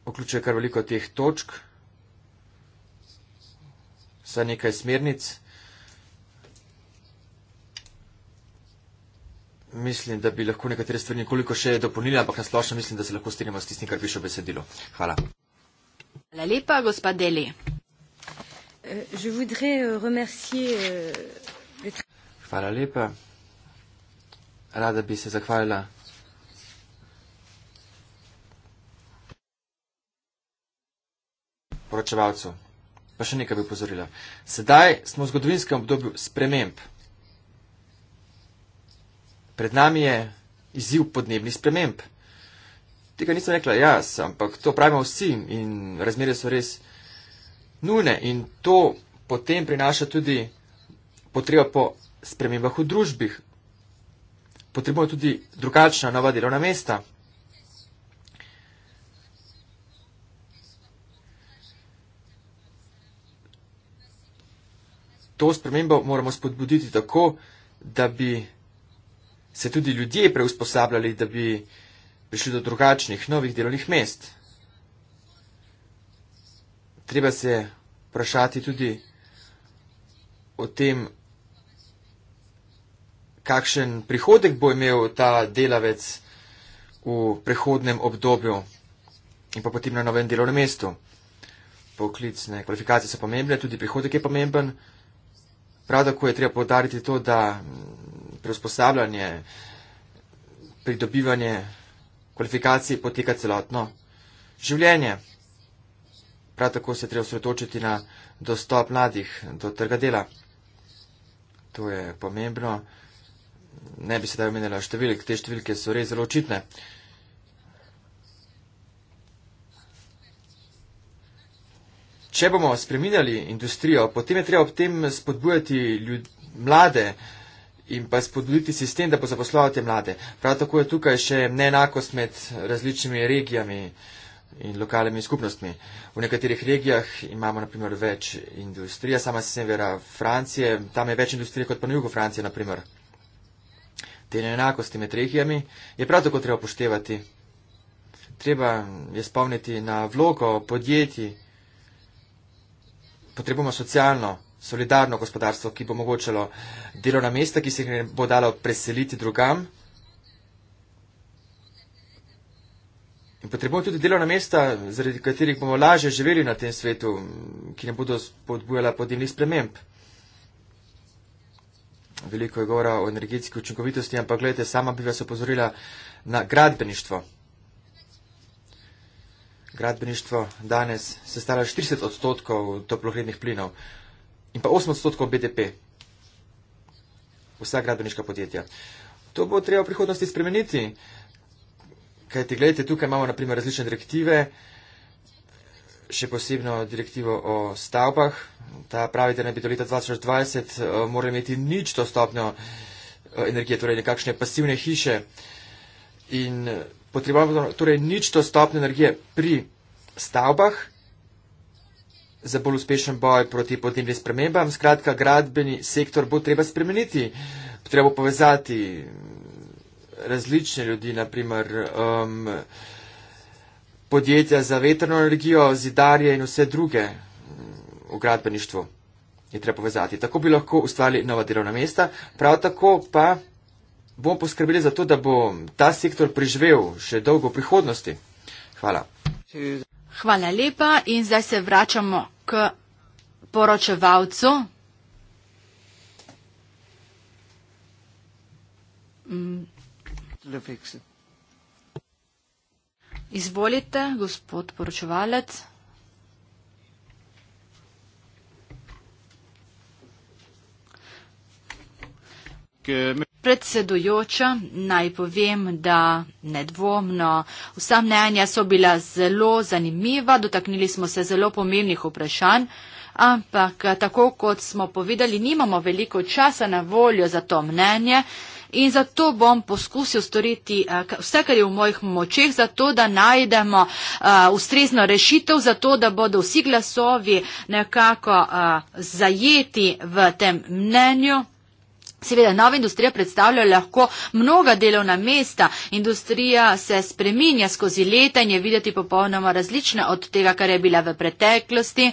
vključuje kar veliko teh točk vsaj nekaj smernic. Mislim, da bi lahko nekatere stvari nekoliko še dopolnili, ampak na splošno mislim, da se lahko strinjamo s tistim, kar piše v besedilu. Hvala. Hvala lepa, gospod Deli. Euh, euh, euh, Hvala lepa. Rada bi se zahvalila. Poročevalcu pa še nekaj bi upozorila. Sedaj smo v zgodovinskem obdobju sprememb. Pred nami je izziv podnebnih sprememb. Tega nisem rekla jaz, ampak to pravimo vsi in razmere so res nujne in to potem prinaša tudi potreba po spremembah v družbih. Potrebujemo tudi drugačna nova delovna mesta. to spremembo moramo spodbuditi tako, da bi se tudi ljudje preusposabljali, da bi prišli do drugačnih, novih delovnih mest. Treba se vprašati tudi o tem, kakšen prihodek bo imel ta delavec v prihodnem obdobju in pa potem na novem delovnem mestu. Poklicne kvalifikacije so pomembne, tudi prihodek je pomemben. Prav tako je treba podariti to, da mm, preusposabljanje, pridobivanje kvalifikacij poteka celotno življenje. Prav tako se treba osredotočiti na dostop mladih do trga dela. To je pomembno. Ne bi se da omenjala številk, te številke so res zelo očitne. če bomo spreminjali industrijo, potem je treba ob tem spodbujati ljud, mlade in pa spodbuditi sistem, da bo zaposloval te mlade. Prav tako je tukaj še neenakost med različnimi regijami in lokalnimi skupnostmi. V nekaterih regijah imamo naprimer več industrija, sama severa Francije, tam je več industrije kot pa na jugu Francije naprimer. Te neenakosti med regijami je prav tako treba poštevati. Treba je spomniti na vlogo podjetij potrebujemo socialno, solidarno gospodarstvo, ki bo omogočalo delovna mesta, ki se jih ne bo dalo preseliti drugam. In potrebujemo tudi delovna mesta, zaradi katerih bomo lažje živeli na tem svetu, ki ne bodo spodbujala podnebnih sprememb. Veliko je govora o energetski učinkovitosti, ampak gledajte, sama bi vas opozorila na gradbeništvo gradbeništvo danes sestavlja 40 odstotkov toplohrednih plinov in pa 8 odstotkov BDP. Vsa gradbeniška podjetja. To bo treba v prihodnosti spremeniti. Kaj ti gledate, tukaj imamo naprimer različne direktive, še posebno direktivo o stavbah. Ta pravi, da naj bi do leta 2020 eh, morali imeti nič to stopnjo eh, energije, torej nekakšne pasivne hiše. In potrebujemo torej nič dostopne energije pri stavbah za bolj uspešen boj proti podnebnim spremembam. Skratka, gradbeni sektor bo treba spremeniti, treba bo povezati različne ljudi, naprimer um, podjetja za veterno energijo, zidarje in vse druge um, v gradbeništvu. Je treba povezati. Tako bi lahko ustvarili nova delovna mesta, prav tako pa bomo poskrbeli za to, da bo ta sektor priživel še dolgo v prihodnosti. Hvala. Hvala lepa in zdaj se vračamo k poročevalcu. Mm. Izvolite, gospod poročevalec. Okay. Predsedujoča, naj povem, da nedvomno vsa mnenja so bila zelo zanimiva, dotaknili smo se zelo pomembnih vprašanj, ampak tako kot smo povedali, nimamo veliko časa na voljo za to mnenje in zato bom poskusil storiti eh, vse, kar je v mojih močeh, zato da najdemo eh, ustrezno rešitev, zato da bodo vsi glasovi nekako eh, zajeti v tem mnenju. Seveda, nova industrija predstavlja lahko mnoga delovna mesta. Industrija se spreminja skozi leta in je videti popolnoma različna od tega, kar je bila v preteklosti.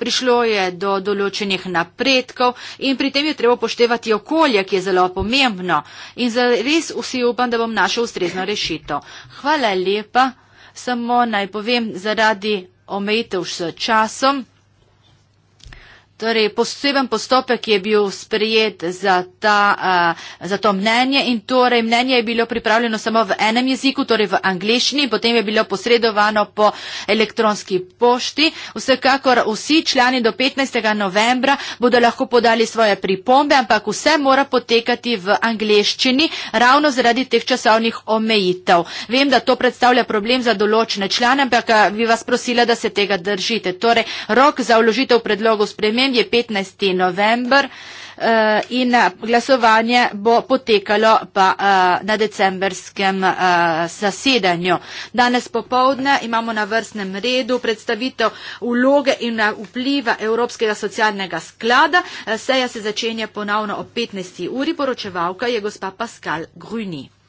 Prišlo je do določenih napredkov in pri tem je treba poštevati okolje, ki je zelo pomembno. In res vsi upam, da bom našel ustrezno rešitev. Hvala lepa. Samo naj povem zaradi omejitev s časom. Torej, poseben postopek je bil sprejet za, ta, za to mnenje in torej mnenje je bilo pripravljeno samo v enem jeziku, torej v angliščini, potem je bilo posredovano po elektronski pošti. Vsekakor vsi člani do 15. novembra bodo lahko podali svoje pripombe, ampak vse mora potekati v angliščini ravno zaradi teh časovnih omejitev. Vem, da to predstavlja problem za določene člane, ampak bi vas prosila, da se tega držite. Torej, rok za vložitev predlogov spremenja je 15. november eh, in eh, glasovanje bo potekalo pa eh, na decembrskem zasedanju. Danes popovdne imamo na vrstnem redu predstavitev uloge in vpliva Evropskega socialnega sklada. Seja se začenja ponovno ob 15. uri. Poročevalka je gospa Pascal Gruni.